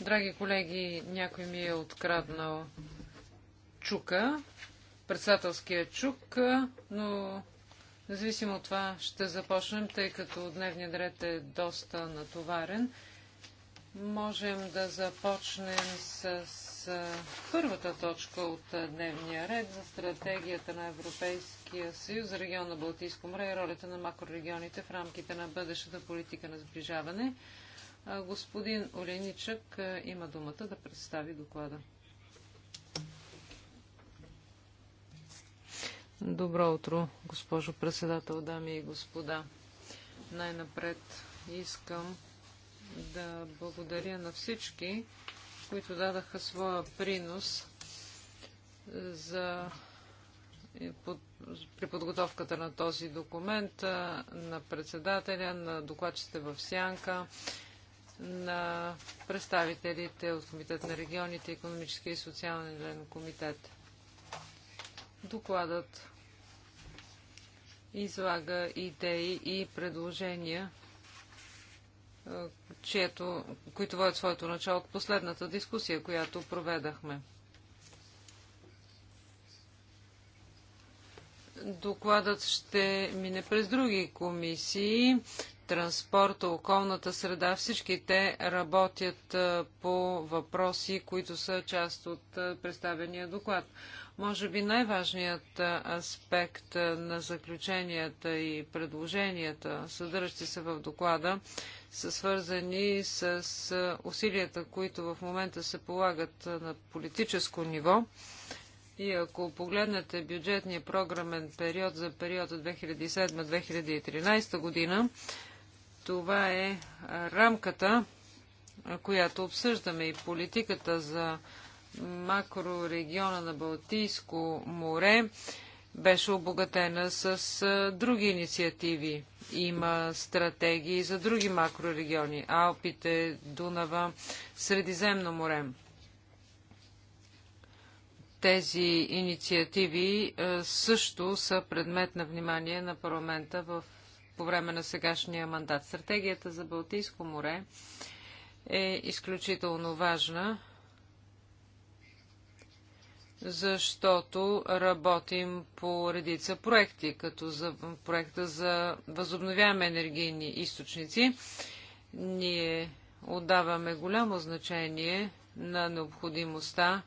Драги колеги, някой ми е откраднал чука, председателския чук, но независимо от това ще започнем, тъй като дневният ред е доста натоварен. Можем да започнем с първата точка от дневния ред за стратегията на Европейския съюз за регион на Балтийско море и ролята на макрорегионите в рамките на бъдещата политика на сближаване. Господин Оленичък има думата да представи доклада. Добро утро, госпожо председател, дами и господа. Най-напред искам да благодаря на всички, които дадаха своя принос за при подготовката на този документ, на председателя, на докладчите в Сянка, на представителите от Комитет на регионите, економически и социален комитет. Докладът излага идеи и предложения, чието, които водят своето начало от последната дискусия, която проведахме. Докладът ще мине през други комисии. Транспорт, околната среда, всички те работят по въпроси, които са част от представения доклад. Може би най-важният аспект на заключенията и предложенията, съдържащи се в доклада, са свързани с усилията, които в момента се полагат на политическо ниво. И ако погледнете бюджетния програмен период за периода 2007-2013 година, това е рамката, която обсъждаме и политиката за макрорегиона на Балтийско море беше обогатена с други инициативи. Има стратегии за други макрорегиони Алпите, Дунава, Средиземно море. Тези инициативи също са предмет на внимание на парламента в, по време на сегашния мандат. Стратегията за Балтийско море е изключително важна защото работим по редица проекти, като за проекта за възобновяеми енергийни източници. Ние отдаваме голямо значение на необходимостта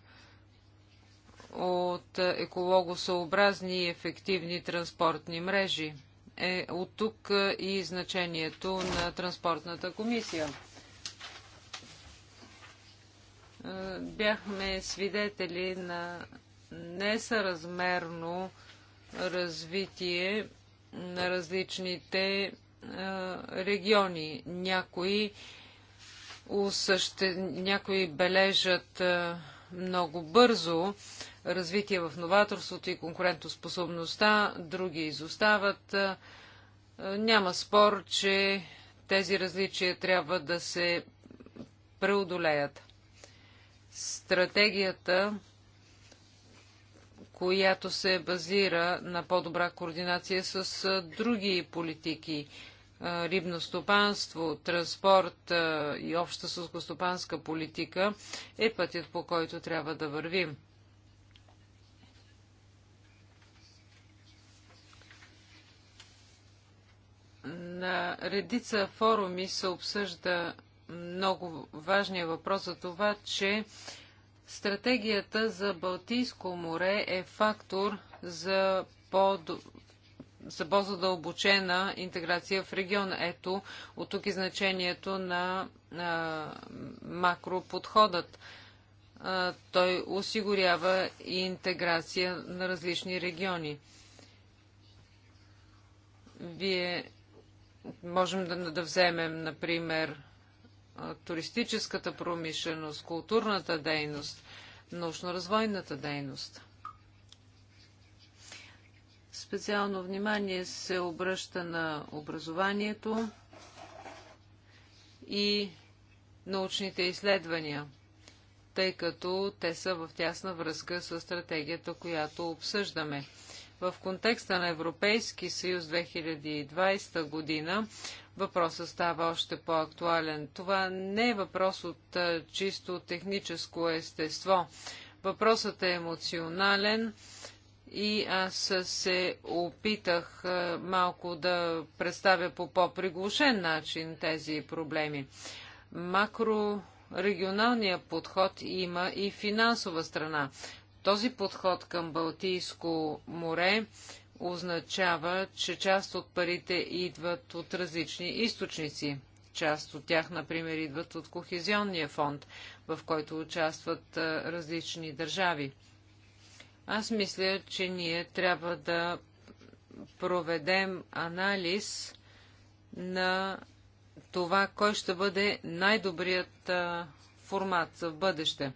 от екологосъобразни и ефективни транспортни мрежи. Е, от тук и значението на Транспортната комисия. Е, бяхме свидетели на несъразмерно развитие на различните е, региони. Някои, усъще... Някои бележат е, много бързо развитие в новаторството и конкурентоспособността, други изостават. Няма спор, че тези различия трябва да се преодолеят стратегията, която се базира на по-добра координация с други политики рибно стопанство, транспорт и обща сълскостопанска политика е пътят по който трябва да вървим. На редица форуми се обсъжда много важния въпрос за това, че стратегията за Балтийско море е фактор за по за по-задълбочена интеграция в региона. Ето, от тук и значението на а, макроподходът. А, той осигурява и интеграция на различни региони. Вие можем да, да вземем, например, туристическата промишленост, културната дейност, научно-развойната дейност. Специално внимание се обръща на образованието и научните изследвания, тъй като те са в тясна връзка с стратегията, която обсъждаме. В контекста на Европейски съюз 2020 година въпросът става още по-актуален. Това не е въпрос от чисто техническо естество. Въпросът е емоционален и аз се опитах малко да представя по по-приглушен начин тези проблеми. Макрорегионалният подход има и финансова страна. Този подход към Балтийско море означава, че част от парите идват от различни източници. Част от тях, например, идват от Кохезионния фонд, в който участват различни държави. Аз мисля, че ние трябва да проведем анализ на това, кой ще бъде най-добрият формат за бъдеще.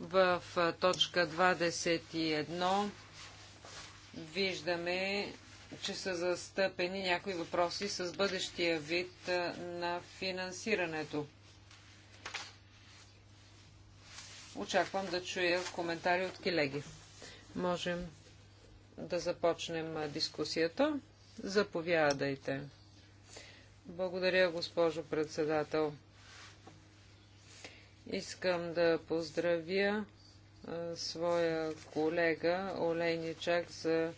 В точка 21 виждаме, че са застъпени някои въпроси с бъдещия вид на финансирането. Очаквам да чуя коментари от колеги. Можем да започнем дискусията. Заповядайте. Благодаря, госпожо председател. Искам да поздравя своя колега Олейничак за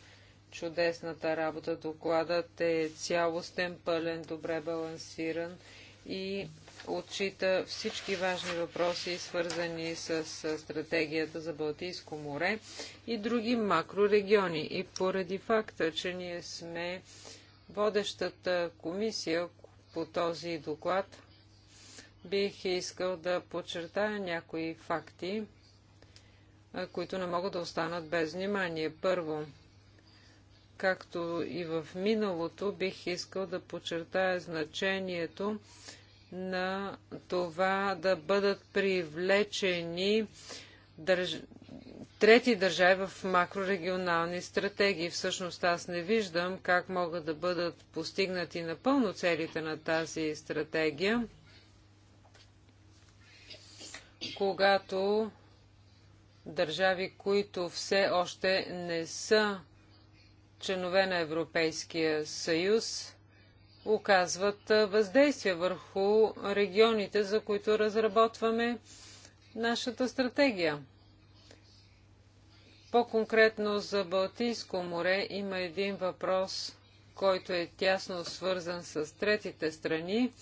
чудесната работа. Докладът е цялостен, пълен, добре балансиран и отчита всички важни въпроси, свързани с стратегията за Балтийско море и други макрорегиони. И поради факта, че ние сме водещата комисия по този доклад, бих искал да подчертая някои факти, които не могат да останат без внимание. Първо, както и в миналото, бих искал да подчертая значението на това да бъдат привлечени държ... трети държави в макрорегионални стратегии. Всъщност аз не виждам как могат да бъдат постигнати напълно целите на тази стратегия, когато държави, които все още не са членове на Европейския съюз, оказват въздействие върху регионите, за които разработваме нашата стратегия. По-конкретно за Балтийско море има един въпрос, който е тясно свързан с третите страни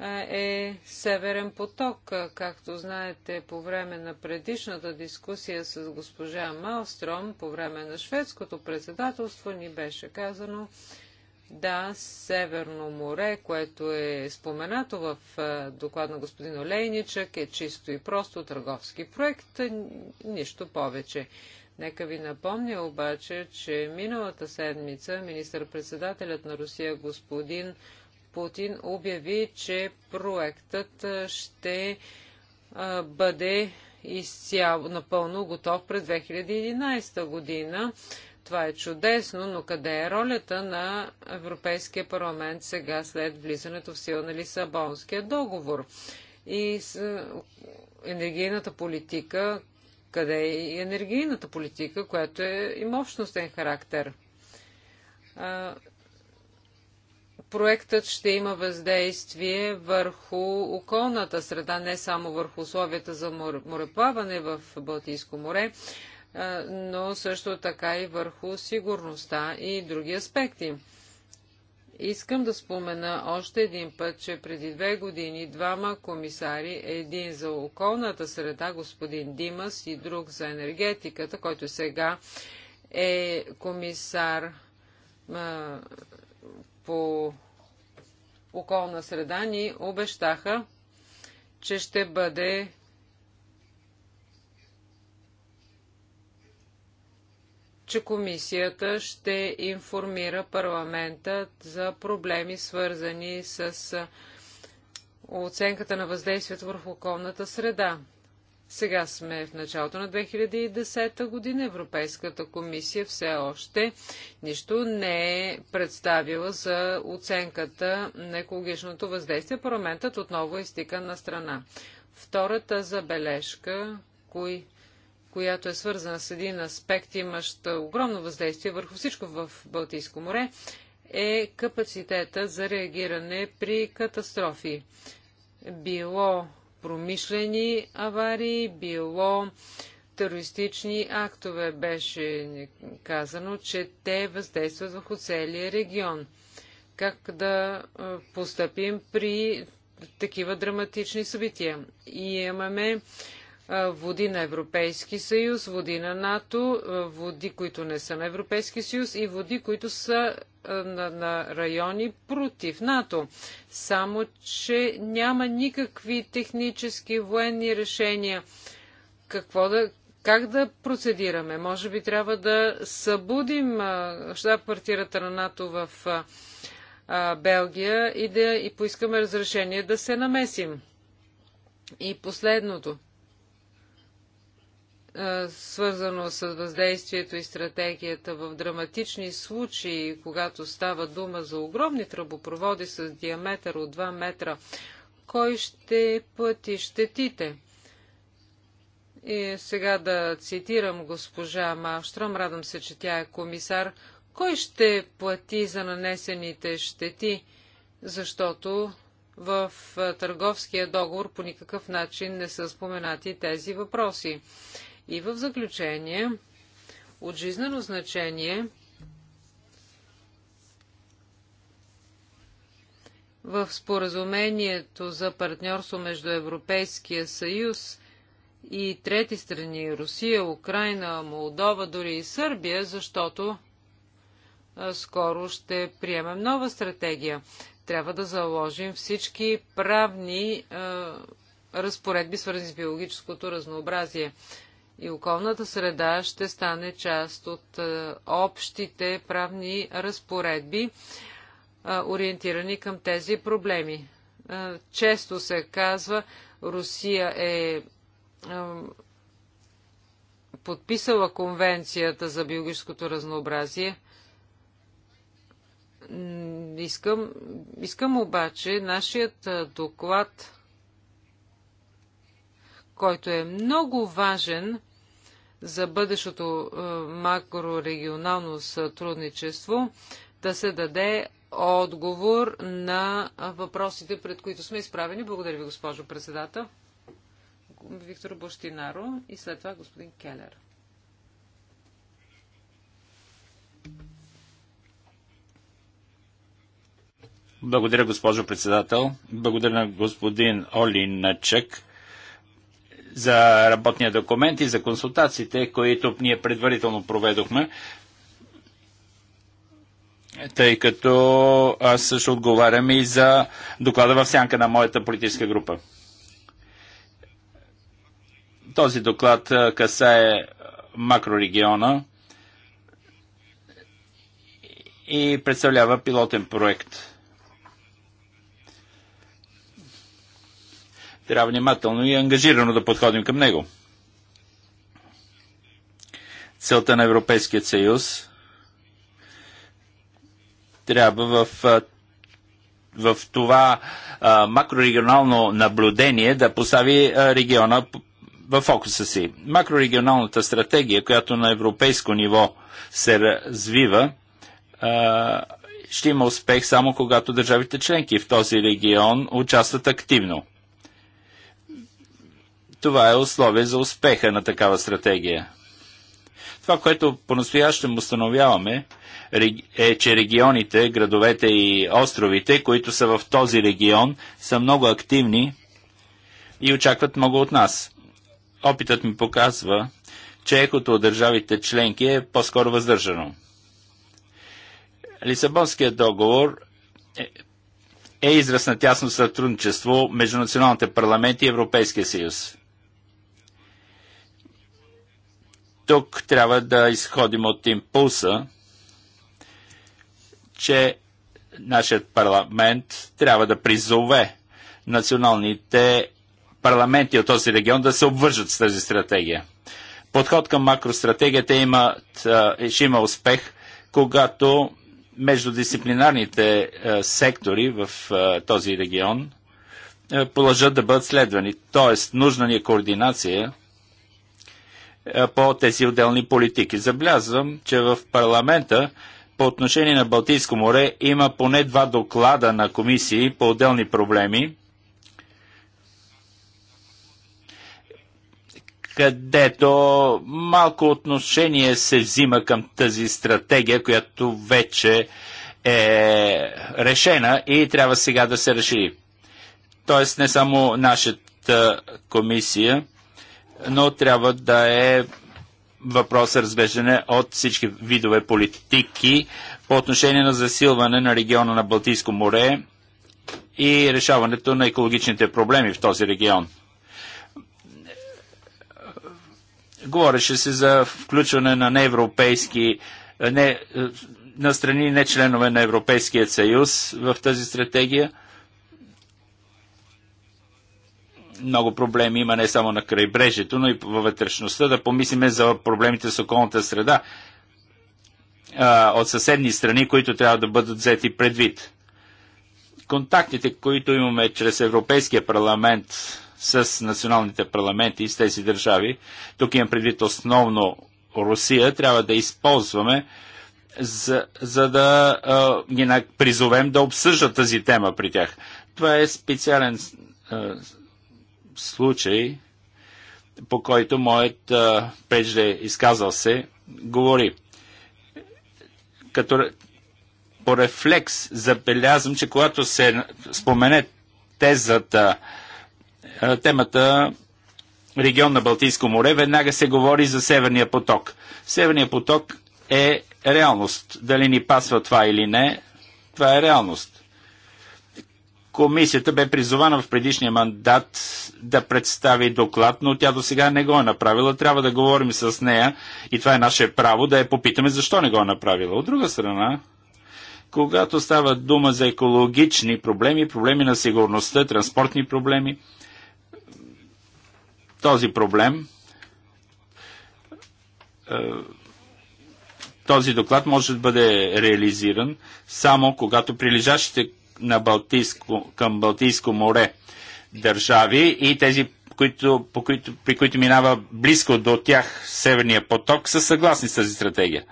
е Северен поток. Както знаете, по време на предишната дискусия с госпожа Малстром, по време на шведското председателство, ни беше казано, да, Северно море, което е споменато в доклад на господин Олейничък, е чисто и просто търговски проект, нищо повече. Нека ви напомня обаче, че миналата седмица министър-председателят на Русия господин Путин обяви, че проектът ще бъде изцяло напълно готов през 2011 година. Това е чудесно, но къде е ролята на Европейския парламент сега след влизането в сила на Лисабонския договор? И с енергийната политика, къде е и енергийната политика, която е, има общностен характер? проектът ще има въздействие върху околната среда, не само върху условията за мореплаване в Балтийско море, но също така и върху сигурността и други аспекти. Искам да спомена още един път, че преди две години двама комисари, един за околната среда, господин Димас и друг за енергетиката, който сега е комисар по околна среда ни обещаха, че ще бъде че комисията ще информира парламента за проблеми, свързани с оценката на въздействието върху околната среда. Сега сме в началото на 2010 година. Европейската комисия все още нищо не е представила за оценката на екологичното въздействие. Парламентът отново е на страна. Втората забележка, кои която е свързана с един аспект, имащ огромно въздействие върху всичко в Балтийско море, е капацитета за реагиране при катастрофи. Било промишлени аварии, било терористични актове. Беше казано, че те въздействат върху целия регион. Как да постъпим при такива драматични събития? И имаме води на Европейски съюз, води на НАТО, води, които не са на Европейски съюз и води, които са е, на, на райони против НАТО. Само, че няма никакви технически военни решения. Какво да, как да процедираме? Може би трябва да събудим е, щаб-квартирата на НАТО в а, е, Белгия и да и поискаме разрешение да се намесим. И последното – свързано с въздействието и стратегията в драматични случаи, когато става дума за огромни тръбопроводи с диаметър от 2 метра, кой ще плати щетите? И сега да цитирам госпожа Маштром, радвам се, че тя е комисар. Кой ще плати за нанесените щети? Защото в търговския договор по никакъв начин не са споменати тези въпроси. И в заключение, от жизнено значение в споразумението за партньорство между Европейския съюз и трети страни Русия, Украина, Молдова, дори и Сърбия, защото скоро ще приемем нова стратегия. Трябва да заложим всички правни е, разпоредби, свързани с биологическото разнообразие и околната среда ще стане част от е, общите правни разпоредби, е, ориентирани към тези проблеми. Е, често се казва, Русия е подписала конвенцията за биологическото разнообразие. Искам, искам обаче нашият доклад който е много важен за бъдещото е, макрорегионално сътрудничество, да се даде отговор на въпросите, пред които сме изправени. Благодаря ви, госпожо председател. Виктор Бощинаро и след това господин Келер. Благодаря, госпожо председател. Благодаря на господин Оли Начек за работния документ и за консултациите, които ние предварително проведохме, тъй като аз също отговарям и за доклада в сянка на моята политическа група. Този доклад касае макрорегиона и представлява пилотен проект – трябва внимателно и ангажирано да подходим към него. Целта на Европейския съюз трябва в, в това а, макрорегионално наблюдение да постави а, региона в фокуса си. Макрорегионалната стратегия, която на европейско ниво се развива, а, ще има успех само когато държавите членки в този регион участват активно. Това е условие за успеха на такава стратегия. Това, което по-настоящем установяваме, е, че регионите, градовете и островите, които са в този регион, са много активни и очакват много от нас. Опитът ми показва, че екото от държавите членки е по-скоро въздържано. Лисабонският договор е, е израз на тясно сътрудничество между националните парламенти и Европейския съюз. Тук трябва да изходим от импулса, че нашият парламент трябва да призове националните парламенти от този регион да се обвържат с тази стратегия. Подход към макростратегията има, ще има успех, когато междудисциплинарните сектори в този регион положат да бъдат следвани. Тоест, нужна ни е координация – е, по тези отделни политики. Заблязвам, че в парламента по отношение на Балтийско море има поне два доклада на комисии по отделни проблеми, където малко отношение се взима към тази стратегия, която вече е решена и трябва сега да се реши. Тоест не само нашата комисия, но трябва да е въпрос разглеждане от всички видове политики по отношение на засилване на региона на Балтийско море и решаването на екологичните проблеми в този регион. Говореше се за включване на неевропейски, не, на страни не членове на Европейския съюз в тази стратегия – много проблеми има не само на крайбрежието, но и във вътрешността. Да помислиме за проблемите с околната среда а, от съседни страни, които трябва да бъдат взети предвид. Контактите, които имаме чрез Европейския парламент с националните парламенти и с тези държави, тук имам предвид основно Русия, трябва да използваме за, за да а, ги призовем да обсъждат тази тема при тях. Това е специален а, случай, по който моят прежде изказал се, говори. Като по рефлекс забелязвам, че когато се спомене тезата, темата регион на Балтийско море, веднага се говори за Северния поток. Северния поток е реалност. Дали ни пасва това или не, това е реалност. Комисията бе призована в предишния мандат да представи доклад, но тя до сега не го е направила. Трябва да говорим с нея и това е наше право да я попитаме защо не го е направила. От друга страна, когато става дума за екологични проблеми, проблеми на сигурността, транспортни проблеми, този проблем, е, този доклад може да бъде реализиран само когато прилежащите на Балтийско, към Балтийско море държави и тези, които, по които, при които минава близко до тях Северния поток, са съгласни с тази стратегия.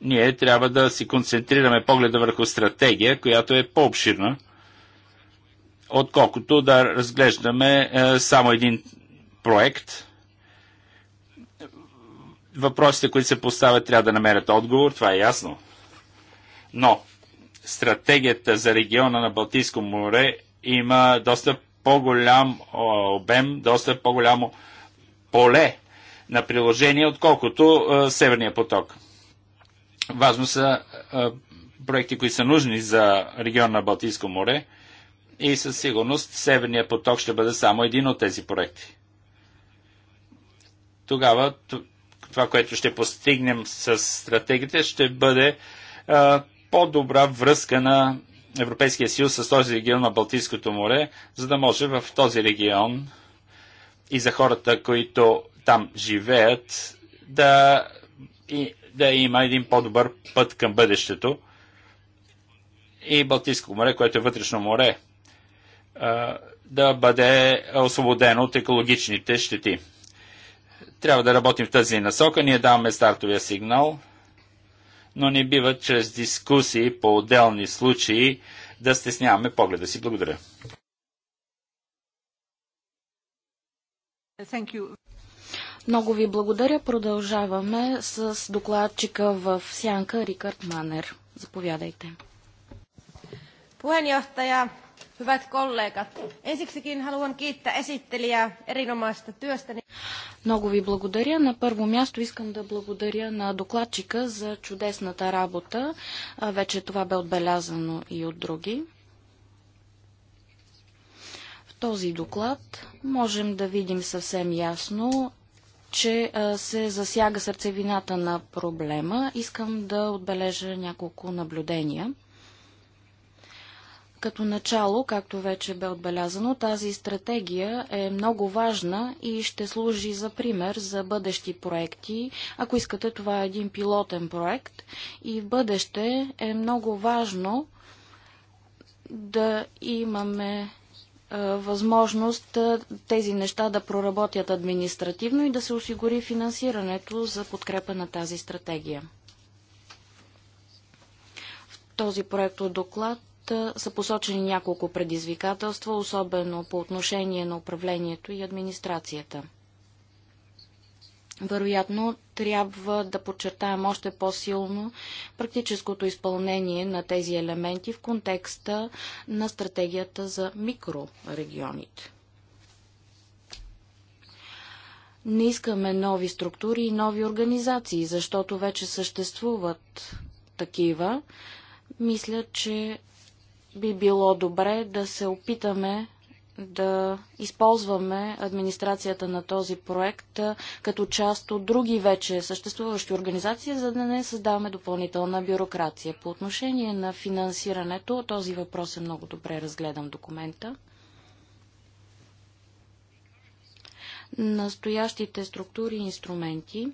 Ние трябва да си концентрираме погледа върху стратегия, която е по-обширна, отколкото да разглеждаме е, само един проект – Въпросите, които се поставят, трябва да намерят отговор, това е ясно. Но стратегията за региона на Балтийско море има доста по-голям обем, доста по-голямо поле на приложение, отколкото Северния поток. Важно са проекти, които са нужни за региона на Балтийско море и със сигурност Северния поток ще бъде само един от тези проекти. Тогава това, което ще постигнем с стратегията, ще бъде по-добра връзка на Европейския съюз с този регион на Балтийското море, за да може в този регион и за хората, които там живеят, да, и, да има един по-добър път към бъдещето. И Балтийско море, което е вътрешно море, да бъде освободено от екологичните щети. Трябва да работим в тази насока. Ние даваме стартовия сигнал, но не бива чрез дискусии по отделни случаи да стесняваме погледа си. Благодаря. Много ви благодаря. Продължаваме с докладчика в Сянка Рикард Манер. Заповядайте. Puheenjohtaja, Hyvät kollegat, ensiksikin haluan kiittää esittelijää erinomaisesta työstä. Много ви благодаря. На първо място искам да благодаря на докладчика за чудесната работа. Вече това бе отбелязано и от други. В този доклад можем да видим съвсем ясно че се засяга сърцевината на проблема. Искам да отбележа няколко наблюдения. Като начало, както вече бе отбелязано, тази стратегия е много важна и ще служи за пример за бъдещи проекти. Ако искате, това е един пилотен проект и в бъдеще е много важно да имаме възможност тези неща да проработят административно и да се осигури финансирането за подкрепа на тази стратегия. В този проект от доклад са посочени няколко предизвикателства, особено по отношение на управлението и администрацията. Вероятно, трябва да подчертаем още по-силно практическото изпълнение на тези елементи в контекста на стратегията за микрорегионите. Не искаме нови структури и нови организации, защото вече съществуват такива. Мисля, че би било добре да се опитаме да използваме администрацията на този проект като част от други вече съществуващи организации, за да не създаваме допълнителна бюрокрация. По отношение на финансирането, този въпрос е много добре разгледан в документа. Настоящите структури и инструменти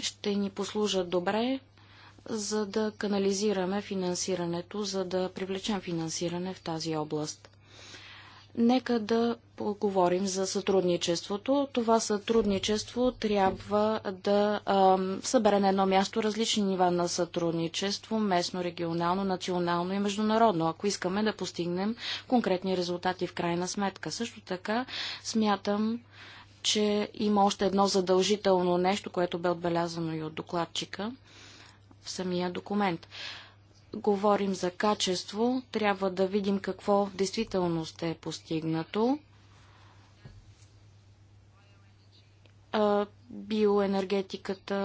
ще ни послужат добре за да канализираме финансирането, за да привлечем финансиране в тази област. Нека да поговорим за сътрудничеството. Това сътрудничество трябва да събере на едно място различни нива на сътрудничество местно, регионално, национално и международно, ако искаме да постигнем конкретни резултати в крайна сметка. Също така смятам, че има още едно задължително нещо, което бе отбелязано и от докладчика в самия документ. Говорим за качество, трябва да видим какво в действителност е постигнато. биоенергетиката,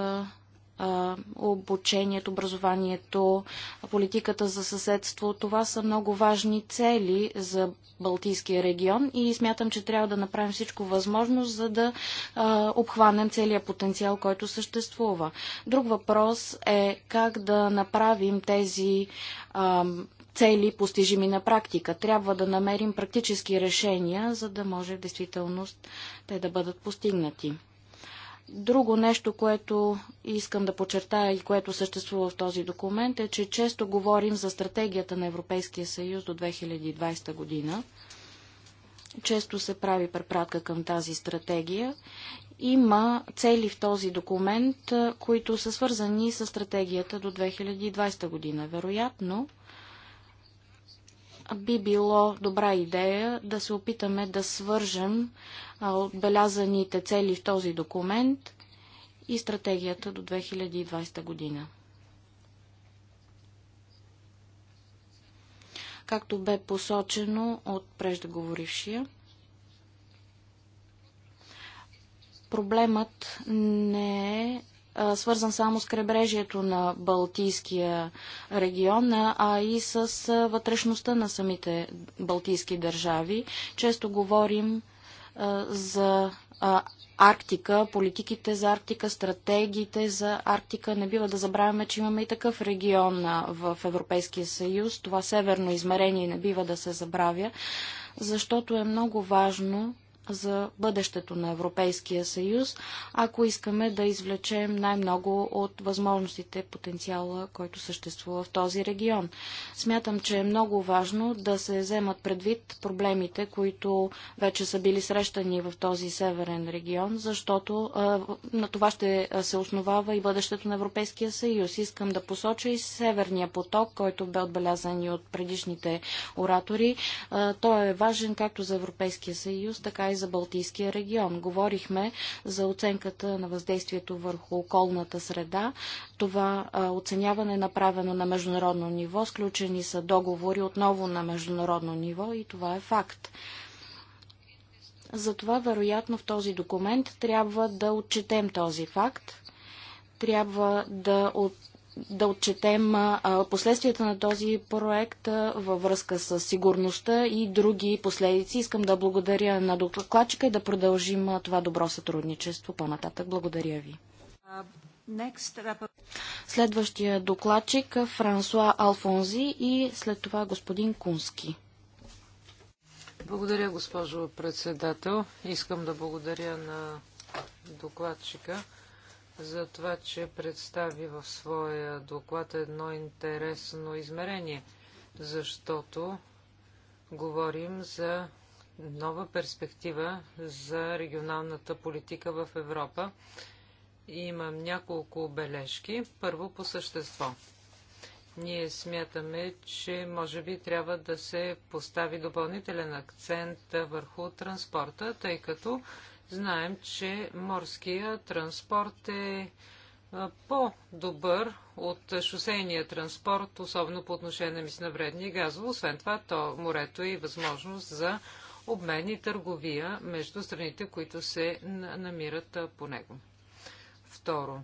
обучението, образованието, политиката за съседство. Това са много важни цели за Балтийския регион и смятам, че трябва да направим всичко възможно, за да а, обхванем целият потенциал, който съществува. Друг въпрос е как да направим тези а, цели постижими на практика. Трябва да намерим практически решения, за да може в действителност те да бъдат постигнати. Друго нещо, което искам да подчертая и което съществува в този документ е, че често говорим за стратегията на Европейския съюз до 2020 година. Често се прави препратка към тази стратегия. Има цели в този документ, които са свързани с стратегията до 2020 година. Вероятно, би било добра идея да се опитаме да свържем отбелязаните цели в този документ и стратегията до 2020 година. Както бе посочено от преждеговорившия, проблемът не е свързан само с крайбрежието на Балтийския регион, а и с вътрешността на самите балтийски държави. Често говорим за Арктика, политиките за Арктика, стратегиите за Арктика. Не бива да забравяме, че имаме и такъв регион в Европейския съюз. Това северно измерение не бива да се забравя, защото е много важно за бъдещето на Европейския съюз, ако искаме да извлечем най-много от възможностите, потенциала, който съществува в този регион. Смятам, че е много важно да се вземат предвид проблемите, които вече са били срещани в този северен регион, защото а, на това ще се основава и бъдещето на Европейския съюз. Искам да посоча и северния поток, който бе отбелязан и от предишните оратори. А, той е важен както за Европейския съюз, така и и за Балтийския регион. Говорихме за оценката на въздействието върху околната среда. Това оценяване е направено на международно ниво. Сключени са договори отново на международно ниво и това е факт. Затова, вероятно, в този документ трябва да отчетем този факт. Трябва да от да отчетем последствията на този проект във връзка с сигурността и други последици. Искам да благодаря на докладчика и да продължим това добро сътрудничество по-нататък. Благодаря ви. Uh, Следващия докладчик Франсуа Алфонзи и след това господин Кунски. Благодаря, госпожо председател. Искам да благодаря на докладчика за това, че представи в своя доклад едно интересно измерение, защото говорим за нова перспектива за регионалната политика в Европа. И имам няколко бележки. Първо по същество. Ние смятаме, че може би трябва да се постави допълнителен акцент върху транспорта, тъй като Знаем, че морския транспорт е по-добър от шосейния транспорт, особено по отношение на на вредни Освен това, то морето е и възможност за обмен и търговия между страните, които се намират по него. Второ,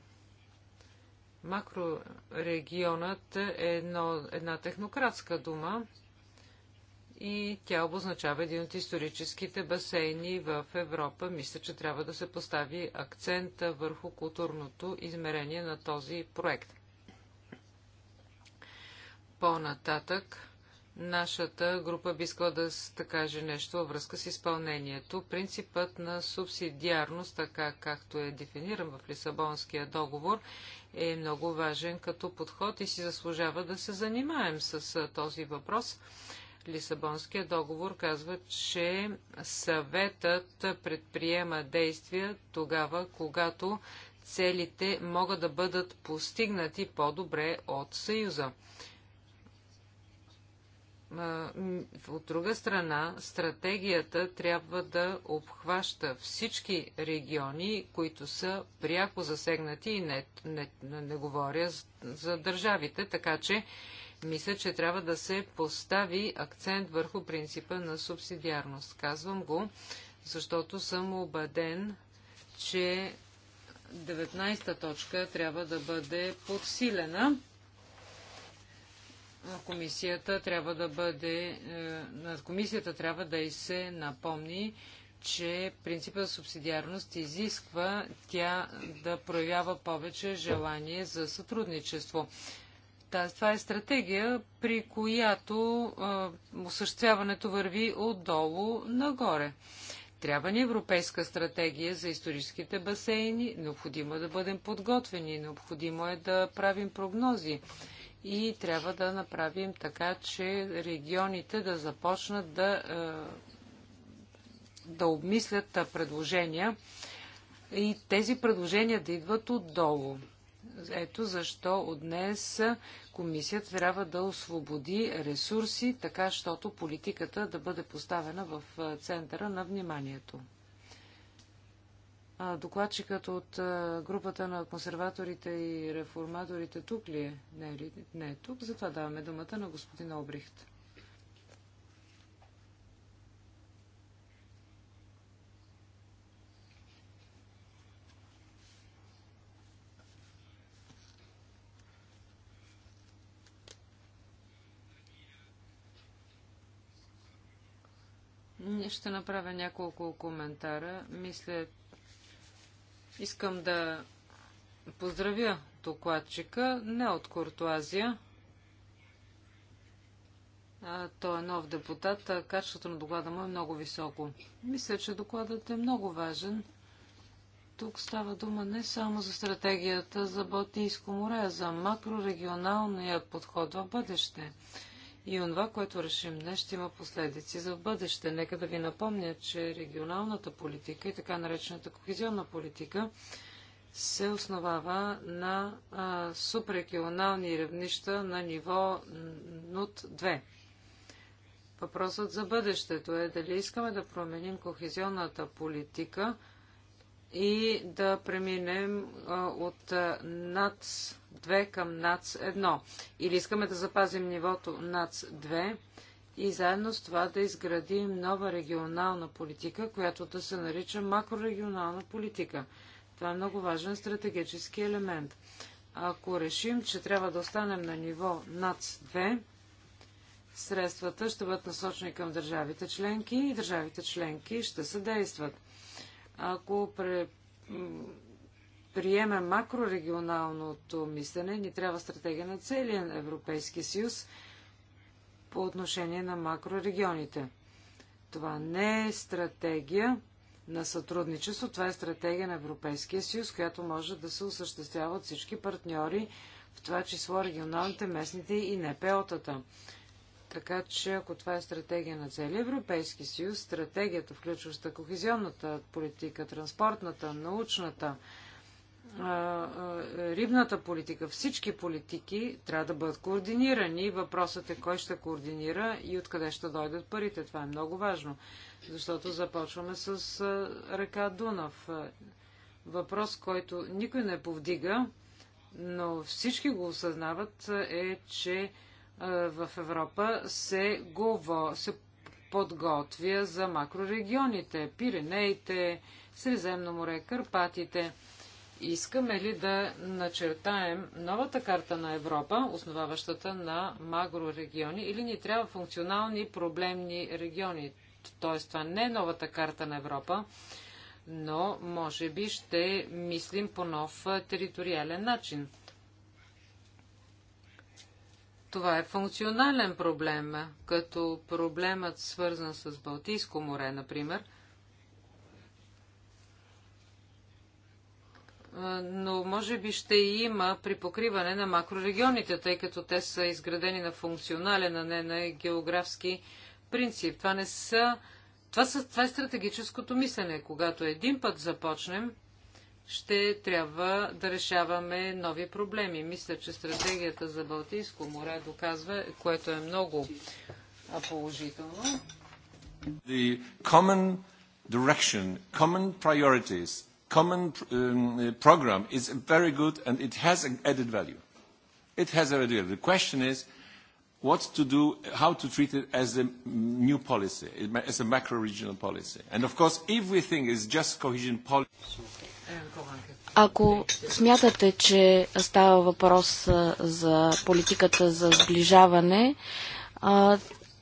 макрорегионът е едно, една технократска дума, и тя обозначава един от историческите басейни в Европа. Мисля, че трябва да се постави акцент върху културното измерение на този проект. По-нататък нашата група би искала да, да каже нещо във връзка с изпълнението. Принципът на субсидиарност, така както е дефиниран в Лисабонския договор, е много важен като подход и си заслужава да се занимаем с този въпрос. Лисабонския договор казва, че съветът предприема действия тогава, когато целите могат да бъдат постигнати по-добре от Съюза. От друга страна, стратегията трябва да обхваща всички региони, които са пряко засегнати и не, не, не говоря за държавите, така че мисля, че трябва да се постави акцент върху принципа на субсидиарност. Казвам го, защото съм убеден, че 19-та точка трябва да бъде подсилена. Комисията трябва да бъде, е, комисията трябва да и се напомни, че принципът за субсидиарност изисква тя да проявява повече желание за сътрудничество. Тази, това е стратегия, при която а, осъществяването върви отдолу нагоре. Трябва ни европейска стратегия за историческите басейни. Необходимо е да бъдем подготвени, необходимо е да правим прогнози и трябва да направим така, че регионите да започнат да, да обмислят предложения и тези предложения да идват отдолу. Ето защо от днес комисията трябва да освободи ресурси, така щото политиката да бъде поставена в центъра на вниманието. Докладчикът от групата на консерваторите и реформаторите тук ли е? Не, не е тук, затова даваме думата на господин Обрихт. Ще направя няколко коментара. Мисля, искам да поздравя докладчика, не от Куртуазия. А, той е нов депутат, а качеството на доклада му е много високо. Мисля, че докладът е много важен. Тук става дума не само за стратегията за Балтийско море, а за макрорегионалния подход в бъдеще. И онова, което решим днес, ще има последици за бъдеще. Нека да ви напомня, че регионалната политика и така наречената кохезионна политика се основава на а, субрегионални равнища на ниво НУТ-2. Въпросът за бъдещето е дали искаме да променим кохезионната политика – и да преминем от над 2 към над 1. Или искаме да запазим нивото над 2 и заедно с това да изградим нова регионална политика, която да се нарича макрорегионална политика. Това е много важен стратегически елемент. Ако решим, че трябва да останем на ниво над 2, средствата ще бъдат насочени към държавите членки и държавите членки ще съдействат. Ако пре, приеме макрорегионалното мислене, ни трябва стратегия на целия Европейски съюз по отношение на макрорегионите. Това не е стратегия на сътрудничество, това е стратегия на Европейския съюз, която може да се осъществява от всички партньори, в това число регионалните, местните и НПО-тата. Така че, ако това е стратегия на целия Европейски съюз, стратегията, включваща кохезионната политика, транспортната, научната, рибната политика, всички политики трябва да бъдат координирани. Въпросът е кой ще координира и откъде ще дойдат парите. Това е много важно, защото започваме с река Дунав. Въпрос, който никой не повдига, но всички го осъзнават е, че в Европа се, гово, се подготвя за макрорегионите, Пиренеите, Средиземно море, Карпатите. Искаме ли да начертаем новата карта на Европа, основаващата на макрорегиони, или ни трябва функционални проблемни региони? Тоест, това не е новата карта на Европа, но може би ще мислим по нов териториален начин. Това е функционален проблем, като проблемът свързан с Балтийско море, например. Но може би ще има припокриване на макрорегионите, тъй като те са изградени на функционален, а не на географски принцип. Това не са... Това, са... това е стратегическото мислене. Когато един път започнем, ще трябва да решаваме нови проблеми. Мисля, че стратегията за Балтийско море доказва, което е много положително. The common direction, common priorities, common program is very good and it has an added value. It has a value. The question is what to do, how to treat it as a new policy, as a macro-regional policy. And of course, everything is just cohesion policy. Ако смятате, че става въпрос за политиката за сближаване,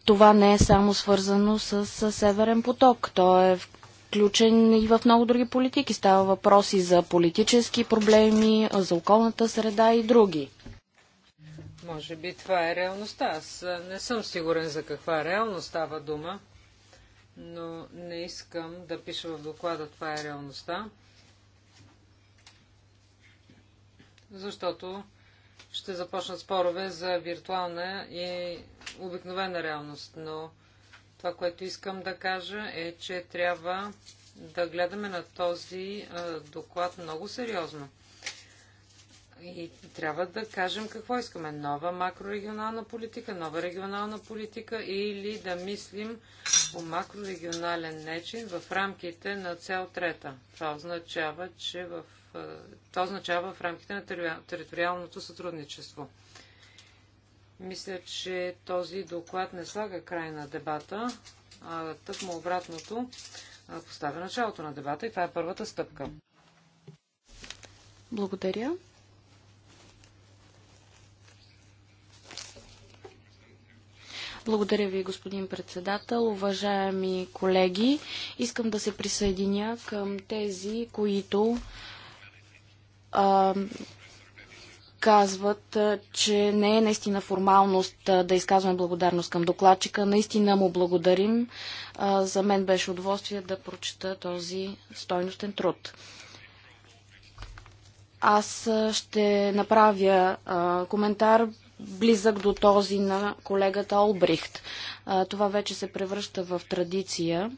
това не е само свързано с Северен поток. То е включен и в много други политики. Става въпроси за политически проблеми, за околната среда и други. Може би това е реалността. Аз не съм сигурен за каква реалност става дума, но не искам да пиша в доклада това е реалността. защото ще започнат спорове за виртуална и обикновена реалност. Но това, което искам да кажа е, че трябва да гледаме на този доклад много сериозно. И трябва да кажем какво искаме. Нова макрорегионална политика, нова регионална политика или да мислим по макрорегионален начин в рамките на цел трета. Това означава, че в това означава в рамките на териториалното сътрудничество. Мисля, че този доклад не слага край на дебата, а тъкмо обратното поставя началото на дебата и това е първата стъпка. Благодаря. Благодаря ви, господин председател. Уважаеми колеги, искам да се присъединя към тези, които а, казват, че не е наистина формалност да изказваме благодарност към докладчика. Наистина му благодарим. А, за мен беше удоволствие да прочета този стойностен труд. Аз ще направя а, коментар близък до този на колегата Олбрихт. А, това вече се превръща в традиция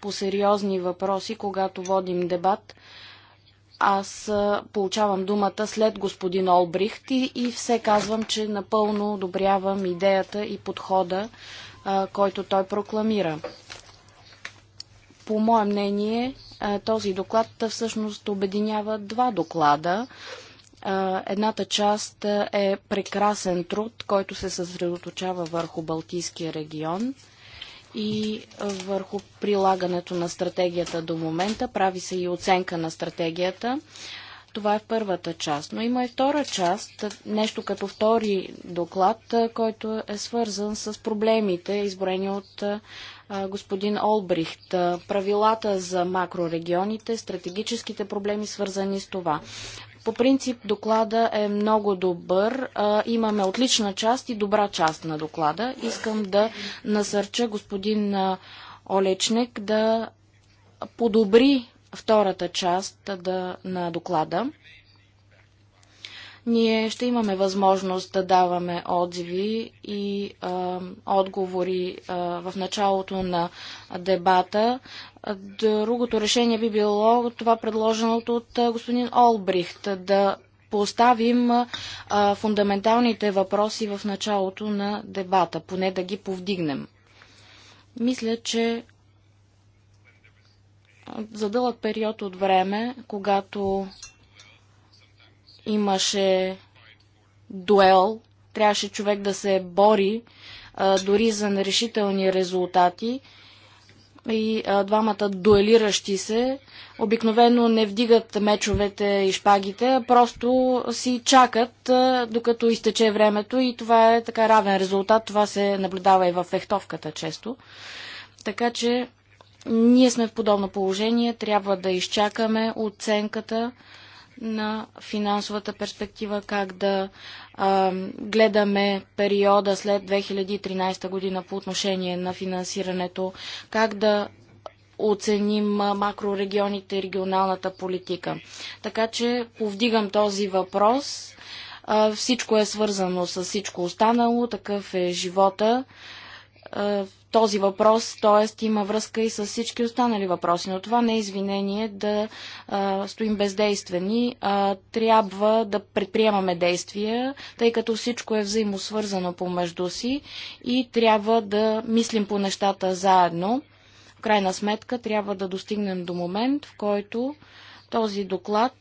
по сериозни въпроси, когато водим дебат аз получавам думата след господин Олбрихт и, и все казвам, че напълно одобрявам идеята и подхода, а, който той прокламира. По мое мнение, а, този доклад всъщност обединява два доклада. А, едната част е прекрасен труд, който се съсредоточава върху Балтийския регион – и върху прилагането на стратегията до момента. Прави се и оценка на стратегията. Това е първата част. Но има и втора част, нещо като втори доклад, който е свързан с проблемите, изброени от господин Олбрихт. Правилата за макрорегионите, стратегическите проблеми, свързани с това. По принцип доклада е много добър. Имаме отлична част и добра част на доклада. Искам да насърча господин Олечник да подобри втората част да, на доклада ние ще имаме възможност да даваме отзиви и а, отговори а, в началото на дебата. Другото решение би било това предложеното от господин Олбрихт да поставим а, фундаменталните въпроси в началото на дебата, поне да ги повдигнем. Мисля, че за дълъг период от време, когато Имаше дуел, трябваше човек да се бори а, дори за нерешителни резултати и а, двамата дуелиращи се обикновено не вдигат мечовете и шпагите, а просто си чакат а, докато изтече времето и това е така равен резултат. Това се наблюдава и в фехтовката често. Така че ние сме в подобно положение, трябва да изчакаме оценката на финансовата перспектива, как да а, гледаме периода след 2013 година по отношение на финансирането, как да оценим макрорегионите и регионалната политика. Така че повдигам този въпрос. А, всичко е свързано с всичко останало, такъв е живота този въпрос, т.е. има връзка и с всички останали въпроси. Но това не е извинение да а, стоим бездействени. А, трябва да предприемаме действия, тъй като всичко е взаимосвързано помежду си и трябва да мислим по нещата заедно. В крайна сметка трябва да достигнем до момент, в който този доклад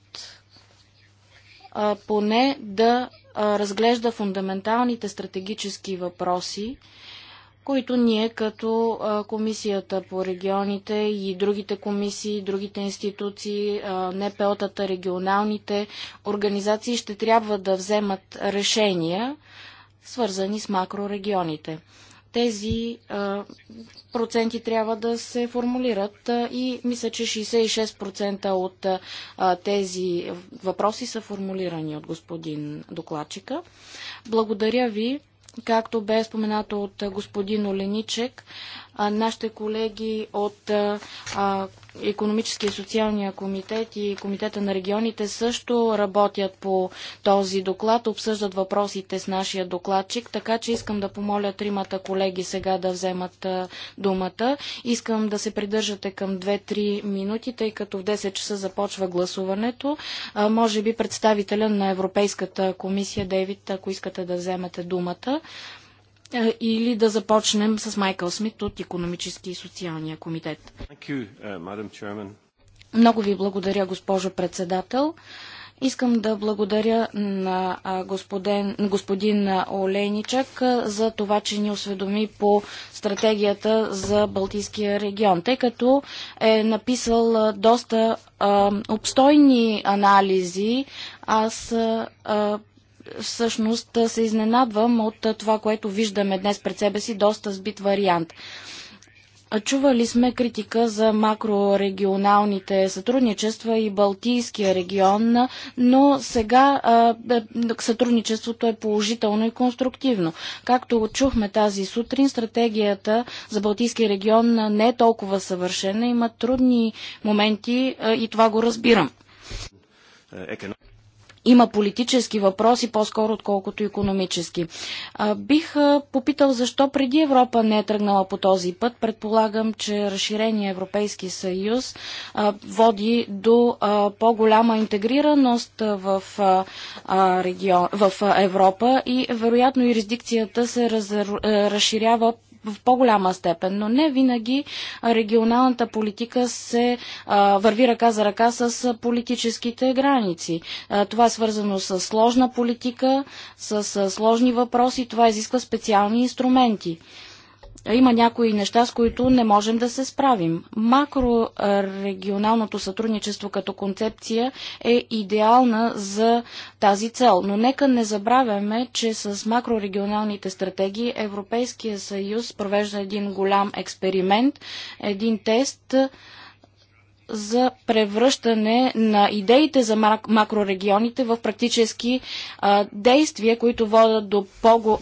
а, поне да разглежда фундаменталните стратегически въпроси които ние като Комисията по регионите и другите комисии, другите институции, НПО-тата, регионалните организации ще трябва да вземат решения, свързани с макрорегионите. Тези проценти трябва да се формулират и мисля, че 66% от тези въпроси са формулирани от господин докладчика. Благодаря ви. Както бе споменато от господин Оленичек, нашите колеги от економическия и социалния комитет и комитета на регионите също работят по този доклад, обсъждат въпросите с нашия докладчик, така че искам да помоля тримата колеги сега да вземат думата. Искам да се придържате към 2-3 минути, тъй като в 10 часа започва гласуването. може би представителя на Европейската комисия, Дейвид, ако искате да вземете думата или да започнем с Майкъл Смит от Економически и социалния комитет. Uh, Много ви благодаря, госпожо председател. Искам да благодаря на господин, господин Оленичък за това, че ни осведоми по стратегията за Балтийския регион, тъй като е написал доста обстойни анализи. Аз всъщност се изненадвам от това, което виждаме днес пред себе си, доста сбит вариант. Чували сме критика за макрорегионалните сътрудничества и Балтийския регион, но сега сътрудничеството е положително и конструктивно. Както чухме тази сутрин, стратегията за Балтийския регион не е толкова съвършена, има трудни моменти и това го разбирам. Е, има политически въпроси, по-скоро отколкото економически. А, бих а, попитал защо преди Европа не е тръгнала по този път. Предполагам, че разширение Европейски съюз а, води до по-голяма интегрираност в, регион, в Европа и вероятно юрисдикцията се раз, разширява в по-голяма степен, но не винаги регионалната политика се а, върви ръка за ръка с политическите граници. А, това е свързано с сложна политика, с, с сложни въпроси, това изисква специални инструменти има някои неща, с които не можем да се справим. Макрорегионалното сътрудничество като концепция е идеална за тази цел, но нека не забравяме, че с макрорегионалните стратегии Европейския съюз провежда един голям експеримент, един тест, за превръщане на идеите за мак макрорегионите в практически а, действия, които водят до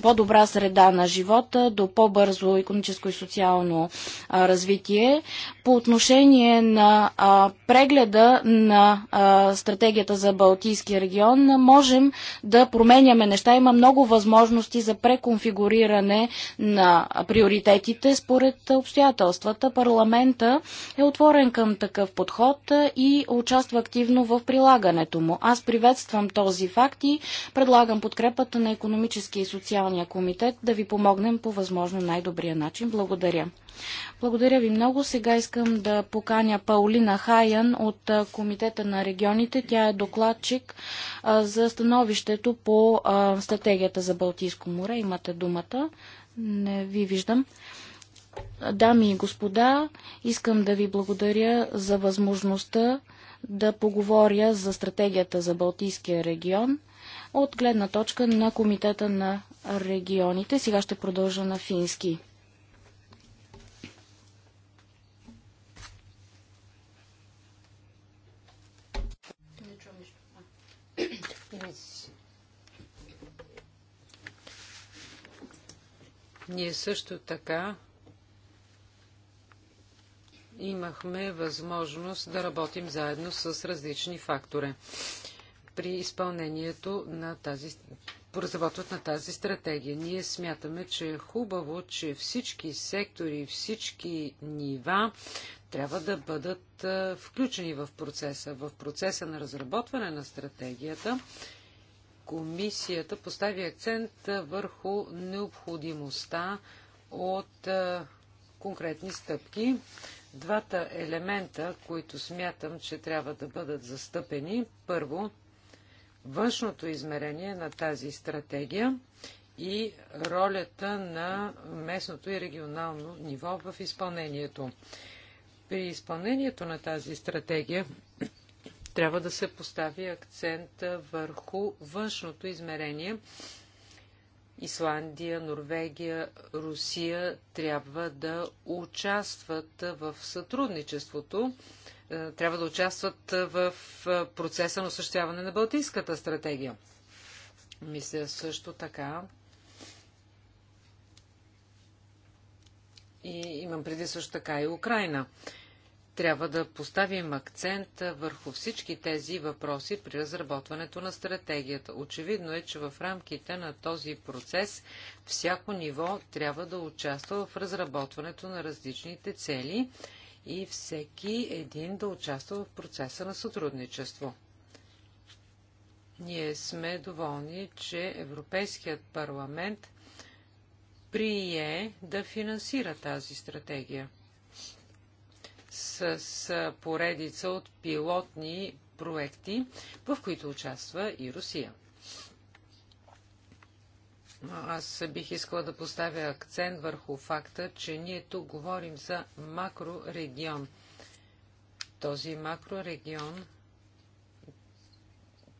по-добра по среда на живота, до по-бързо економическо и социално а, развитие, по отношение на а, прегледа на а, стратегията за Балтийския регион можем да променяме неща. Има много възможности за преконфигуриране на приоритетите според обстоятелствата. Парламента е отворен към такъв подход и участва активно в прилагането му. Аз приветствам този факт и предлагам подкрепата на економическия и социалния комитет да ви помогнем по възможно най-добрия начин. Благодаря. Благодаря ви много. Сега искам да поканя Паулина Хаян от Комитета на регионите. Тя е докладчик за становището по стратегията за Балтийско море. Имате думата. Не ви виждам. Дами и господа, искам да ви благодаря за възможността да поговоря за стратегията за Балтийския регион от гледна точка на Комитета на регионите. Сега ще продължа на фински. Ние също така имахме възможност да работим заедно с различни фактори при изпълнението на тази разработват на тази стратегия. Ние смятаме, че е хубаво, че всички сектори, всички нива трябва да бъдат включени в процеса. В процеса на разработване на стратегията комисията постави акцент върху необходимостта от конкретни стъпки. Двата елемента, които смятам, че трябва да бъдат застъпени. Първо, външното измерение на тази стратегия и ролята на местното и регионално ниво в изпълнението. При изпълнението на тази стратегия трябва да се постави акцент върху външното измерение. Исландия, Норвегия, Русия трябва да участват в сътрудничеството, е, трябва да участват в е, процеса на осъществяване на Балтийската стратегия. Мисля също така. И имам преди също така и Украина. Трябва да поставим акцент върху всички тези въпроси при разработването на стратегията. Очевидно е, че в рамките на този процес всяко ниво трябва да участва в разработването на различните цели и всеки един да участва в процеса на сътрудничество. Ние сме доволни, че Европейският парламент прие да финансира тази стратегия с поредица от пилотни проекти, в които участва и Русия. Аз бих искала да поставя акцент върху факта, че ние тук говорим за макрорегион. Този макрорегион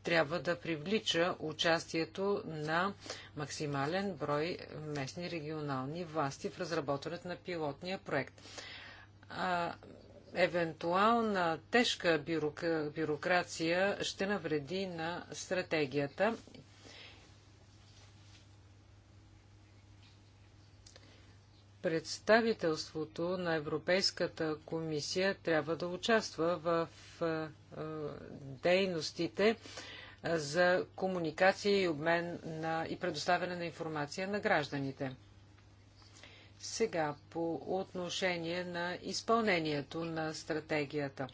трябва да привлича участието на максимален брой местни регионални власти в разработването на пилотния проект. А, евентуална тежка бюрок... бюрокрация ще навреди на стратегията. Представителството на Европейската комисия трябва да участва в дейностите за комуникация и обмен на... и предоставяне на информация на гражданите. Сега по отношение на изпълнението на стратегията.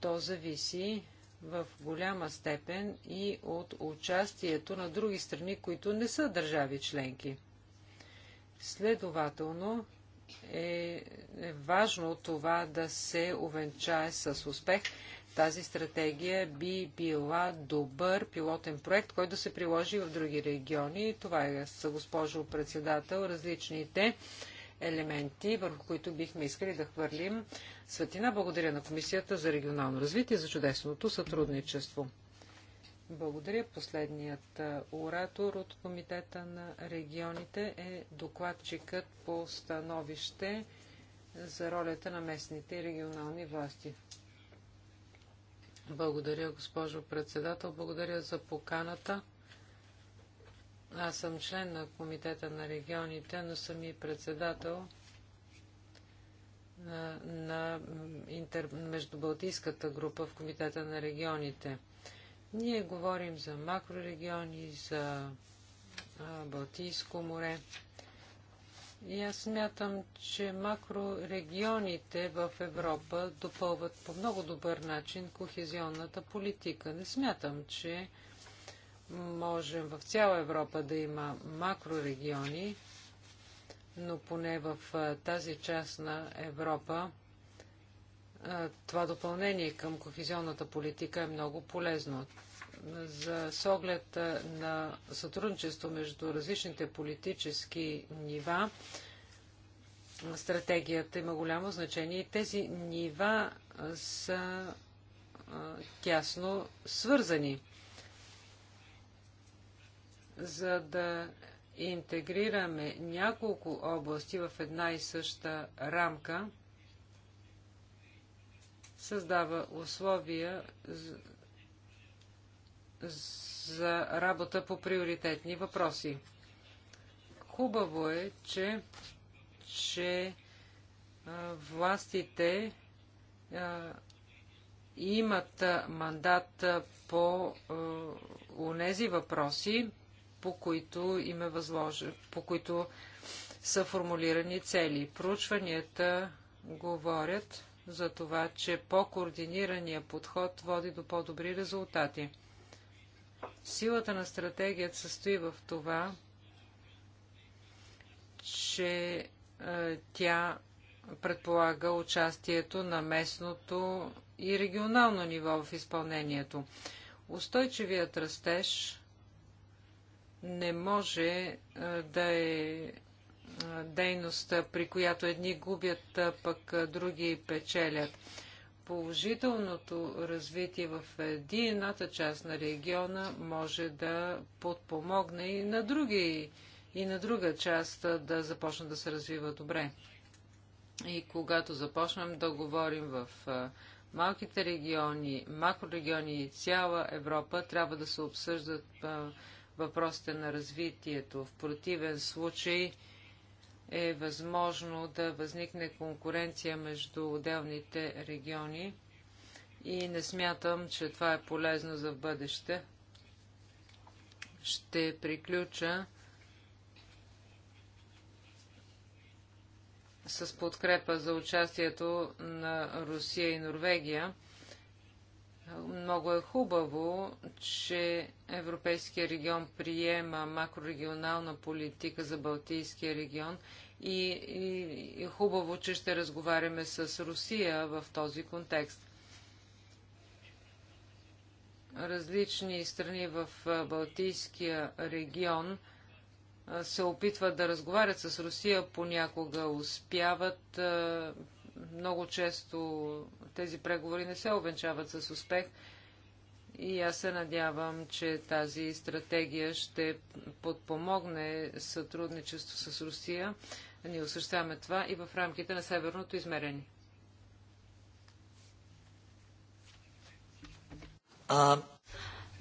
То зависи в голяма степен и от участието на други страни, които не са държави членки. Следователно е, е важно това да се увенчае с успех тази стратегия би била добър пилотен проект, който да се приложи в други региони. Това е, са, госпожо председател, различните елементи, върху които бихме искали да хвърлим светина. Благодаря на Комисията за регионално развитие и за чудесното сътрудничество. Благодаря. Последният оратор от Комитета на регионите е докладчикът по становище за ролята на местните и регионални власти. Благодаря, госпожо председател. Благодаря за поканата. Аз съм член на Комитета на регионите, но съм и председател на, на интер, междубалтийската група в Комитета на регионите. Ние говорим за макрорегиони, за а, Балтийско море. И аз смятам, че макрорегионите в Европа допълват по много добър начин кохезионната политика. Не смятам, че можем в цяла Европа да има макрорегиони, но поне в тази част на Европа това допълнение към кохезионната политика е много полезно за, с оглед на сътрудничество между различните политически нива, стратегията има голямо значение и тези нива са тясно свързани. За да интегрираме няколко области в една и съща рамка, създава условия за работа по приоритетни въпроси. Хубаво е, че, че а, властите а, имат мандат по онези въпроси, по които им е възложен, по които са формулирани цели. Проучванията говорят за това, че по-координирания подход води до по-добри резултати. Силата на стратегията състои в това, че е, тя предполага участието на местното и регионално ниво в изпълнението. Устойчивият растеж не може е, да е, е дейност, при която едни губят, пък други печелят положителното развитие в едната част на региона може да подпомогне и на, други, и на друга част да започне да се развива добре. И когато започнем да говорим в малките региони, макрорегиони и цяла Европа, трябва да се обсъждат въпросите на развитието. В противен случай е възможно да възникне конкуренция между отделните региони и не смятам, че това е полезно за бъдеще. Ще приключа с подкрепа за участието на Русия и Норвегия – много е хубаво, че Европейския регион приема макрорегионална политика за Балтийския регион и, и, и хубаво, че ще разговаряме с Русия в този контекст. Различни страни в Балтийския регион се опитват да разговарят с Русия, понякога успяват, много често тези преговори не се обенчават с успех. И аз се надявам, че тази стратегия ще подпомогне сътрудничество с Русия. Ние осъщаваме това и в рамките на северното измерение.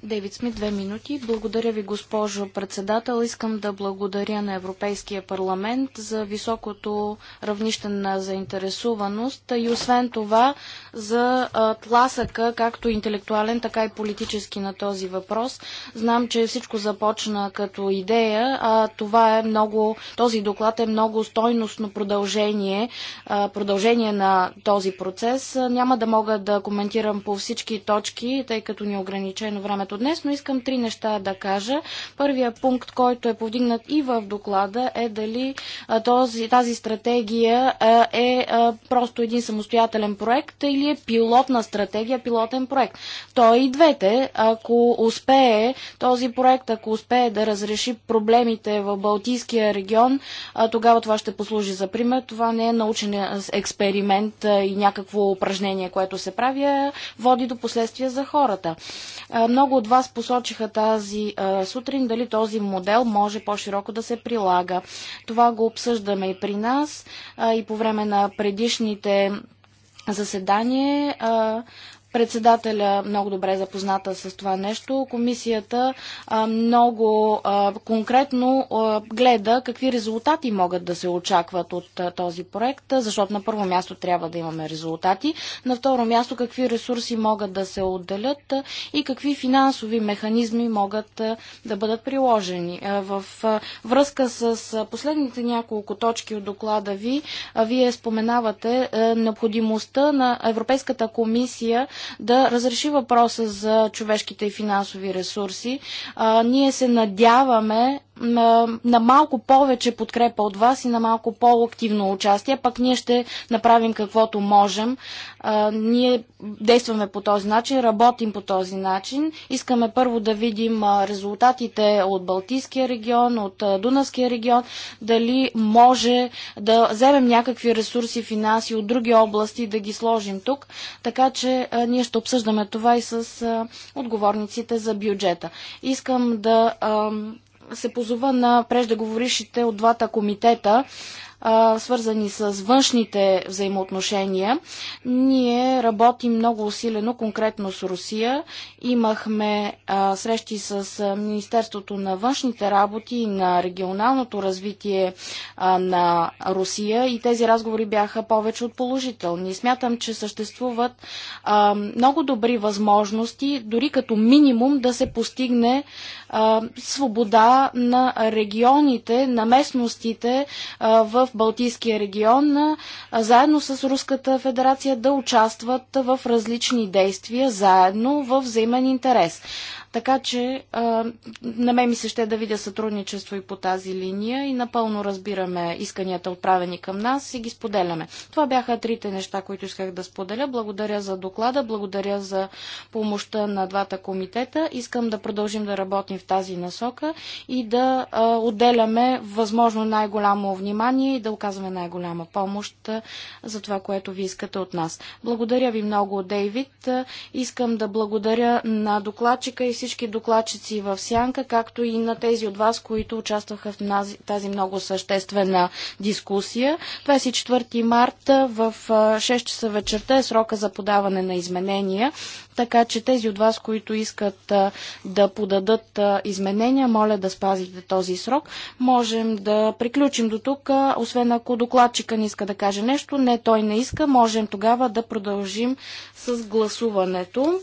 Дейвид Смит, две минути. Благодаря ви, госпожо председател. Искам да благодаря на Европейския парламент за високото равнище на заинтересуваност и освен това за тласъка, както интелектуален, така и политически на този въпрос. Знам, че всичко започна като идея, а това е много, този доклад е много стойностно продължение, продължение на този процес. Няма да мога да коментирам по всички точки, тъй като ни е ограничено времето обсъждането днес, но искам три неща да кажа. Първия пункт, който е повдигнат и в доклада е дали този, тази стратегия е просто един самостоятелен проект или е пилотна стратегия, пилотен проект. То и двете, ако успее този проект, ако успее да разреши проблемите в Балтийския регион, тогава това ще послужи за пример. Това не е научен експеримент и някакво упражнение, което се прави, води до последствия за хората. Много от от вас посочиха тази а, сутрин дали този модел може по-широко да се прилага. Това го обсъждаме и при нас а, и по време на предишните заседания. а, Председателя много добре е запозната с това нещо. Комисията а, много а, конкретно а, гледа какви резултати могат да се очакват от а, този проект, защото на първо място трябва да имаме резултати, на второ място какви ресурси могат да се отделят а, и какви финансови механизми могат а, да бъдат приложени. А, в а, връзка с а, последните няколко точки от доклада ви, а, вие споменавате а, необходимостта на Европейската комисия да разреши въпроса за човешките и финансови ресурси. А, ние се надяваме на малко повече подкрепа от вас и на малко по-активно участие, пък ние ще направим каквото можем. А, ние действаме по този начин, работим по този начин. Искаме първо да видим резултатите от Балтийския регион, от Дунавския регион, дали може да вземем някакви ресурси, финанси от други области и да ги сложим тук. Така че а, ние ще обсъждаме това и с а, отговорниците за бюджета. Искам да се позова на преждеговорившите от двата комитета свързани с външните взаимоотношения. Ние работим много усилено, конкретно с Русия. Имахме срещи с Министерството на външните работи и на регионалното развитие на Русия и тези разговори бяха повече от положителни. Смятам, че съществуват много добри възможности, дори като минимум да се постигне свобода на регионите, на местностите в Балтийския регион, заедно с Руската федерация да участват в различни действия, заедно в взаимен интерес. Така че а, на мен ми се ще да видя сътрудничество и по тази линия и напълно разбираме исканията отправени към нас и ги споделяме. Това бяха трите неща, които исках да споделя. Благодаря за доклада, благодаря за помощта на двата комитета. Искам да продължим да работим в тази насока и да а, отделяме възможно най-голямо внимание и да оказваме най-голяма помощ а, за това, което ви искате от нас. Благодаря ви много, Дейвид. Искам да благодаря на докладчика и си всички докладчици в Сянка, както и на тези от вас, които участваха в тази много съществена дискусия. 24 марта в 6 часа вечерта е срока за подаване на изменения, така че тези от вас, които искат да подадат изменения, моля да спазите този срок. Можем да приключим до тук, освен ако докладчика не иска да каже нещо. Не, той не иска. Можем тогава да продължим с гласуването.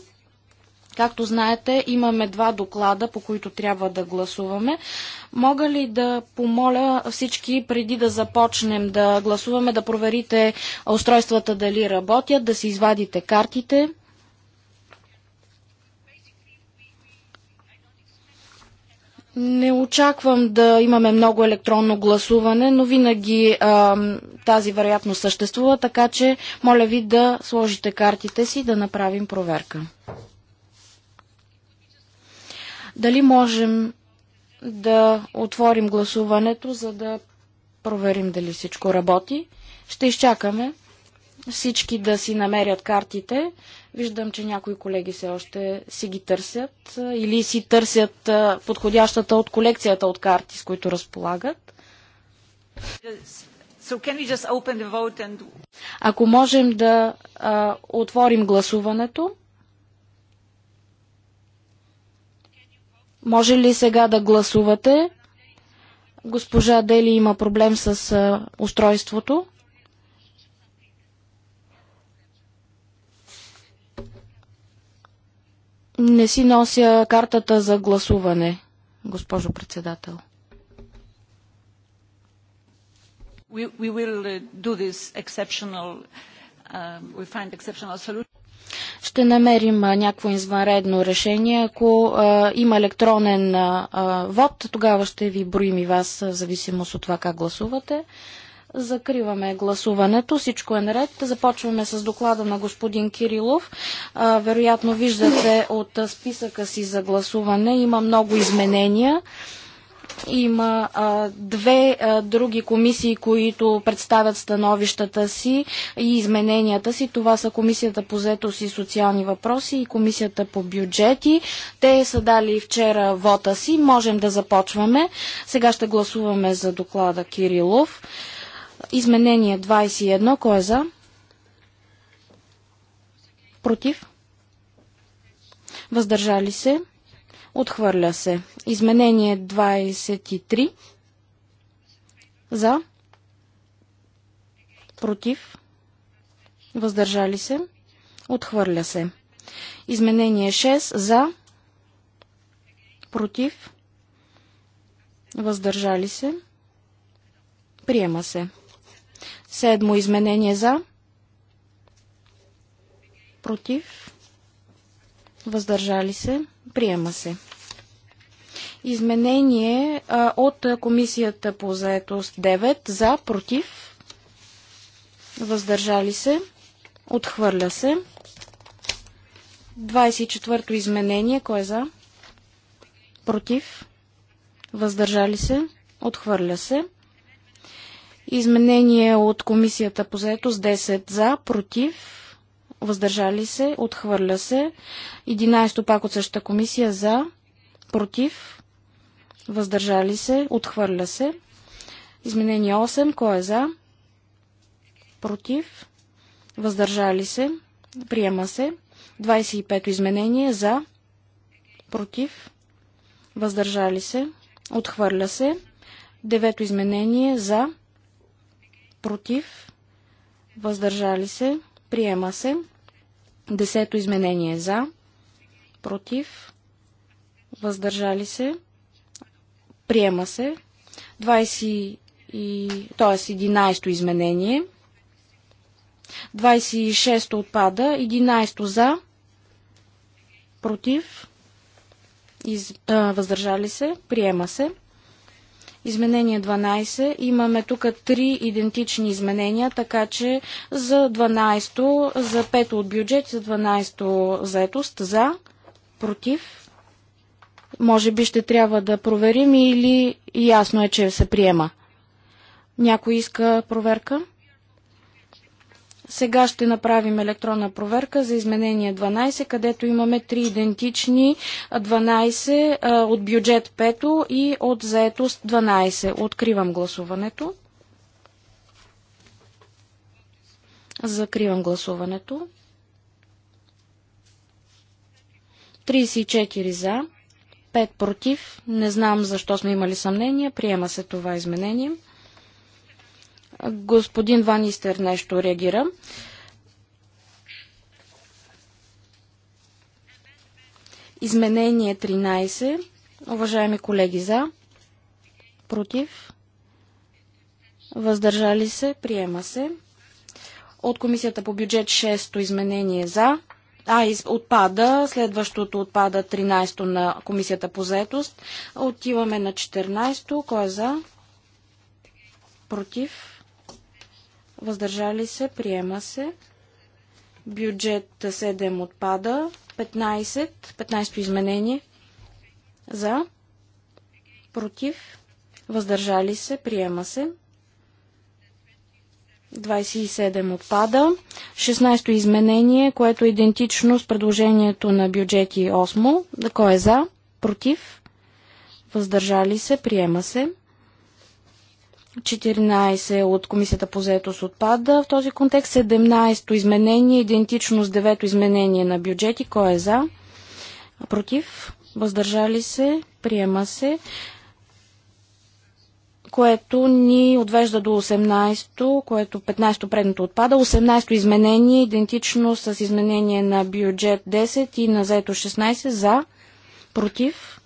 Както знаете, имаме два доклада, по които трябва да гласуваме. Мога ли да помоля всички, преди да започнем да гласуваме, да проверите устройствата дали работят, да си извадите картите? Не очаквам да имаме много електронно гласуване, но винаги а, тази вероятност съществува, така че моля ви да сложите картите си да направим проверка. Дали можем да отворим гласуването, за да проверим дали всичко работи? Ще изчакаме всички да си намерят картите. Виждам, че някои колеги все още си ги търсят или си търсят подходящата от колекцията от карти, с които разполагат. So and... Ако можем да а, отворим гласуването, Може ли сега да гласувате? Госпожа Дели има проблем с устройството. Не си нося картата за гласуване, госпожо председател. We, we will uh, do this exceptional, uh, we find exceptional ще намерим а, някакво извънредно решение. Ако а, има електронен а, вод, тогава ще ви броим и вас, в зависимост от това как гласувате. Закриваме гласуването. Всичко е наред. Започваме с доклада на господин Кирилов. А, вероятно виждате от списъка си за гласуване. Има много изменения. Има а, две а, други комисии, които представят становищата си и измененията си. Това са Комисията по заетост и социални въпроси и Комисията по бюджети. Те са дали вчера вота си. Можем да започваме. Сега ще гласуваме за доклада Кирилов. Изменение 21. Кой е за? Против? Въздържали се? Отхвърля се. Изменение 23. За. Против. Въздържали се. Отхвърля се. Изменение 6. За. Против. Въздържали се. Приема се. Седмо изменение за. Против. Въздържали се. Приема се. Изменение а, от Комисията по заетост 9 за, против, въздържали се, отхвърля се. 24-то изменение, кой е за? Против, въздържали се, отхвърля се. Изменение от Комисията по заетост 10 за, против, въздържали се, отхвърля се. 11 пак от същата комисия за, против, въздържали се, отхвърля се. Изменение 8, кой е за, против, въздържали се, приема се. 25 изменение за, против, въздържали се, отхвърля се. Девето изменение за, против, въздържали се, приема се. Десето изменение е за, против, въздържали се, приема се. 20 Тоест т.е. 11-то изменение. 26-то отпада, 11-то за, против, из, а, въздържали се, приема се. Изменение 12. Имаме тук три идентични изменения, така че за 12-то, за 5 от бюджет, за 12-то заетост, за, против. Може би ще трябва да проверим или ясно е, че се приема. Някой иска проверка? Сега ще направим електронна проверка за изменение 12, където имаме три идентични 12 от бюджет 5 и от заетост 12. Откривам гласуването. Закривам гласуването. 34 за, 5 против. Не знам защо сме имали съмнение. Приема се това изменение. Господин Ванистер нещо реагира. Изменение 13. Уважаеми колеги за. Против. Въздържали се. Приема се. От комисията по бюджет 6 изменение за. А, из, отпада. Следващото отпада 13-то на комисията по заетост. Отиваме на 14-то. Кой е за? Против въздържали се, приема се. Бюджет 7 отпада. 15, 15-то изменение. За, против, въздържали се, приема се. 27 отпада. 16-то изменение, което е идентично с предложението на бюджети 8. Кой е за? Против? Въздържали се? Приема се. 14 от Комисията по заетост отпада. В този контекст 17 изменение, идентично с 9 изменение на бюджети. Кой е за? Против? Въздържали се? Приема се. Което ни отвежда до 18-то, което 15-то предното отпада. 18-то изменение, идентично с изменение на бюджет 10 и на заето 16. За? Против?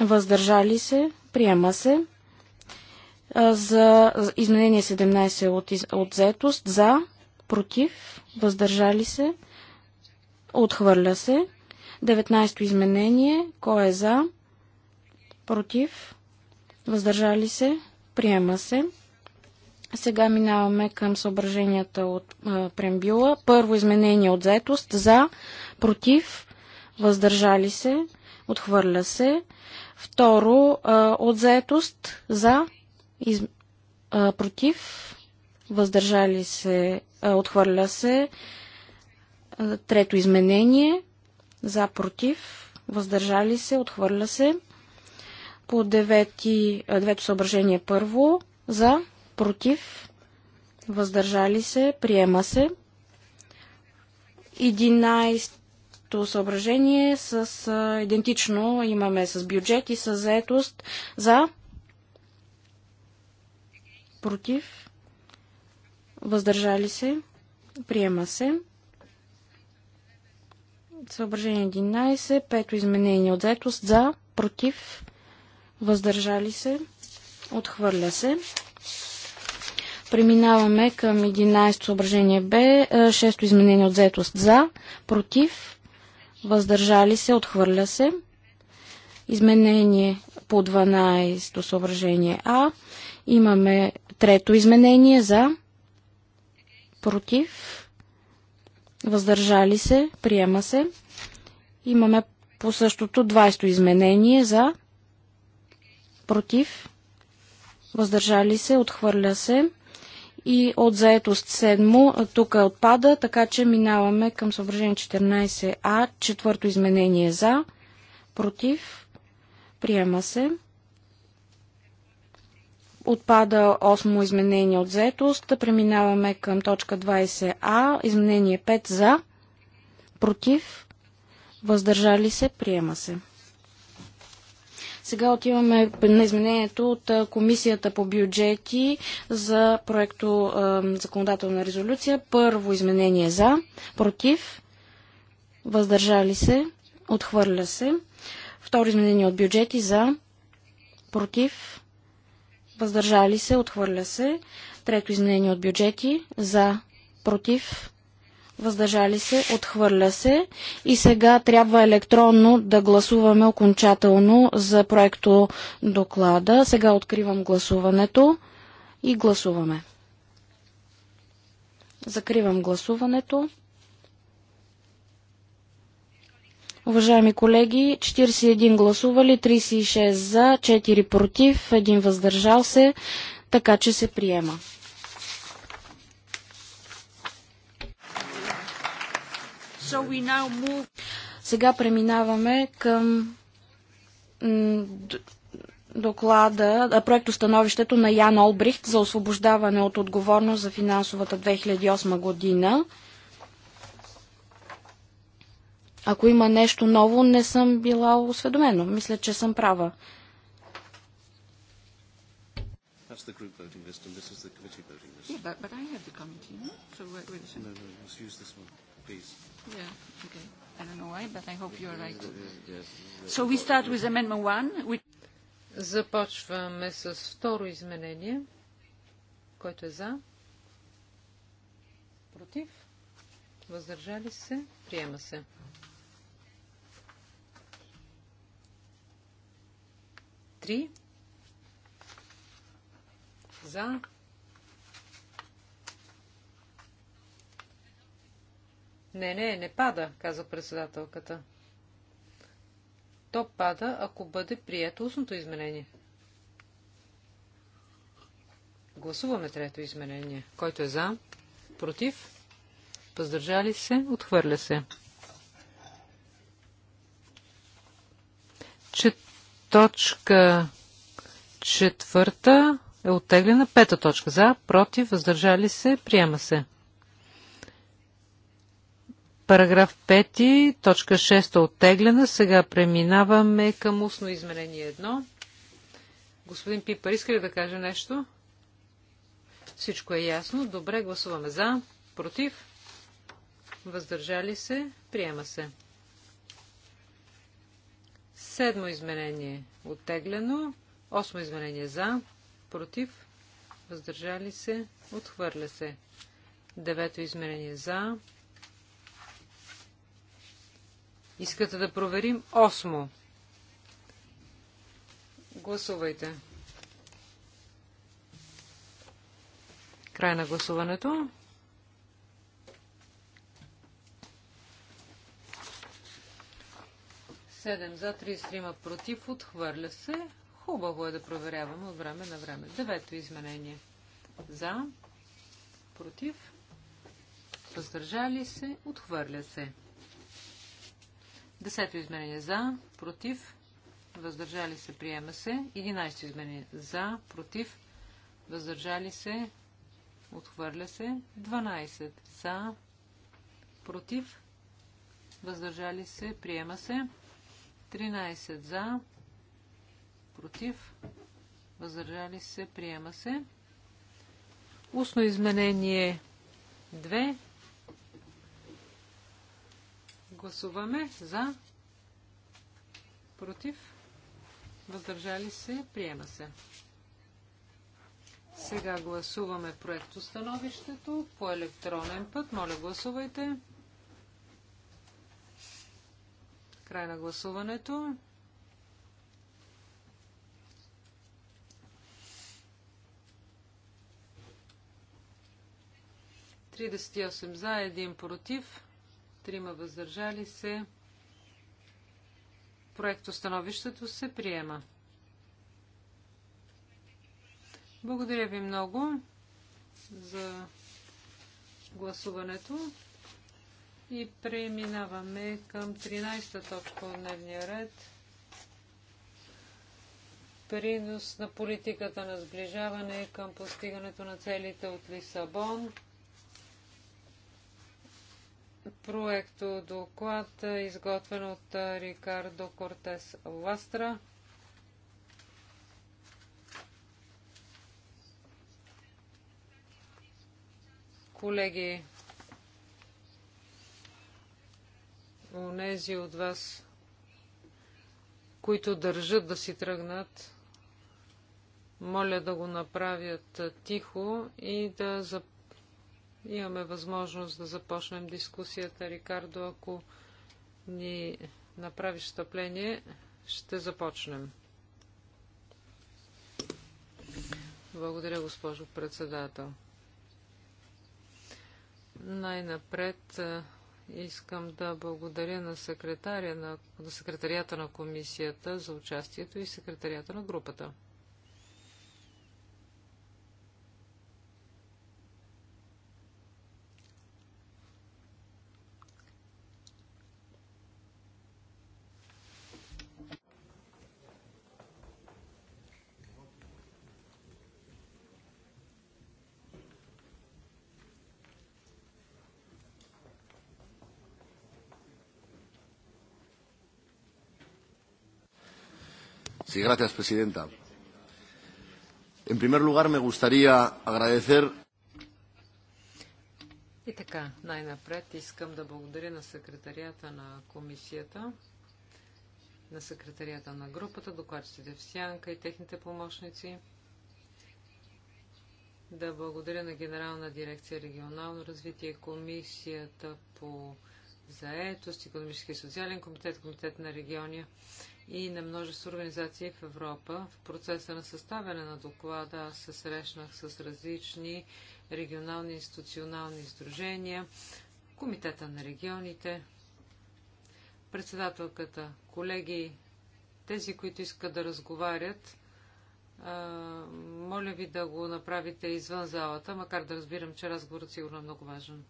Въздържали се? Приема се за изменение 17 от, от заетост. За, против, въздържали се, отхвърля се. 19-то изменение. Кой е за? Против, въздържали се, приема се. Сега минаваме към съображенията от а, прембюла. Първо изменение от заетост. За, против, въздържали се, отхвърля се. Второ, а, от заетост. За, из... А, против. Въздържали се. А, отхвърля се. А, трето изменение. За против. Въздържали се. Отхвърля се. По девети, а, девето съображение първо. За против. Въздържали се. Приема се. 11-то съображение с а, идентично имаме с бюджет и с заетост за против, въздържали се, приема се. Съображение 11, пето изменение от заетост за, против, въздържали се, отхвърля се. Преминаваме към 11 съображение Б, 6 е, изменение от заетост за, против, въздържали се, отхвърля се. Изменение по 12 съображение А Имаме трето изменение за, против, въздържали се, приема се. Имаме по същото 20 изменение за, против, въздържали се, отхвърля се. И от заетост 7 тук отпада, така че минаваме към съображение 14а, четвърто изменение за, против, приема се. Отпада 8 изменение от заетост. Преминаваме към точка 20а. Изменение 5 за. Против. Въздържали се. Приема се. Сега отиваме на изменението от Комисията по бюджети за проекто е, законодателна резолюция. Първо изменение за, против, въздържали се, отхвърля се. Второ изменение от бюджети за, против, въздържали се, отхвърля се. Трето изменение от бюджети, за, против, въздържали се, отхвърля се. И сега трябва електронно да гласуваме окончателно за проекто доклада. Сега откривам гласуването и гласуваме. Закривам гласуването. Уважаеми колеги, 41 гласували, 36 за, 4 против, 1 въздържал се, така че се приема. So Сега преминаваме към доклада, проекто становището на Ян Олбрихт за освобождаване от отговорност за финансовата 2008 година ако има нещо ново, не съм била осведомена. Мисля, че съм права. Започваме с второ изменение, което е за, против, въздържали се, приема се. 3. За. Не, не, не пада, каза председателката. То пада, ако бъде прието устното изменение. Гласуваме трето изменение. Който е за? Против? Въздържали се? Отхвърля се. Чет... Точка четвърта е оттеглена. Пета точка за, против, въздържали се, приема се. Параграф 5, точка 6 е оттеглена. Сега преминаваме към устно изменение 1. Господин Пипър, иска ли да каже нещо? Всичко е ясно. Добре, гласуваме за, против, въздържали се, приема се. Седмо изменение оттеглено. Осмо изменение за, против, въздържали се, отхвърля се. Девето изменение за. Искате да проверим осмо. Гласувайте. Край на гласуването. 7 за, 33 против, отхвърля се. Хубаво е да проверяваме от време на време. Девето изменение. За, против, въздържали се, отхвърля се. Десето изменение за, против, въздържали се, приема се. Единайсто изменение за, против, въздържали се, отхвърля се. 12 за, против, въздържали се, приема се. 13 за, против, въздържали се, приема се. Устно изменение 2. Гласуваме за, против, въздържали се, приема се. Сега гласуваме проект установището по електронен път. Моля, гласувайте. Край на гласуването. Тридесет и осем за, един против, трима въздържали се. установището се приема. Благодаря ви много за гласуването. И преминаваме към 13-та точка от дневния ред. Принос на политиката на сближаване към постигането на целите от Лисабон. Проекто доклад, изготвен от Рикардо Кортес Ластра. Колеги, онези от вас, които държат да си тръгнат, моля да го направят тихо и да зап... имаме възможност да започнем дискусията. Рикардо, ако ни направиш стъпление, ще започнем. Благодаря, госпожо председател. Най-напред Искам да благодаря на, секретаря на, на секретарията на комисията за участието и секретарията на групата. Sí, gracias, presidenta. En primer lugar, me gustaría agradecer и така, най-напред искам да благодаря на секретарията на комисията, на секретарията на групата, докладчиците в Сянка и техните помощници. Да благодаря на Генерална дирекция регионално развитие, комисията по заетост, економически и социален комитет, комитет на региония и на множество организации в Европа. В процеса на съставяне на доклада аз се срещнах с различни регионални институционални издружения, Комитета на регионите, председателката, колеги, тези, които искат да разговарят, моля ви да го направите извън залата, макар да разбирам, че разговорът сигурно е много важен.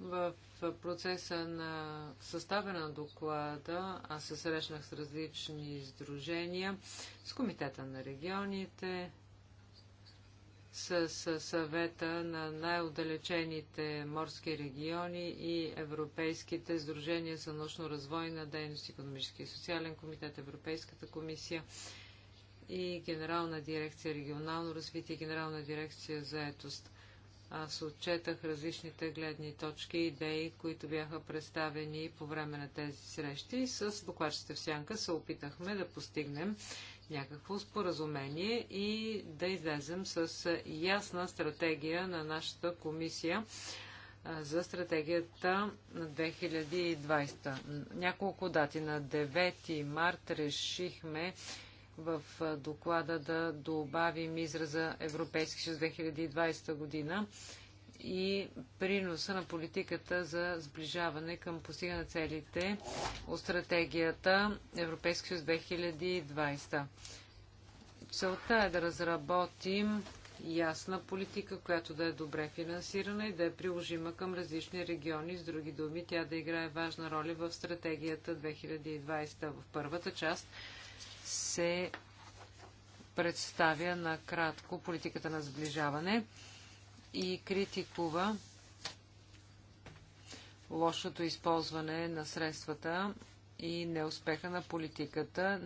В процеса на съставяне на доклада аз се срещнах с различни издружения, с Комитета на регионите, с съвета на най-отдалечените морски региони и Европейските сдружения за научно-развойна дейност, економически и социален комитет, Европейската комисия и Генерална дирекция регионално развитие, Генерална дирекция заетост. Аз отчетах различните гледни точки и идеи, които бяха представени по време на тези срещи. С докладчите в Сянка се опитахме да постигнем някакво споразумение и да излезем с ясна стратегия на нашата комисия за стратегията на 2020. Няколко дати на 9 март решихме в доклада да добавим израза Европейски съюз 2020 година и приноса на политиката за сближаване към постигане на целите от стратегията Европейски съюз 2020. Целта е да разработим ясна политика, която да е добре финансирана и да е приложима към различни региони. С други думи, тя да играе важна роля в стратегията 2020 в първата част – се представя на кратко политиката на сближаване и критикува лошото използване на средствата и неуспеха на политиката.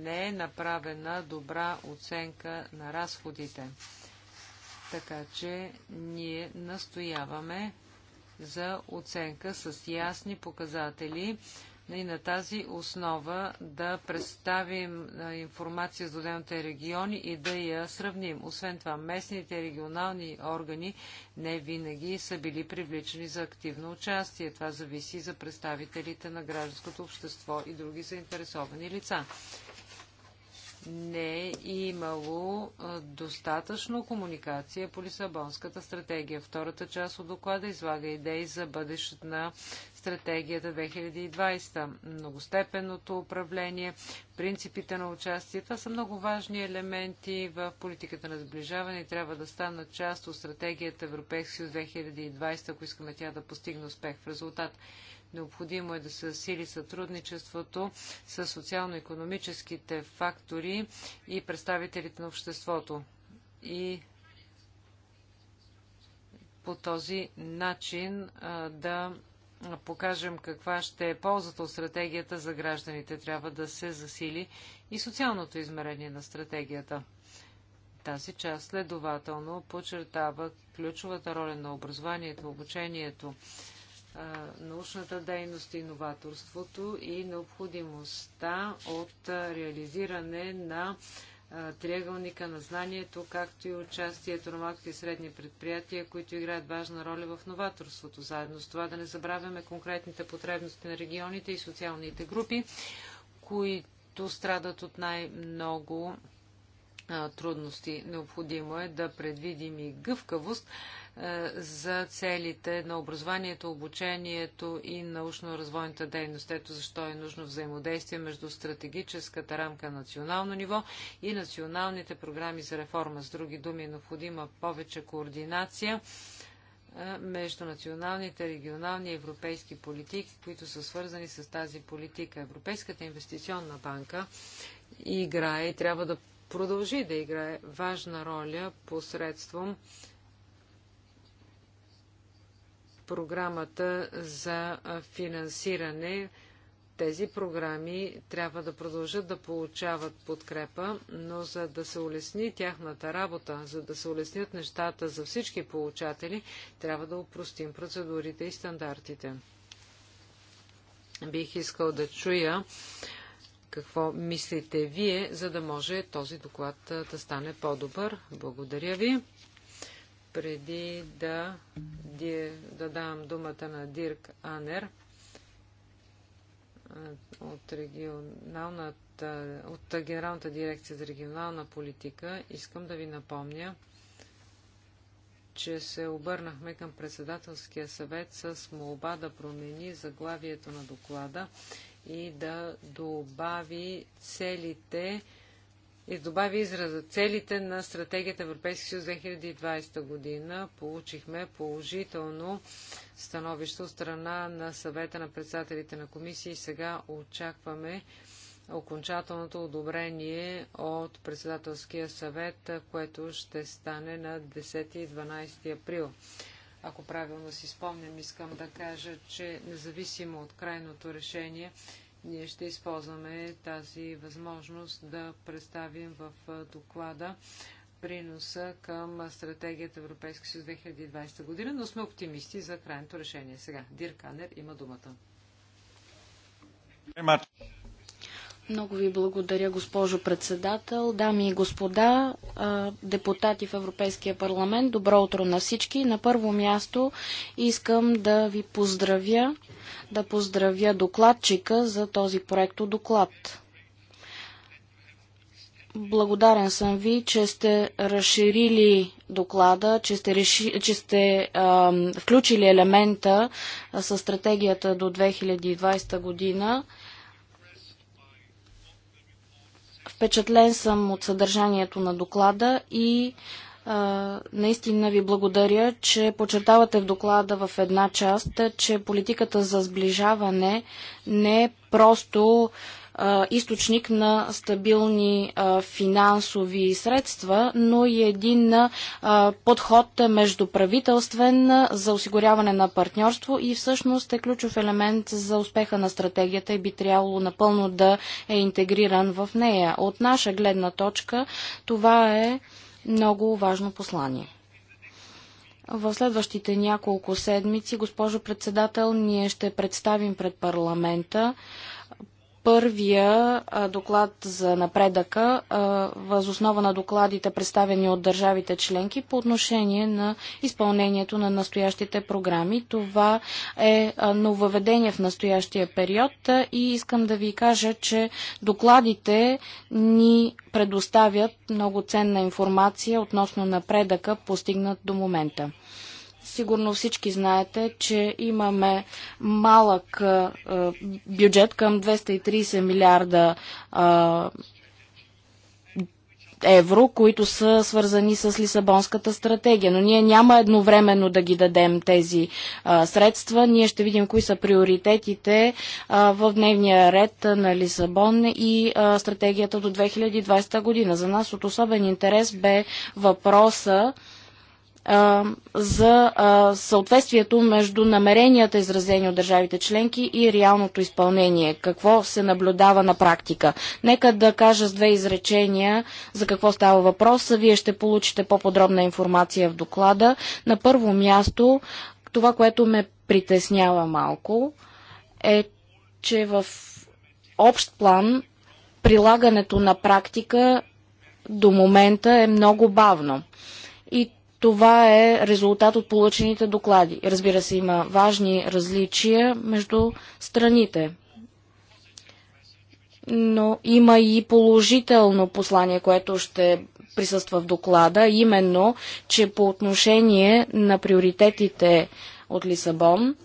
Не е направена добра оценка на разходите. Така че ние настояваме за оценка с ясни показатели и на тази основа да представим информация за отделните региони и да я сравним. Освен това, местните регионални органи не винаги са били привличани за активно участие. Това зависи за представителите на гражданското общество и други заинтересовани лица не е имало достатъчно комуникация по Лисабонската стратегия. Втората част от доклада излага идеи за бъдещето на стратегията 2020, многостепенното управление, принципите на участие. Това са много важни елементи в политиката на сближаване и трябва да станат част от стратегията Европейски съюз 2020, ако искаме тя да постигне успех в резултат. Необходимо е да се засили сътрудничеството с социално-економическите фактори и представителите на обществото. И по този начин да покажем каква ще е ползата от стратегията за гражданите. Трябва да се засили и социалното измерение на стратегията. Тази част следователно подчертава ключовата роля на образованието, обучението, научната дейност, и новаторството и необходимостта от реализиране на триъгълника на знанието, както и участието на малките и средни предприятия, които играят важна роля в новаторството. Заедно с това да не забравяме конкретните потребности на регионите и социалните групи, които страдат от най-много трудности. Необходимо е да предвидим и гъвкавост за целите на образованието, обучението и научно-развойната дейност. Ето защо е нужно взаимодействие между стратегическата рамка на национално ниво и националните програми за реформа. С други думи, е необходима повече координация между националните, регионални и европейски политики, които са свързани с тази политика. Европейската инвестиционна банка играе и трябва да продължи да играе важна роля посредством програмата за финансиране. Тези програми трябва да продължат да получават подкрепа, но за да се улесни тяхната работа, за да се улеснят нещата за всички получатели, трябва да упростим процедурите и стандартите. Бих искал да чуя какво мислите вие, за да може този доклад да стане по-добър. Благодаря ви. Преди да, да дам думата на Дирк Анер от, регионалната, от Генералната дирекция за регионална политика, искам да ви напомня, че се обърнахме към председателския съвет с молба да промени заглавието на доклада и да добави целите и добави израза целите на стратегията Европейски съюз 2020 година. Получихме положително становище от страна на съвета на председателите на комисии сега очакваме окончателното одобрение от председателския съвет, което ще стане на 10 и 12 април. Ако правилно си спомням, искам да кажа, че независимо от крайното решение, ние ще използваме тази възможност да представим в доклада приноса към стратегията Европейска съюз 2020 година, но сме оптимисти за крайното решение. Сега Дир Канер има думата. Много ви благодаря, госпожо председател. Дами и господа, депутати в Европейския парламент, добро утро на всички. На първо място искам да ви поздравя, да поздравя докладчика за този проекто доклад. Благодарен съм ви, че сте разширили доклада, че сте, реши, че сте а, включили елемента а, с стратегията до 2020 година. Впечатлен съм от съдържанието на доклада и наистина ви благодаря, че подчертавате в доклада в една част, че политиката за сближаване не е просто източник на стабилни финансови средства, но и един подход между правителствен за осигуряване на партньорство и всъщност е ключов елемент за успеха на стратегията и би трябвало напълно да е интегриран в нея. От наша гледна точка това е много важно послание. В следващите няколко седмици, госпожо председател, ние ще представим пред парламента първия доклад за напредъка възоснова на докладите, представени от държавите членки по отношение на изпълнението на настоящите програми. Това е нововведение в настоящия период и искам да ви кажа, че докладите ни предоставят много ценна информация относно напредъка, постигнат до момента. Сигурно всички знаете, че имаме малък а, бюджет към 230 милиарда а, евро, които са свързани с Лисабонската стратегия. Но ние няма едновременно да ги дадем тези а, средства. Ние ще видим кои са приоритетите а, в дневния ред на Лисабон и а, стратегията до 2020 година. За нас от особен интерес бе въпроса а, за а, съответствието между намеренията, изразени от държавите членки и реалното изпълнение. Какво се наблюдава на практика? Нека да кажа с две изречения за какво става въпрос. Вие ще получите по-подробна информация в доклада. На първо място, това, което ме притеснява малко, е, че в общ план прилагането на практика до момента е много бавно. И това е резултат от получените доклади. Разбира се, има важни различия между страните. Но има и положително послание, което ще присъства в доклада, именно, че по отношение на приоритетите от Лисабон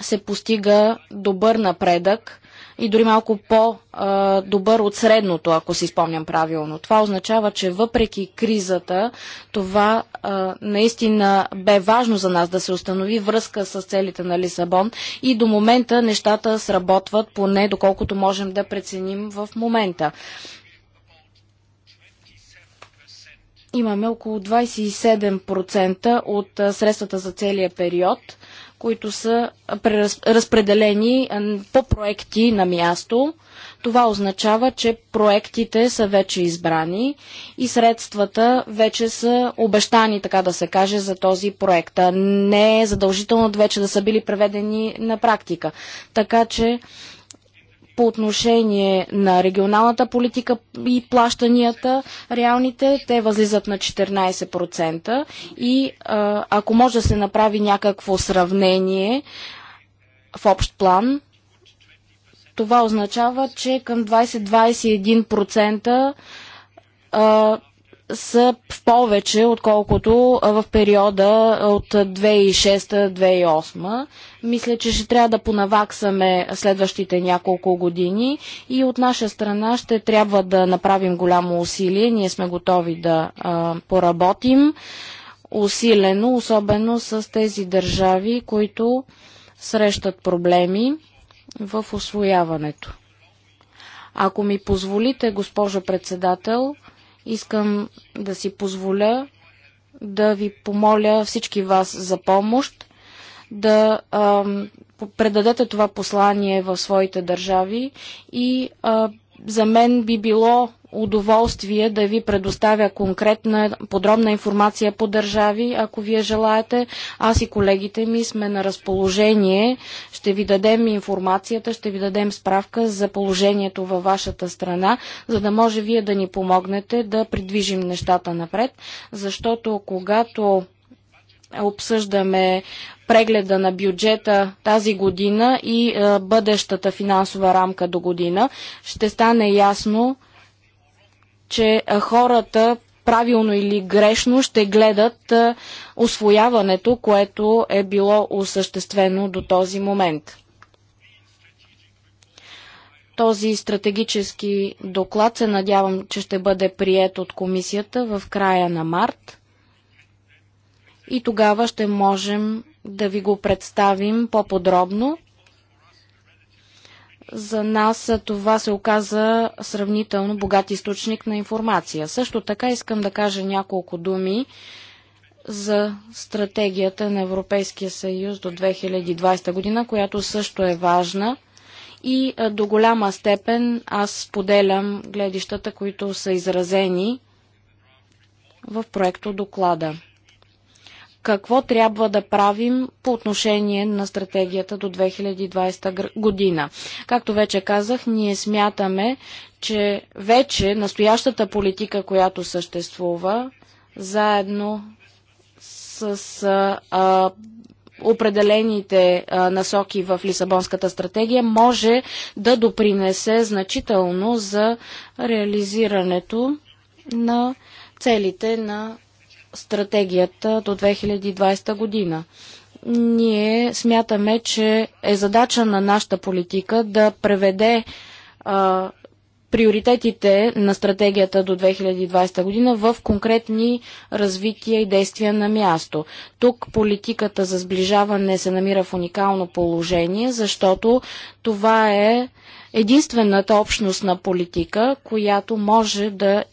се постига добър напредък и дори малко по-добър от средното, ако си спомням правилно. Това означава, че въпреки кризата, това наистина бе важно за нас да се установи връзка с целите на Лисабон и до момента нещата сработват поне доколкото можем да преценим в момента. Имаме около 27% от средствата за целия период – които са разпределени по проекти на място. Това означава, че проектите са вече избрани и средствата вече са обещани, така да се каже, за този проект. не е задължително вече да са били преведени на практика. Така че по отношение на регионалната политика и плащанията, реалните, те възлизат на 14% и а, ако може да се направи някакво сравнение в общ план, това означава, че към 20-21% са в повече, отколкото в периода от 2006-2008. Мисля, че ще трябва да понаваксаме следващите няколко години и от наша страна ще трябва да направим голямо усилие. Ние сме готови да а, поработим усилено, особено с тези държави, които срещат проблеми в освояването. Ако ми позволите, госпожо председател, Искам да си позволя да ви помоля всички вас за помощ, да а, предадете това послание в своите държави и а, за мен би било удоволствие да ви предоставя конкретна, подробна информация по държави, ако вие желаете. Аз и колегите ми сме на разположение. Ще ви дадем информацията, ще ви дадем справка за положението във вашата страна, за да може вие да ни помогнете да придвижим нещата напред, защото когато обсъждаме прегледа на бюджета тази година и е, бъдещата финансова рамка до година, ще стане ясно, че хората правилно или грешно ще гледат освояването, което е било осъществено до този момент. Този стратегически доклад се надявам, че ще бъде прият от комисията в края на март и тогава ще можем да ви го представим по-подробно за нас това се оказа сравнително богат източник на информация. Също така искам да кажа няколко думи за стратегията на Европейския съюз до 2020 година, която също е важна и до голяма степен аз споделям гледищата, които са изразени в проекто доклада какво трябва да правим по отношение на стратегията до 2020 година. Както вече казах, ние смятаме, че вече настоящата политика, която съществува, заедно с а, определените а, насоки в Лисабонската стратегия може да допринесе значително за реализирането на целите на стратегията до 2020 година. Ние смятаме, че е задача на нашата политика да преведе а, приоритетите на стратегията до 2020 година в конкретни развития и действия на място. Тук политиката за сближаване се намира в уникално положение, защото това е единствената общностна политика, която може да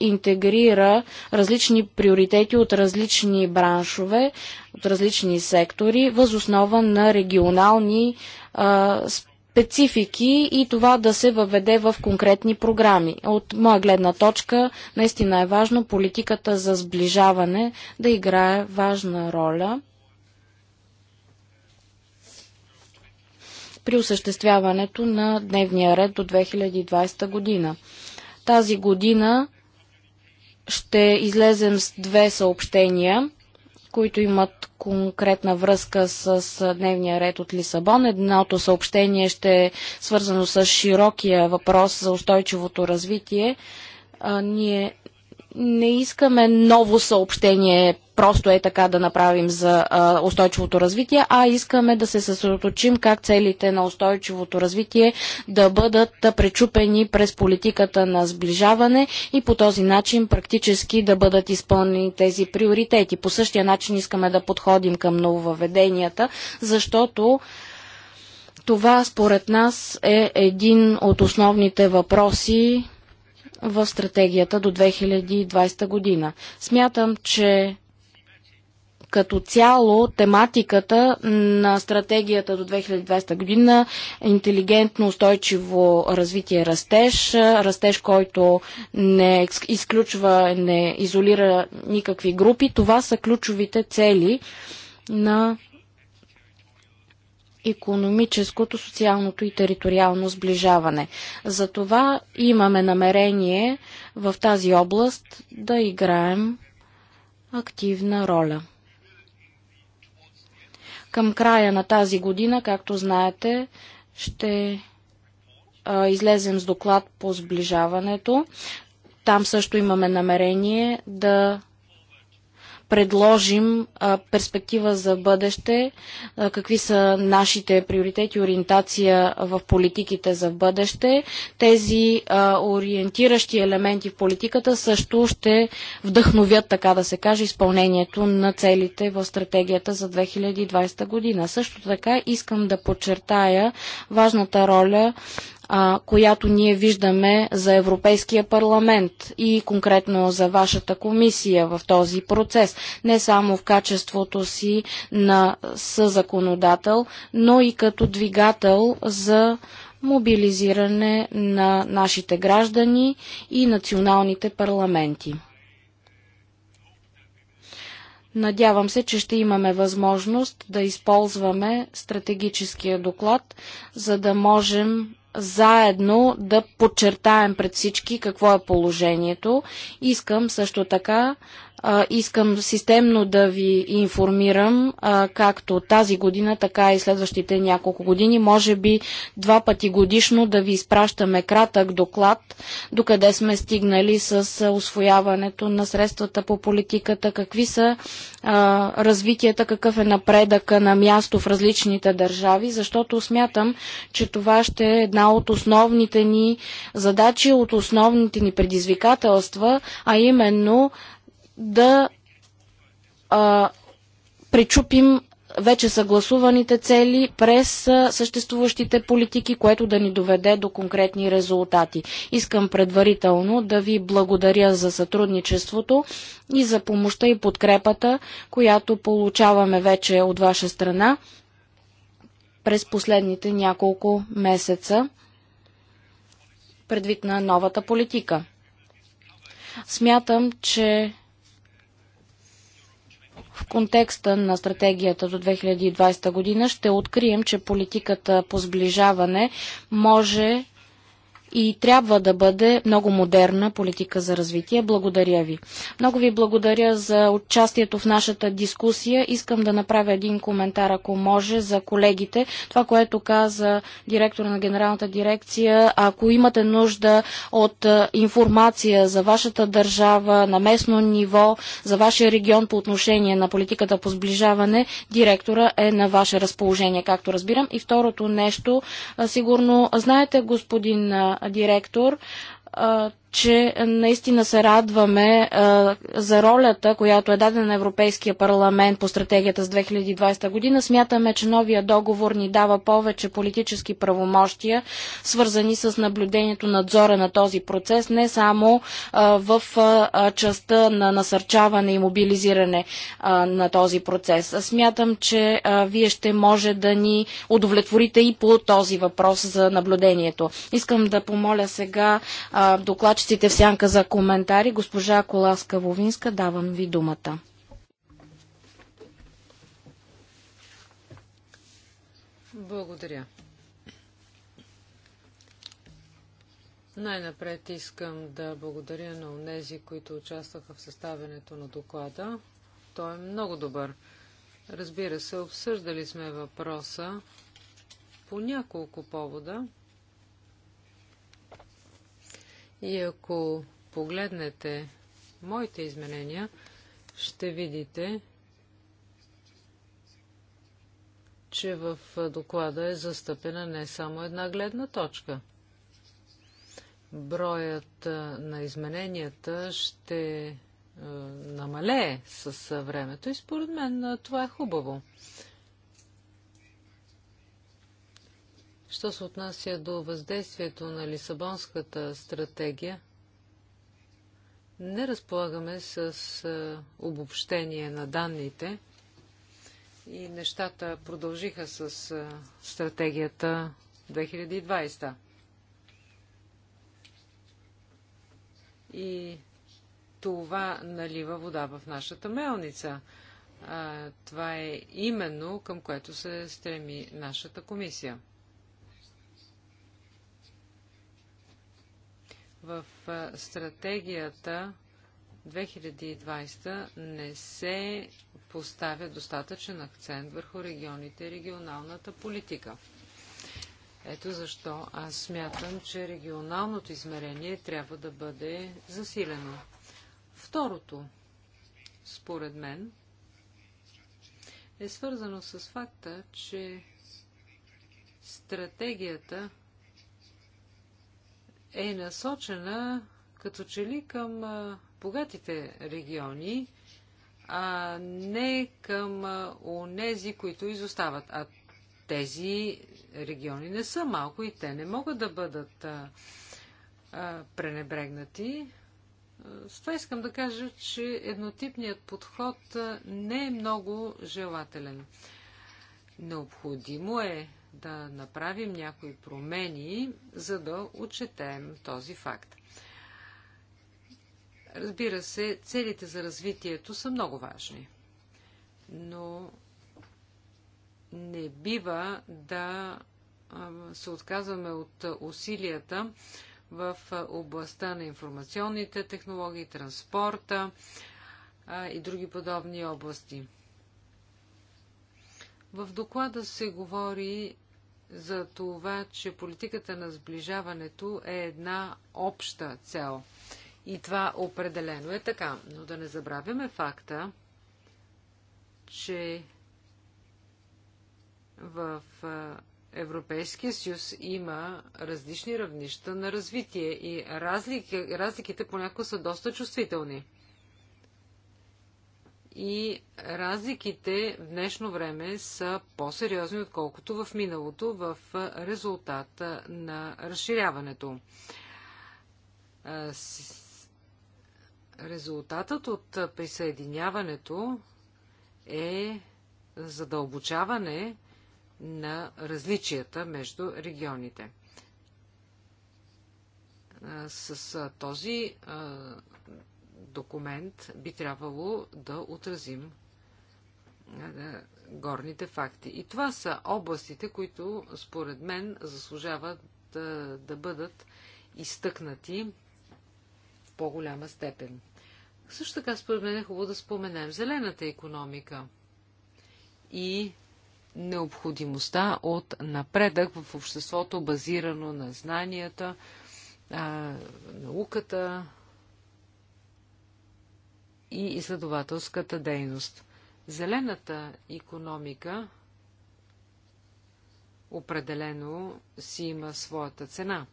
интегрира различни приоритети от различни браншове, от различни сектори, възоснова на регионални а, специфики и това да се въведе в конкретни програми. От моя гледна точка наистина е важно политиката за сближаване да играе важна роля при осъществяването на дневния ред до 2020 година. Тази година ще излезем с две съобщения, които имат конкретна връзка с дневния ред от Лисабон. Едното съобщение ще е свързано с широкия въпрос за устойчивото развитие. А, ние не искаме ново съобщение, просто е така да направим за а, устойчивото развитие, а искаме да се съсредоточим как целите на устойчивото развитие да бъдат пречупени през политиката на сближаване и по този начин практически да бъдат изпълнени тези приоритети. По същия начин искаме да подходим към нововведенията, защото това според нас е един от основните въпроси, в стратегията до 2020 година. Смятам, че като цяло тематиката на стратегията до 2020 година е интелигентно, устойчиво развитие растеж, растеж, който не изключва, не изолира никакви групи. Това са ключовите цели на економическото, социалното и териториално сближаване. Затова имаме намерение в тази област да играем активна роля. Към края на тази година, както знаете, ще а, излезем с доклад по сближаването. Там също имаме намерение да предложим а, перспектива за бъдеще, а, какви са нашите приоритети, ориентация в политиките за бъдеще. Тези а, ориентиращи елементи в политиката също ще вдъхновят, така да се каже, изпълнението на целите в стратегията за 2020 година. Също така искам да подчертая важната роля а, която ние виждаме за Европейския парламент и конкретно за вашата комисия в този процес. Не само в качеството си на съзаконодател, но и като двигател за мобилизиране на нашите граждани и националните парламенти. Надявам се, че ще имаме възможност да използваме стратегическия доклад, за да можем заедно да подчертаем пред всички какво е положението. Искам също така а, искам системно да ви информирам, а, както тази година, така и следващите няколко години, може би два пъти годишно да ви изпращаме кратък доклад, докъде сме стигнали с освояването на средствата по политиката, какви са а, развитията, какъв е напредъка на място в различните държави, защото смятам, че това ще е една от основните ни задачи, от основните ни предизвикателства, а именно да а, пречупим вече съгласуваните цели през съществуващите политики, което да ни доведе до конкретни резултати. Искам предварително да ви благодаря за сътрудничеството и за помощта и подкрепата, която получаваме вече от ваша страна през последните няколко месеца предвид на новата политика. Смятам, че в контекста на стратегията до 2020 година ще открием, че политиката по сближаване може и трябва да бъде много модерна политика за развитие. Благодаря ви. Много ви благодаря за участието в нашата дискусия. Искам да направя един коментар, ако може, за колегите. Това, което каза директора на Генералната дирекция, ако имате нужда от информация за вашата държава на местно ниво, за вашия регион по отношение на политиката по сближаване, директора е на ваше разположение, както разбирам. И второто нещо, сигурно знаете, господин директор че наистина се радваме е, за ролята, която е дадена на Европейския парламент по стратегията с 2020 година. Смятаме, че новия договор ни дава повече политически правомощия, свързани с наблюдението надзора на този процес, не само е, в е, частта на насърчаване и мобилизиране на този процес. Смятам, че вие ще може да ни удовлетворите и по този въпрос за наблюдението. Искам да помоля сега доклад докладчиците в сянка за коментари. Госпожа Коласка Вовинска, давам ви думата. Благодаря. Най-напред искам да благодаря на онези, които участваха в съставянето на доклада. Той е много добър. Разбира се, обсъждали сме въпроса по няколко повода. И ако погледнете моите изменения, ще видите, че в доклада е застъпена не само една гледна точка. Броят на измененията ще намалее с времето и според мен това е хубаво. Що се отнася до въздействието на Лисабонската стратегия, не разполагаме с обобщение на данните и нещата продължиха с стратегията 2020. И това налива вода в нашата мелница. А, това е именно към което се стреми нашата комисия. В стратегията 2020 не се поставя достатъчен акцент върху регионите и регионалната политика. Ето защо аз смятам, че регионалното измерение трябва да бъде засилено. Второто, според мен, е свързано с факта, че стратегията е насочена като че ли към богатите региони, а не към онези, които изостават. А тези региони не са малко и те не могат да бъдат пренебрегнати. С това искам да кажа, че еднотипният подход не е много желателен. Необходимо е да направим някои промени, за да отчетем този факт. Разбира се, целите за развитието са много важни, но не бива да се отказваме от усилията в областта на информационните технологии, транспорта и други подобни области. В доклада се говори за това, че политиката на сближаването е една обща цел. И това определено е така. Но да не забравяме факта, че в Европейския съюз има различни равнища на развитие и разлики, разликите понякога са доста чувствителни и разликите в днешно време са по-сериозни, отколкото в миналото, в резултата на разширяването. Резултатът от присъединяването е задълбочаване на различията между регионите. С този документ би трябвало да отразим горните факти. И това са областите, които според мен заслужават да, да бъдат изтъкнати в по-голяма степен. Също така според мен е хубаво да споменем зелената економика и необходимостта от напредък в обществото, базирано на знанията, науката, и изследователската дейност. Зелената економика определено си има своята цена.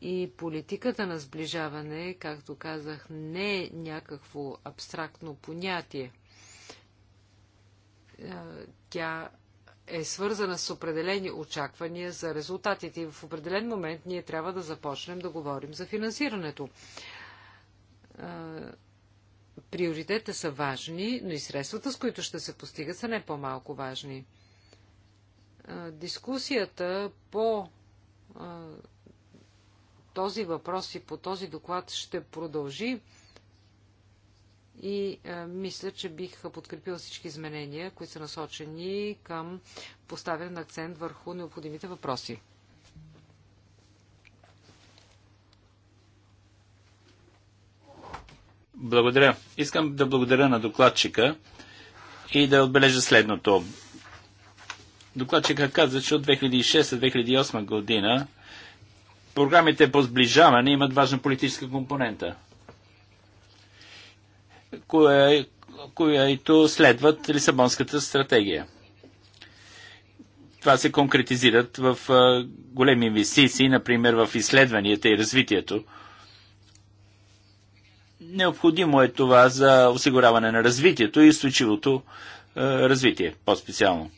И политиката на сближаване, както казах, не е някакво абстрактно понятие. Е, тя е свързана с определени очаквания за резултатите и в определен момент ние трябва да започнем да говорим за финансирането приоритета са важни, но и средствата, с които ще се постигат, са не по-малко важни. дискусията по този въпрос и по този доклад ще продължи и а, мисля, че бих подкрепила всички изменения, които са насочени към поставен акцент върху необходимите въпроси. Благодаря. Искам да благодаря на докладчика и да отбележа следното. Докладчика каза, че от 2006-2008 година програмите по сближаване имат важна политическа компонента, която следват Лисабонската стратегия. Това се конкретизират в големи инвестиции, например в изследванията и развитието – Необходимо е това за осигуряване на развитието и устойчивото е, развитие, по-специално.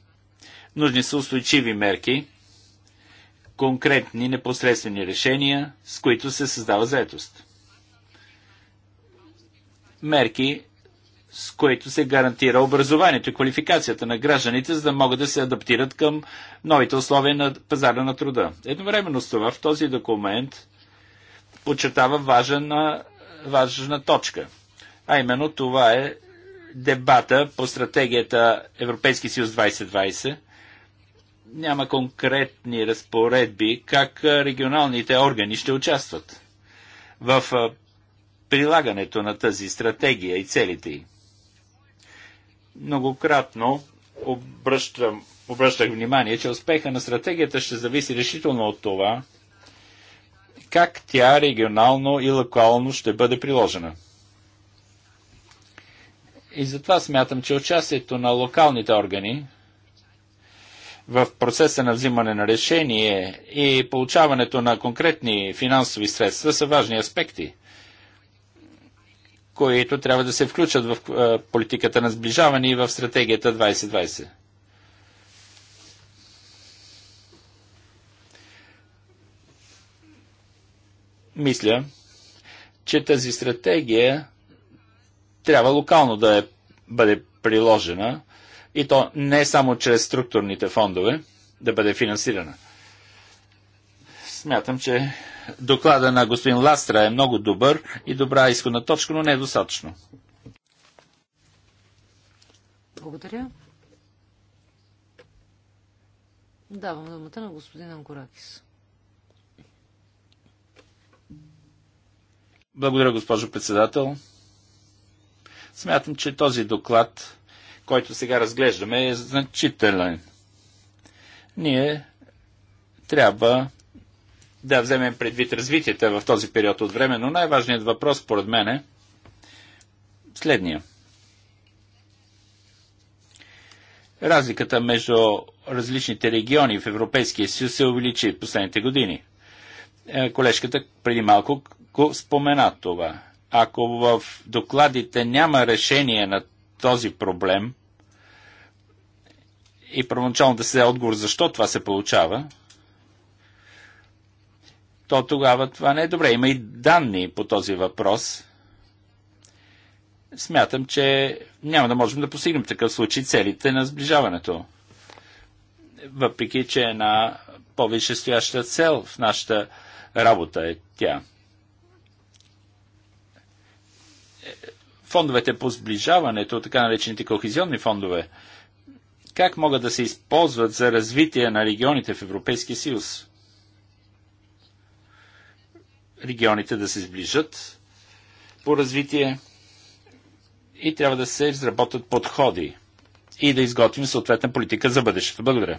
Нужни са устойчиви мерки, конкретни непосредствени решения, с които се създава заетост. Мерки, с които се гарантира образованието и квалификацията на гражданите, за да могат да се адаптират към новите условия на пазара на труда. Едновременно с това в този документ подчертава важен важна точка. А именно това е дебата по стратегията Европейски съюз 2020. Няма конкретни разпоредби как регионалните органи ще участват в прилагането на тази стратегия и целите й. Многократно обръщам, обръщах внимание, че успеха на стратегията ще зависи решително от това, как тя регионално и локално ще бъде приложена. И затова смятам, че участието на локалните органи в процеса на взимане на решение и получаването на конкретни финансови средства са важни аспекти, които трябва да се включат в политиката на сближаване и в стратегията 2020. Мисля, че тази стратегия трябва локално да е, бъде приложена и то не само чрез структурните фондове да бъде финансирана. Смятам, че доклада на господин Ластра е много добър и добра изходна точка, но не е достатъчно. Благодаря. Давам думата на господин Анкоракис. Благодаря, госпожо председател. Смятам, че този доклад, който сега разглеждаме, е значителен. Ние трябва да вземем предвид развитията в този период от време, но най-важният въпрос, според мен, е следния. Разликата между различните региони в Европейския съюз се увеличи в последните години. Е, колежката преди малко го спомена това. Ако в докладите няма решение на този проблем и първоначално да се даде отговор защо това се получава, то тогава това не е добре. Има и данни по този въпрос. Смятам, че няма да можем да постигнем такъв случай целите на сближаването. Въпреки, че е една по-висшестояща цел в нашата работа е тя. фондовете по сближаването, така наречените кохезионни фондове, как могат да се използват за развитие на регионите в Европейския съюз? Регионите да се сближат по развитие и трябва да се изработят подходи и да изготвим съответна политика за бъдещето. Благодаря.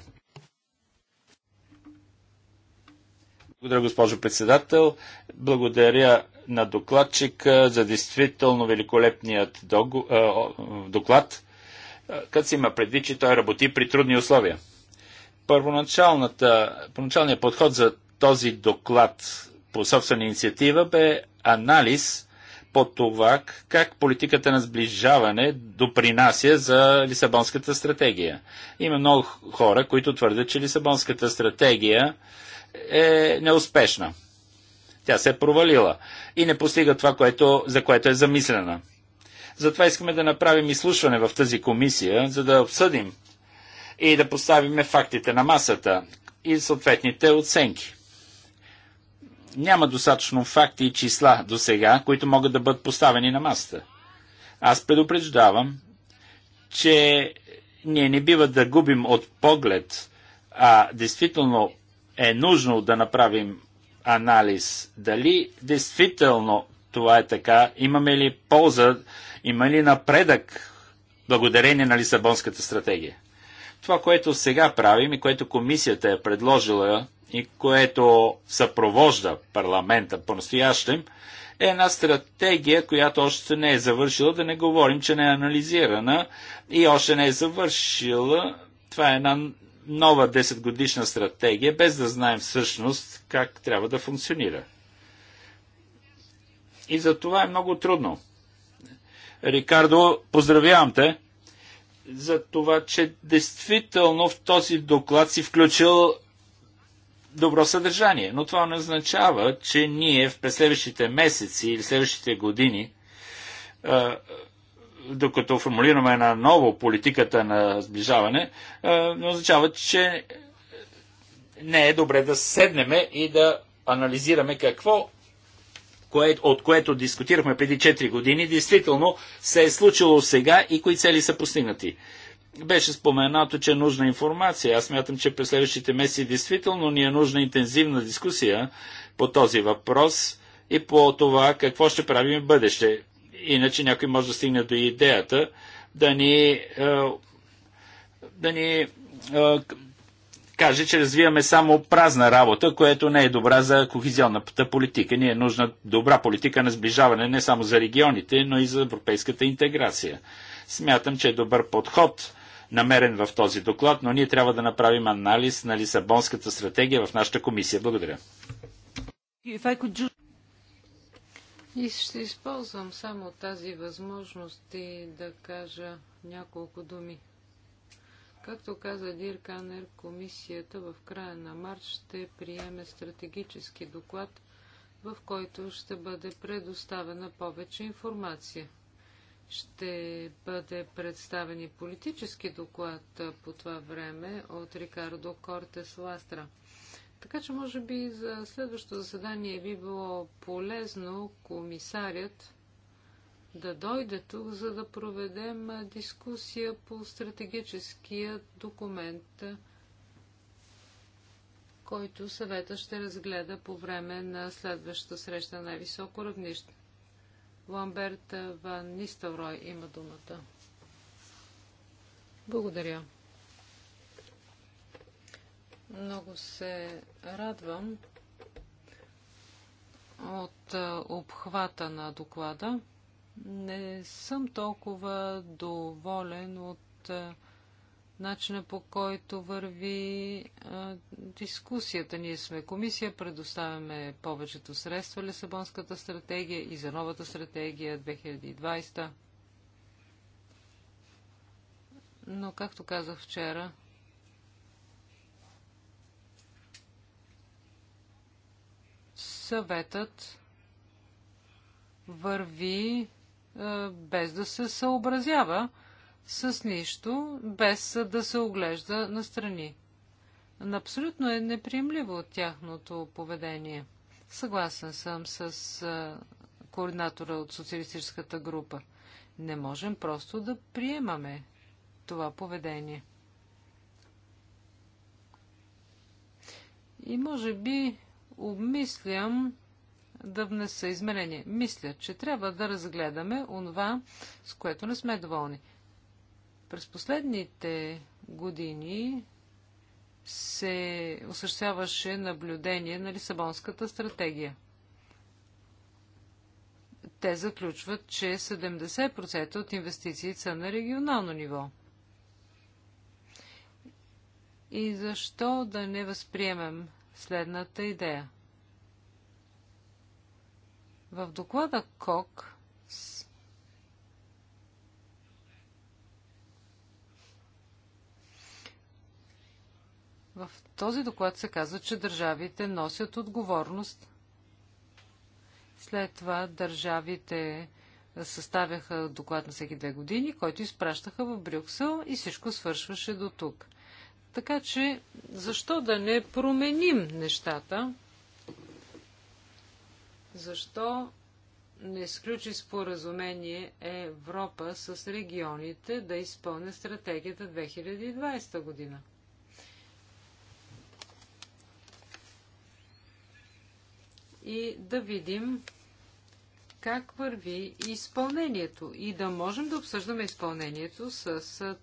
Благодаря, госпожо председател. Благодаря на докладчика за действително великолепният доклад, като се има предвид, че той работи при трудни условия. Първоначалният подход за този доклад по собствена инициатива бе анализ по това как политиката на сближаване допринася за Лисабонската стратегия. Има много хора, които твърдят, че Лисабонската стратегия е неуспешна. Тя се е провалила и не постига това, което, за което е замислена. Затова искаме да направим изслушване в тази комисия, за да обсъдим и да поставим фактите на масата и съответните оценки. Няма достатъчно факти и числа до сега, които могат да бъдат поставени на масата. Аз предупреждавам, че ние не бива да губим от поглед, а действително е нужно да направим анализ. Дали действително това е така? Имаме ли полза? Има ли напредък благодарение на Лисабонската стратегия? Това, което сега правим и което комисията е предложила и което съпровожда парламента по-настоящем, е една стратегия, която още не е завършила, да не говорим, че не е анализирана и още не е завършила. Това е една нова 10-годишна стратегия, без да знаем всъщност как трябва да функционира. И за това е много трудно. Рикардо, поздравявам те за това, че действително в този доклад си включил добро съдържание. Но това не означава, че ние в следващите месеци или следващите години докато формулираме на ново политиката на сближаване, не означава, че не е добре да седнеме и да анализираме какво, кое, от което дискутирахме преди 4 години, действително се е случило сега и кои цели са постигнати. Беше споменато, че е нужна информация. Аз мятам, че през следващите месеци действително ни е нужна интензивна дискусия по този въпрос и по това какво ще правим в бъдеще. Иначе някой може да стигне до идеята да ни, е, да ни е, каже, че развиваме само празна работа, което не е добра за кохизионната политика. Ние е нужна добра политика на сближаване не само за регионите, но и за европейската интеграция. Смятам, че е добър подход намерен в този доклад, но ние трябва да направим анализ на Лисабонската стратегия в нашата комисия. Благодаря. И ще използвам само тази възможност и да кажа няколко думи. Както каза Дир Канер, комисията в края на март ще приеме стратегически доклад, в който ще бъде предоставена повече информация. Ще бъде представен и политически доклад по това време от Рикардо Кортес Ластра – така че, може би, за следващото заседание би било полезно комисарят да дойде тук, за да проведем дискусия по стратегическия документ, който съвета ще разгледа по време на следващата среща на високо равнище. Ламберт Ван Ниставрой има думата. Благодаря. Много се радвам от обхвата на доклада. Не съм толкова доволен от начина по който върви дискусията. Ние сме комисия, предоставяме повечето средства Лисабонската стратегия и за новата стратегия 2020. Но, както казах вчера, съветът върви е, без да се съобразява с нищо, без да се оглежда настрани. Абсолютно е неприемливо от тяхното поведение. Съгласен съм с е, координатора от социалистическата група. Не можем просто да приемаме това поведение. И може би обмислям да внеса изменение. Мисля, че трябва да разгледаме онова, с което не сме доволни. През последните години се осъществяваше наблюдение на Лисабонската стратегия. Те заключват, че 70% от инвестициите са на регионално ниво. И защо да не възприемем следната идея. В доклада КОК В този доклад се казва, че държавите носят отговорност. След това държавите съставяха доклад на всеки две години, който изпращаха в Брюксел и всичко свършваше до тук. Така че, защо да не променим нещата? Защо не изключи споразумение Европа с регионите да изпълня стратегията 2020 година? И да видим как върви изпълнението и да можем да обсъждаме изпълнението с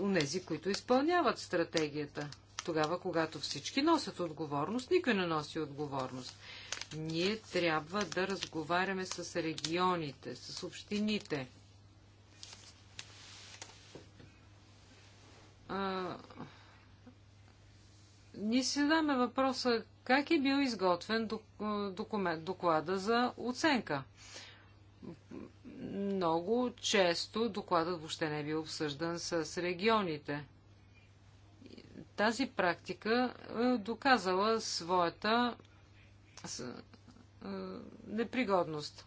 унези, които изпълняват стратегията. Тогава, когато всички носят отговорност, никой не носи отговорност. Ние трябва да разговаряме с регионите, с общините. А, ние си задаме въпроса как е бил изготвен документ, доклада за оценка много често докладът въобще не е бил обсъждан с регионите. Тази практика е доказала своята е, непригодност.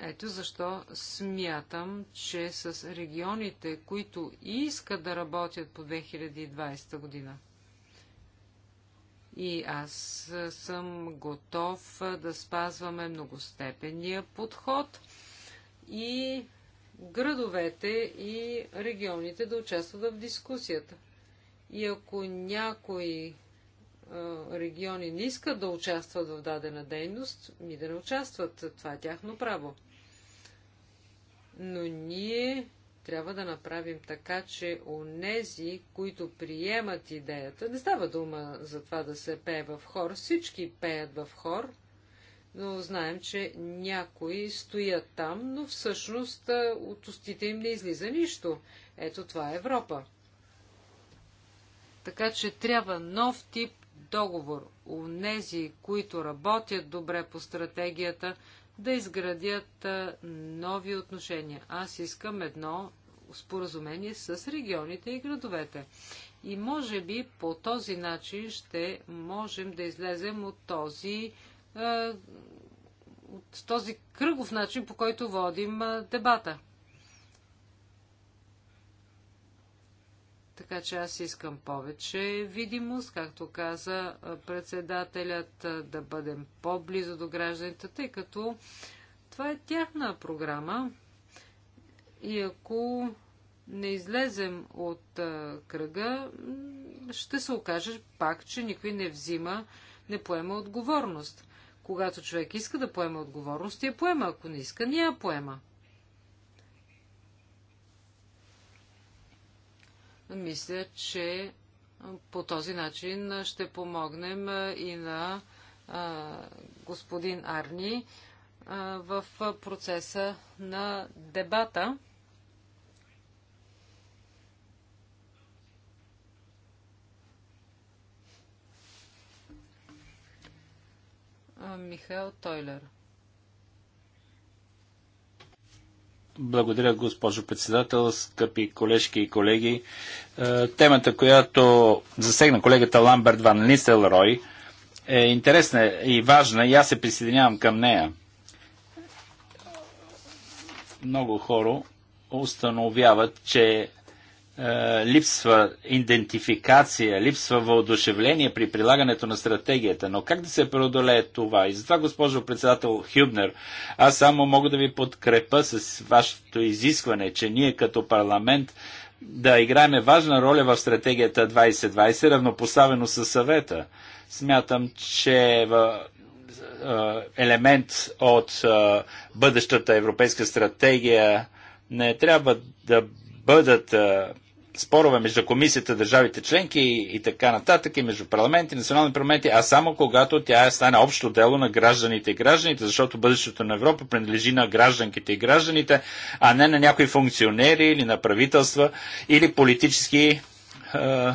Ето защо смятам, че с регионите, които искат да работят по 2020 година, и аз съм готов да спазваме многостепенния подход и градовете и регионите да участват в дискусията. И ако някои региони не искат да участват в дадена дейност, ми да не участват. Това е тяхно право. Но ние трябва да направим така, че онези, които приемат идеята, не става дума за това да се пее в хор, всички пеят в хор, но знаем, че някои стоят там, но всъщност от устите им не излиза нищо. Ето това е Европа. Така че трябва нов тип договор. Онези, които работят добре по стратегията, да изградят нови отношения. Аз искам едно споразумение с регионите и градовете. И може би по този начин ще можем да излезем от този, от този кръгов начин, по който водим дебата. Така че аз искам повече видимост, както каза председателят, да бъдем по-близо до гражданите, тъй като това е тяхна програма. И ако не излезем от кръга, ще се окаже пак, че никой не взима, не поема отговорност. Когато човек иска да поема отговорност, я поема. Ако не иска, не я поема. Мисля, че по този начин ще помогнем и на господин Арни в процеса на дебата. Михаил Тойлер. Благодаря, госпожо председател, скъпи колежки и колеги. Е, темата, която засегна колегата Ламберт Ван Нисел-Рой, е интересна и важна и аз се присъединявам към нея. Много хора установяват, че е, липсва идентификация, липсва въодушевление при прилагането на стратегията. Но как да се преодолее това? И затова, госпожо председател Хюбнер, аз само мога да ви подкрепа с вашето изискване, че ние като парламент да играем важна роля в стратегията 2020, равнопоставено със съвета. Смятам, че в е, елемент от е, бъдещата европейска стратегия не трябва да бъдат спорове между комисията, държавите членки и, и така нататък, и между парламенти, национални парламенти, а само когато тя стане общо дело на гражданите и гражданите, защото бъдещето на Европа принадлежи на гражданките и гражданите, а не на някои функционери или на правителства или политически е,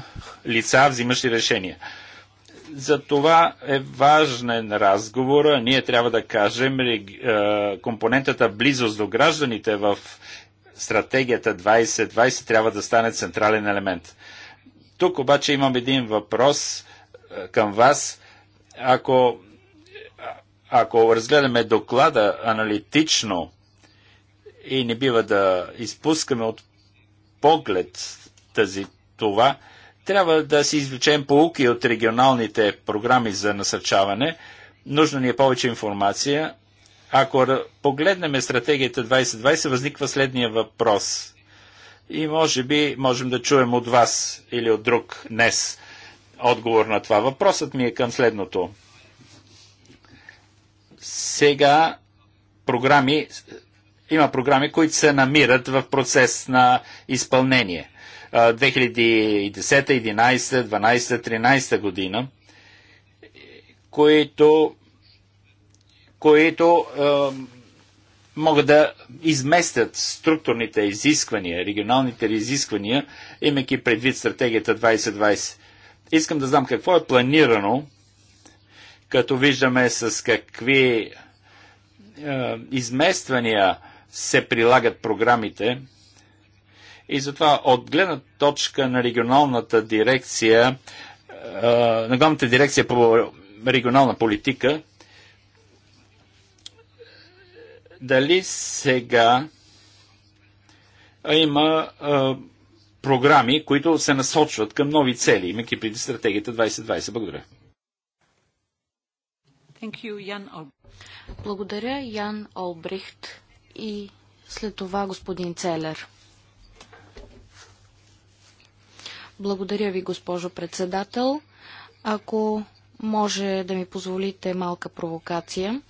лица, взимащи решения. За това е важен разговор. Ние трябва да кажем е, компонентата близост до гражданите в стратегията 2020 трябва да стане централен елемент. Тук обаче имам един въпрос е, към вас. Ако, ако разгледаме доклада аналитично и не бива да изпускаме от поглед тази това, трябва да си извлечем полуки от регионалните програми за насърчаване. Нужна ни е повече информация ако погледнем стратегията 2020, възниква следния въпрос. И може би можем да чуем от вас или от друг днес отговор на това. Въпросът ми е към следното. Сега програми, има програми, които се намират в процес на изпълнение. 2010, 11, 12, 13 година, които които е, могат да изместят структурните изисквания, регионалните изисквания, имайки предвид стратегията 2020. Искам да знам какво е планирано, като виждаме с какви е, измествания се прилагат програмите. И затова от гледна точка на регионалната дирекция, е, на главната дирекция по регионална политика, дали сега има а, програми, които се насочват към нови цели, имайки преди стратегията 2020. Благодаря. You, Благодаря, Ян Олбрихт. И след това господин Целер. Благодаря ви, госпожо председател. Ако може да ми позволите малка провокация,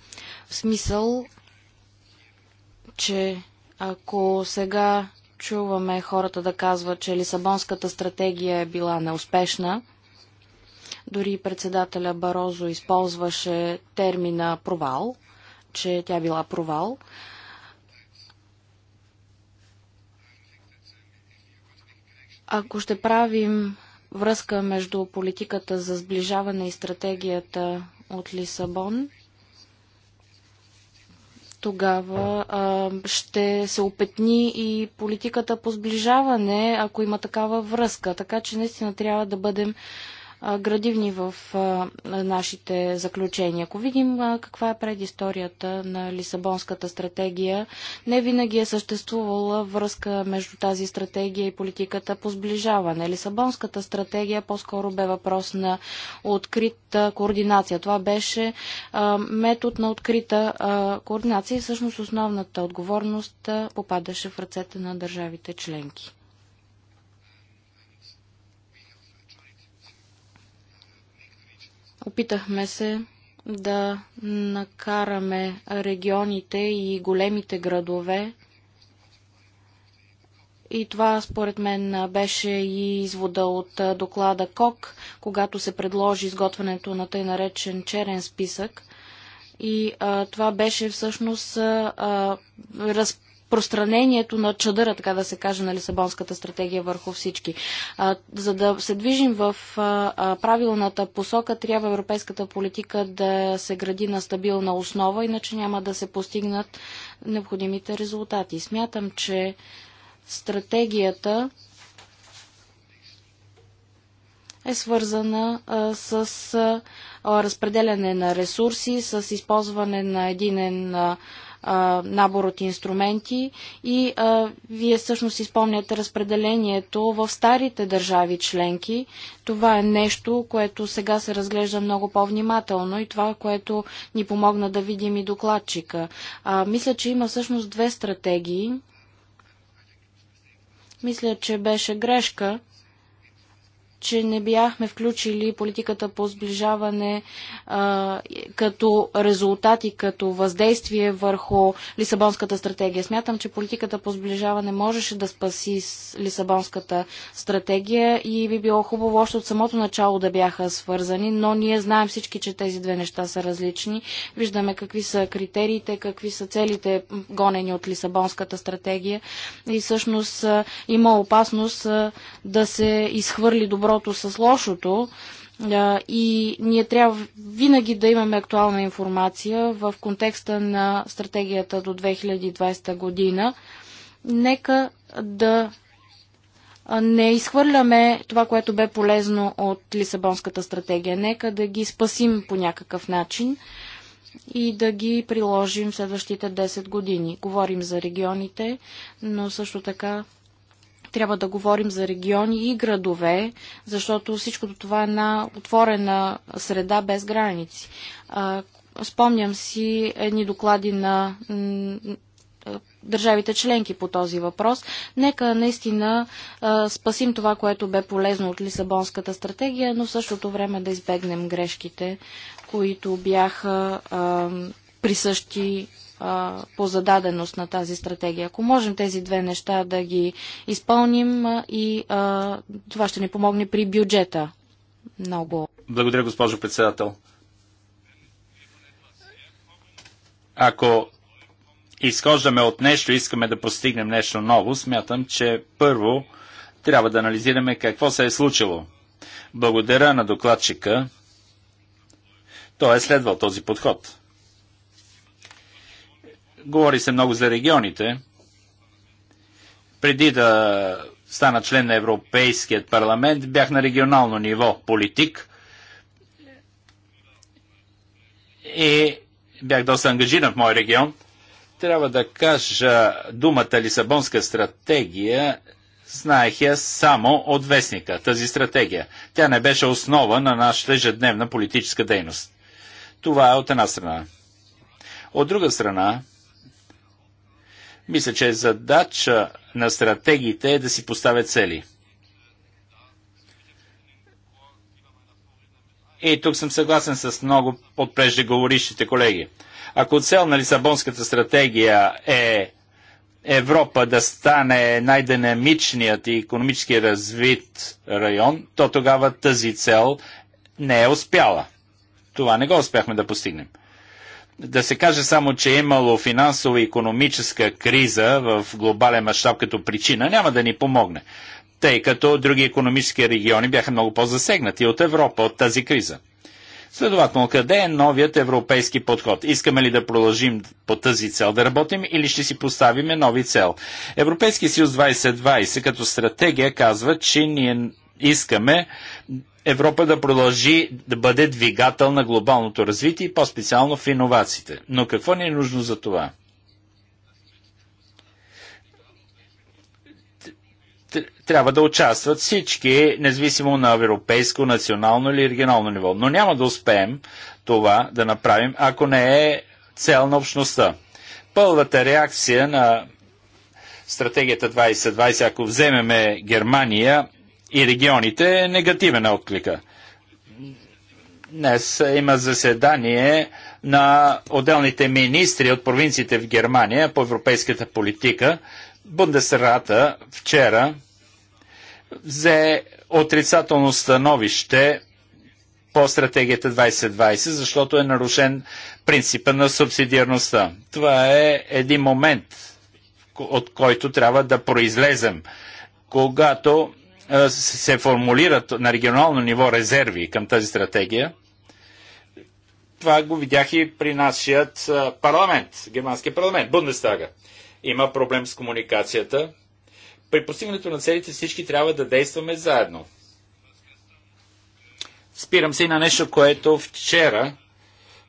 в смисъл че ако сега чуваме хората да казват, че Лисабонската стратегия е била неуспешна, дори председателя Барозо използваше термина провал, че тя била провал. Ако ще правим връзка между политиката за сближаване и стратегията от Лисабон, тогава а, ще се опетни и политиката по сближаване, ако има такава връзка. Така че наистина трябва да бъдем градивни в нашите заключения. Ако видим каква е предисторията на Лисабонската стратегия, не винаги е съществувала връзка между тази стратегия и политиката по сближаване. Лисабонската стратегия по-скоро бе въпрос на открита координация. Това беше метод на открита координация и всъщност основната отговорност попадаше в ръцете на държавите членки. Опитахме се да накараме регионите и големите градове. И това, според мен, беше и извода от доклада КОК, когато се предложи изготвянето на тъй наречен черен списък. И а, това беше всъщност а, разп разпространението на чадъра, така да се каже, на Лисабонската стратегия върху всички. А, за да се движим в а, правилната посока, трябва европейската политика да се гради на стабилна основа, иначе няма да се постигнат необходимите резултати. Смятам, че стратегията е свързана а, с а, разпределяне на ресурси, с използване на единен а, набор от инструменти и а, вие всъщност изпомняте разпределението в старите държави членки. Това е нещо, което сега се разглежда много по-внимателно и това, което ни помогна да видим и докладчика. А, мисля, че има всъщност две стратегии. Мисля, че беше грешка че не бяхме включили политиката по сближаване а, като резултат и като въздействие върху Лисабонската стратегия. Смятам, че политиката по сближаване можеше да спаси Лисабонската стратегия и би било хубаво още от самото начало да бяха свързани, но ние знаем всички, че тези две неща са различни. Виждаме какви са критериите, какви са целите гонени от Лисабонската стратегия и всъщност има опасност да се изхвърли добро доброто с лошото и ние трябва винаги да имаме актуална информация в контекста на стратегията до 2020 година. Нека да не изхвърляме това, което бе полезно от Лисабонската стратегия. Нека да ги спасим по някакъв начин и да ги приложим в следващите 10 години. Говорим за регионите, но също така трябва да говорим за региони и градове, защото всичкото това е една отворена среда без граници. Спомням си едни доклади на държавите членки по този въпрос. Нека наистина спасим това, което бе полезно от Лисабонската стратегия, но в същото време да избегнем грешките, които бяха присъщи по зададеност на тази стратегия. Ако можем тези две неща да ги изпълним а, и а, това ще ни помогне при бюджета. Много. Благодаря, госпожо председател. Ако изхождаме от нещо, искаме да постигнем нещо ново, смятам, че първо трябва да анализираме какво се е случило. Благодаря на докладчика. Той е следвал този подход. Говори се много за регионите. Преди да стана член на Европейският парламент, бях на регионално ниво политик и бях доста ангажиран в мой регион. Трябва да кажа думата Лисабонска стратегия знаех я само от вестника, тази стратегия. Тя не беше основа на нашата ежедневна политическа дейност. Това е от една страна. От друга страна, мисля, че задача на стратегиите е да си поставят цели. И тук съм съгласен с много от преждеговорившите колеги. Ако цел на Лисабонската стратегия е Европа да стане най-динамичният и економически развит район, то тогава тази цел не е успяла. Това не го успяхме да постигнем да се каже само, че е имало финансова и економическа криза в глобален мащаб като причина, няма да ни помогне, тъй като други економически региони бяха много по-засегнати от Европа от тази криза. Следователно, къде е новият европейски подход? Искаме ли да продължим по тази цел да работим или ще си поставиме нови цел? Европейски съюз 2020 като стратегия казва, че ние искаме Европа да продължи да бъде двигател на глобалното развитие и по-специално в иновациите. Но какво ни е нужно за това? трябва да участват всички, независимо на европейско, национално или регионално ниво. Но няма да успеем това да направим, ако не е цел на общността. Пълвата реакция на стратегията 2020, ако вземеме Германия, и регионите е негативен отклика. Днес има заседание на отделните министри от провинциите в Германия по европейската политика. Бундесрата вчера взе отрицателно становище по стратегията 2020, защото е нарушен принципа на субсидиарността. Това е един момент, от който трябва да произлезем, когато се формулират на регионално ниво резерви към тази стратегия. Това го видях и при нашият парламент, германския парламент, Бундестага. Има проблем с комуникацията. При постигането на целите всички трябва да действаме заедно. Спирам се и на нещо, което вчера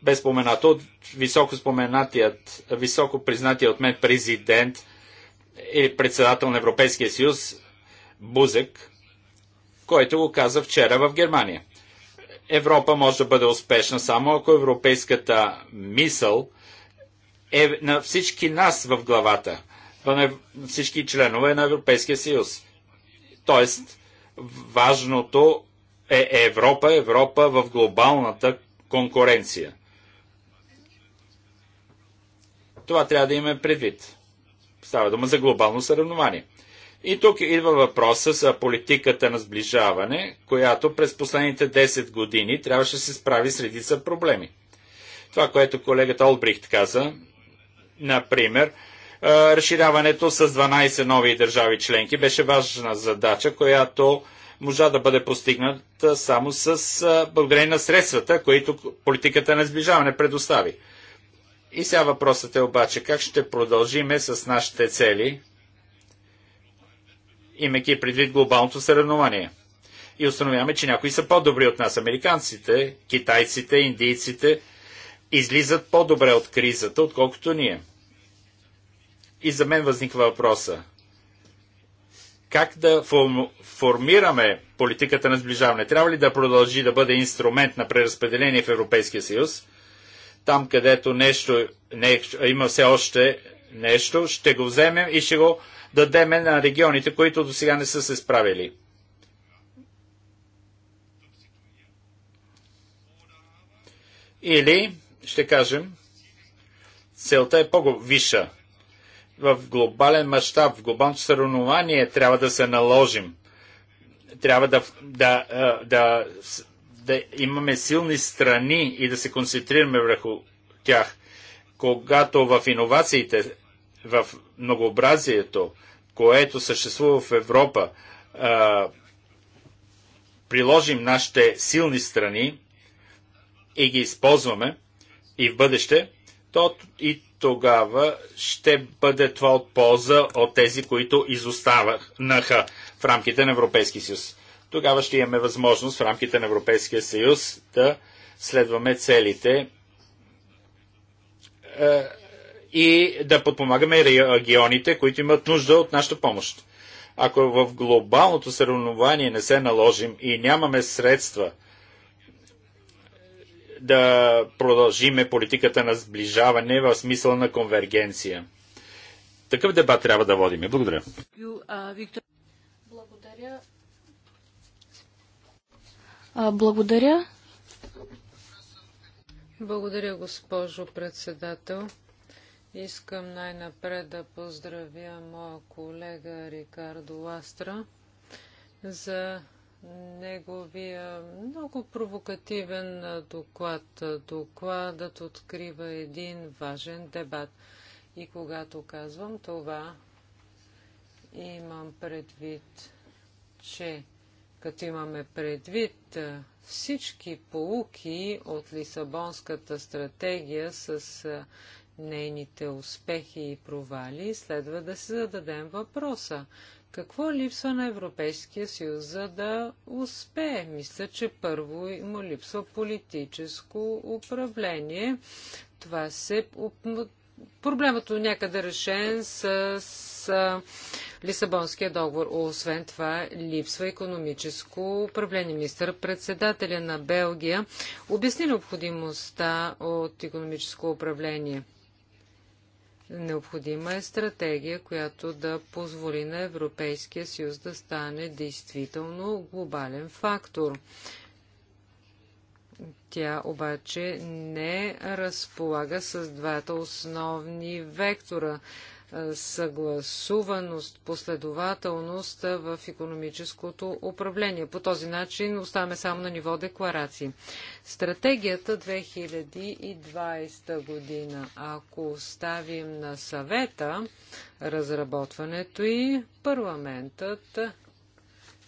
бе споменато от високо споменатият, високо признатият от мен президент или председател на Европейския съюз Бузек, който го каза вчера в Германия. Европа може да бъде успешна само ако европейската мисъл е на всички нас в главата, на всички членове на Европейския съюз. Тоест, важното е Европа, Европа в глобалната конкуренция. Това трябва да имаме предвид. Става дума за глобално съревнование. И тук идва въпроса за политиката на сближаване, която през последните 10 години трябваше да се справи с редица проблеми. Това, което колегата Олбрихт каза, например, разширяването с 12 нови държави членки беше важна задача, която можа да бъде постигната само с благодарение на средствата, които политиката на сближаване предостави. И сега въпросът е обаче как ще продължиме с нашите цели – имайки предвид глобалното съревнование. И установяваме, че някои са по-добри от нас. Американците, китайците, индийците излизат по-добре от кризата, отколкото ние. И за мен възниква въпроса. Как да формираме политиката на сближаване? Трябва ли да продължи да бъде инструмент на преразпределение в Европейския съюз? Там, където нещо, нещо има все още нещо, ще го вземем и ще го дадеме на регионите, които до сега не са се справили. Или, ще кажем, целта е по-виша. В глобален мащаб, в глобалното съревнование трябва да се наложим. Трябва да, да, да, да имаме силни страни и да се концентрираме върху тях. Когато в иновациите, в многообразието, което съществува в Европа, а, приложим нашите силни страни и ги използваме и в бъдеще, то и тогава ще бъде това от полза от тези, които изоставаха в рамките на Европейския съюз. Тогава ще имаме възможност в рамките на Европейския съюз да следваме целите и да подпомагаме регионите, които имат нужда от нашата помощ. Ако в глобалното съревнование не се наложим и нямаме средства да продължиме политиката на сближаване в смисъла на конвергенция. Такъв дебат трябва да водиме. Благодаря. Благодаря. Благодаря. Благодаря, госпожо председател. Искам най-напред да поздравя моя колега Рикардо Ластра за неговия много провокативен доклад. Докладът открива един важен дебат. И когато казвам това, имам предвид, че като имаме предвид всички полуки от Лисабонската стратегия с нейните успехи и провали, следва да си зададем въпроса. Какво липсва на Европейския съюз, за да успее? Мисля, че първо му липсва политическо управление. Това се проблемът е някъде решен с, с Лисабонския договор. Освен това, липсва економическо управление. Мистър, председателя на Белгия обясни необходимостта от економическо управление. Необходима е стратегия, която да позволи на Европейския съюз да стане действително глобален фактор. Тя обаче не разполага с двата основни вектора съгласуваност, последователност в економическото управление. По този начин оставаме само на ниво декларации. Стратегията 2020 година, ако оставим на съвета разработването и парламентът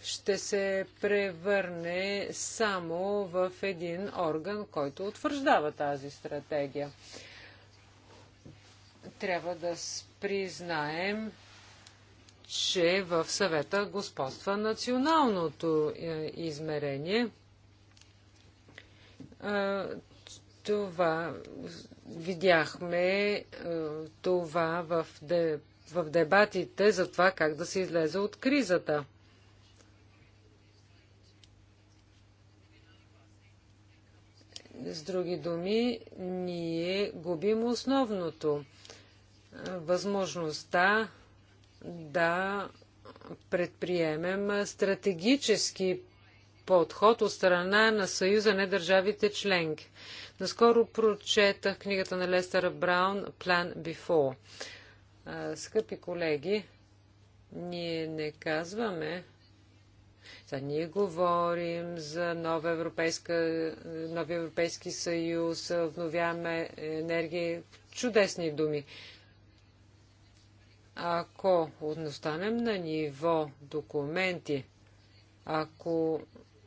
ще се превърне само в един орган, който утвърждава тази стратегия. Трябва да признаем, че в съвета господства националното е, измерение. Е, това видяхме е, това в, в дебатите за това как да се излезе от кризата. С други думи, ние губим основното възможността да предприемем стратегически подход от страна на Съюза на държавите членки. Наскоро прочетах книгата на Лестър Браун Plan Before. Скъпи колеги, ние не казваме, да ние говорим за нова европейска, нови Европейски съюз, обновяваме енергия, чудесни думи. Ако останем на ниво документи, ако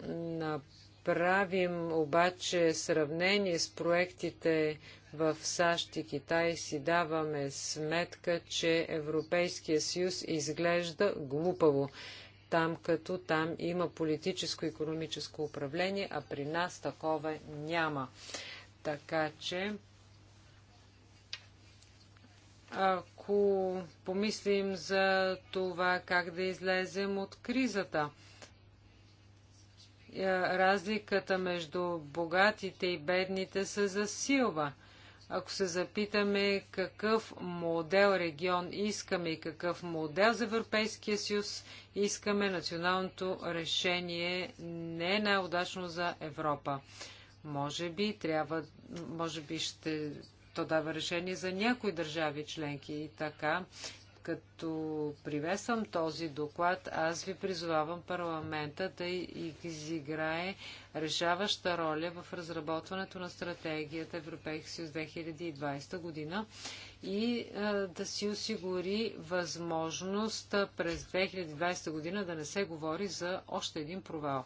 направим обаче сравнение с проектите в САЩ и Китай, си даваме сметка, че Европейския съюз изглежда глупаво там като там има политическо-економическо управление, а при нас такова няма. Така че, ако помислим за това как да излезем от кризата. Е, разликата между богатите и бедните се засилва. Ако се запитаме какъв модел регион искаме и какъв модел за Европейския съюз искаме, националното решение не е най-удачно за Европа. Може би трябва, може би ще то дава решение за някои държави членки и така. Като привесвам този доклад, аз ви призовавам парламента да изиграе решаваща роля в разработването на стратегията Европейски съюз 2020 година и а, да си осигури възможност през 2020 година да не се говори за още един провал.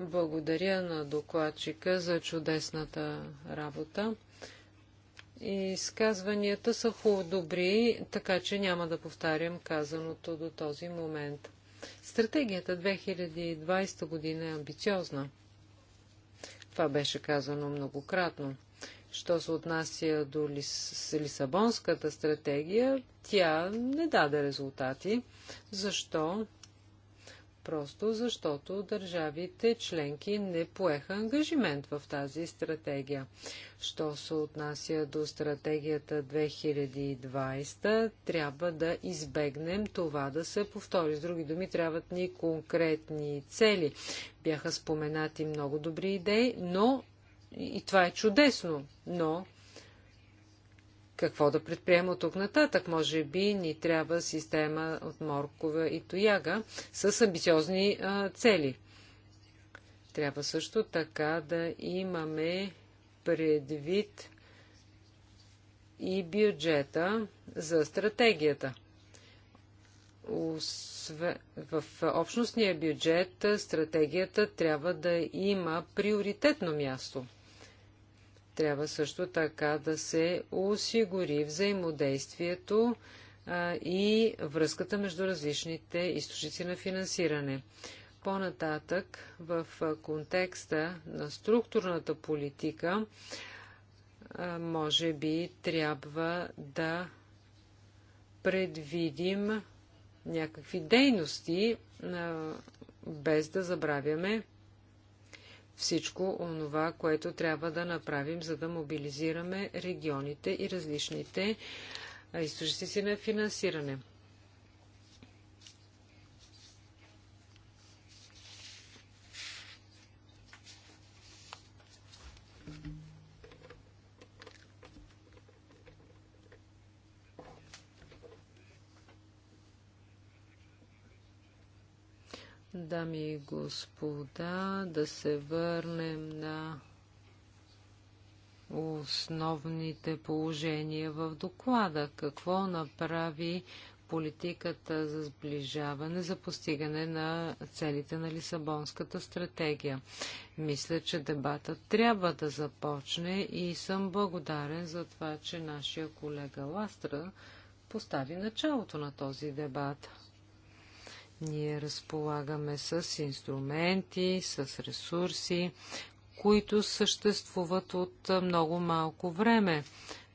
Благодаря на докладчика за чудесната работа. Изказванията са добри, така че няма да повтарям казаното до този момент. Стратегията 2020 година е амбициозна. Това беше казано многократно. Що се отнася до Лис... Лисабонската стратегия, тя не даде резултати. Защо? Просто защото държавите членки не поеха ангажимент в тази стратегия. Що се отнася до стратегията 2020, трябва да избегнем това да се повтори. С други думи, трябват ни конкретни цели. Бяха споменати много добри идеи, но и това е чудесно, но какво да предприема от тук нататък. Може би ни трябва система от моркова и тояга с амбициозни а, цели. Трябва също така да имаме предвид и бюджета за стратегията. В общностния бюджет стратегията трябва да има приоритетно място – трябва също така да се осигури взаимодействието а, и връзката между различните източници на финансиране. По-нататък, в контекста на структурната политика, а, може би трябва да предвидим някакви дейности, а, без да забравяме всичко онова, което трябва да направим, за да мобилизираме регионите и различните източници на финансиране. дами и господа, да се върнем на основните положения в доклада. Какво направи политиката за сближаване за постигане на целите на Лисабонската стратегия. Мисля, че дебатът трябва да започне и съм благодарен за това, че нашия колега Ластра постави началото на този дебат. Ние разполагаме с инструменти, с ресурси, които съществуват от много малко време.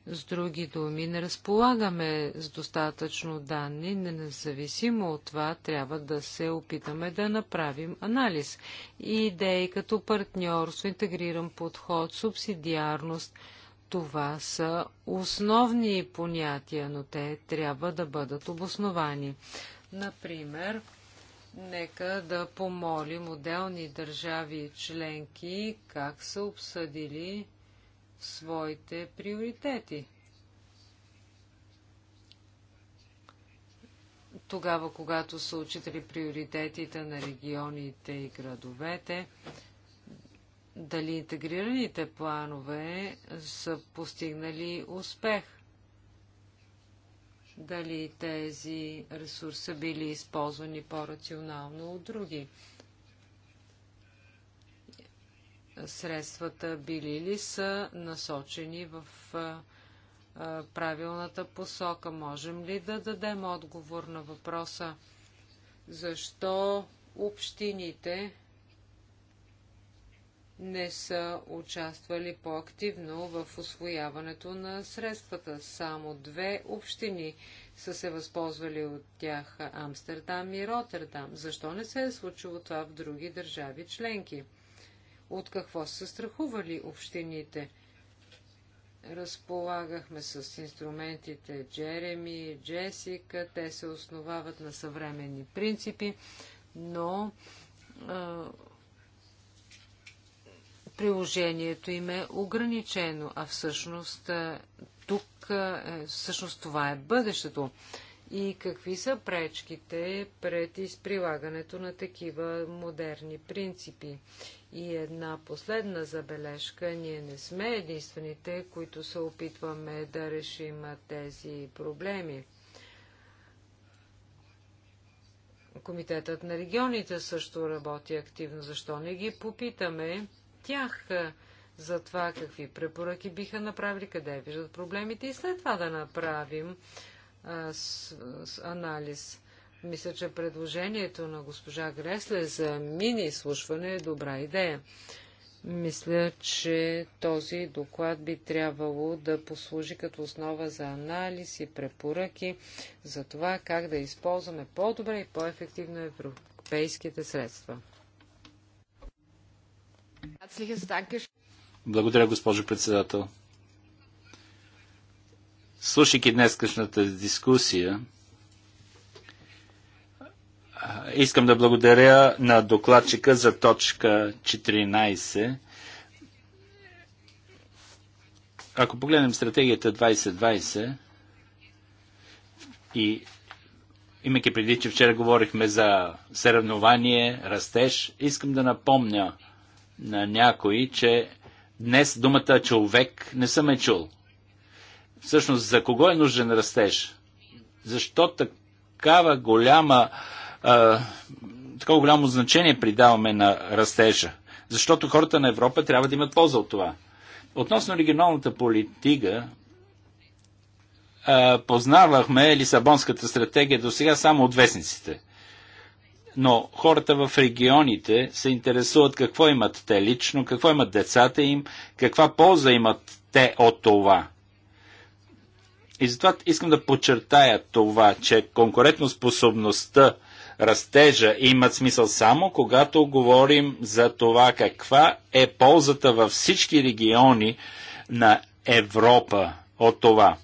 С други думи, не разполагаме с достатъчно данни, независимо от това трябва да се опитаме да направим анализ. И идеи като партньорство, интегриран подход, субсидиарност, това са основни понятия, но те трябва да бъдат обосновани. Например, нека да помолим отделни държави и членки как са обсъдили своите приоритети. Тогава, когато са учители приоритетите на регионите и градовете, дали интегрираните планове са постигнали успех – дали тези ресурса били използвани по-рационално от други. Средствата били ли са насочени в правилната посока? Можем ли да дадем отговор на въпроса защо общините не са участвали по-активно в освояването на средствата. Само две общини са се възползвали от тях Амстердам и Роттердам. Защо не се е случило това в други държави членки? От какво са страхували общините? Разполагахме с инструментите Джереми, Джесика, те се основават на съвременни принципи, но приложението им е ограничено, а всъщност тук е, всъщност това е бъдещето. И какви са пречките пред изприлагането на такива модерни принципи? И една последна забележка. Ние не сме единствените, които се опитваме да решим тези проблеми. Комитетът на регионите също работи активно. Защо не ги попитаме? тях е, за това какви препоръки биха направили, къде виждат проблемите и след това да направим а, е, с, с анализ. Мисля, че предложението на госпожа Гресле за мини слушване е добра идея. Мисля, че този доклад би трябвало да послужи като основа за анализ и препоръки за това как да използваме по-добре и по-ефективно европейските средства. Благодаря, госпожо председател. Слушайки днескашната дискусия, искам да благодаря на докладчика за точка 14. Ако погледнем стратегията 2020 и имайки преди, че вчера говорихме за съревнование, растеж, искам да напомня – на някои, че днес думата човек не съм е чул. Всъщност, за кого е нужен растеж? Защо такава голяма, а, такова голямо значение придаваме на растежа? Защото хората на Европа трябва да имат полза от това. Относно регионалната политика, а, познавахме Лисабонската стратегия до сега само от вестниците – но хората в регионите се интересуват какво имат те лично, какво имат децата им, каква полза имат те от това. И затова искам да подчертая това, че конкурентоспособността, растежа имат смисъл само когато говорим за това каква е ползата във всички региони на Европа от това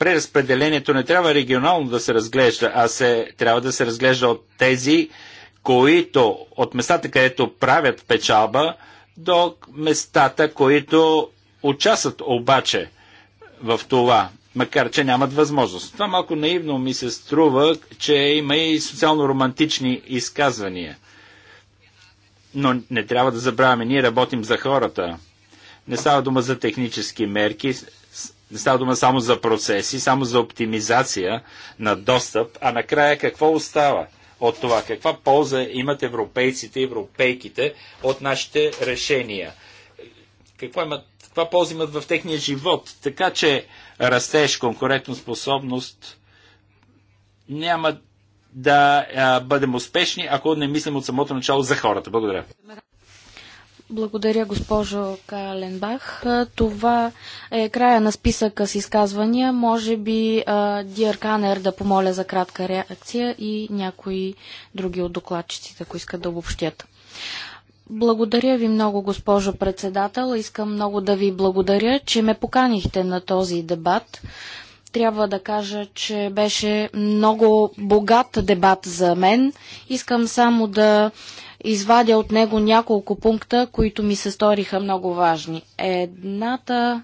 преразпределението не трябва регионално да се разглежда, а се, трябва да се разглежда от тези, които от местата, където правят печалба, до местата, които участват обаче в това, макар че нямат възможност. Това малко наивно ми се струва, че има и социално-романтични изказвания. Но не трябва да забравяме, ние работим за хората. Не става дума за технически мерки, не става дума само за процеси, само за оптимизация на достъп, а накрая какво остава от това? Каква полза имат европейците и европейките от нашите решения? Какво имат, каква полза имат в техния живот? Така че растеж, конкурентоспособност няма да а, бъдем успешни, ако не мислим от самото начало за хората. Благодаря. Благодаря, госпожо Каленбах. Това е края на списъка с изказвания. Може би Диар Канер да помоля за кратка реакция и някои други от докладчиците, ако искат да обобщят. Благодаря ви много, госпожо председател. Искам много да ви благодаря, че ме поканихте на този дебат. Трябва да кажа, че беше много богат дебат за мен. Искам само да извадя от него няколко пункта, които ми се сториха много важни. Едната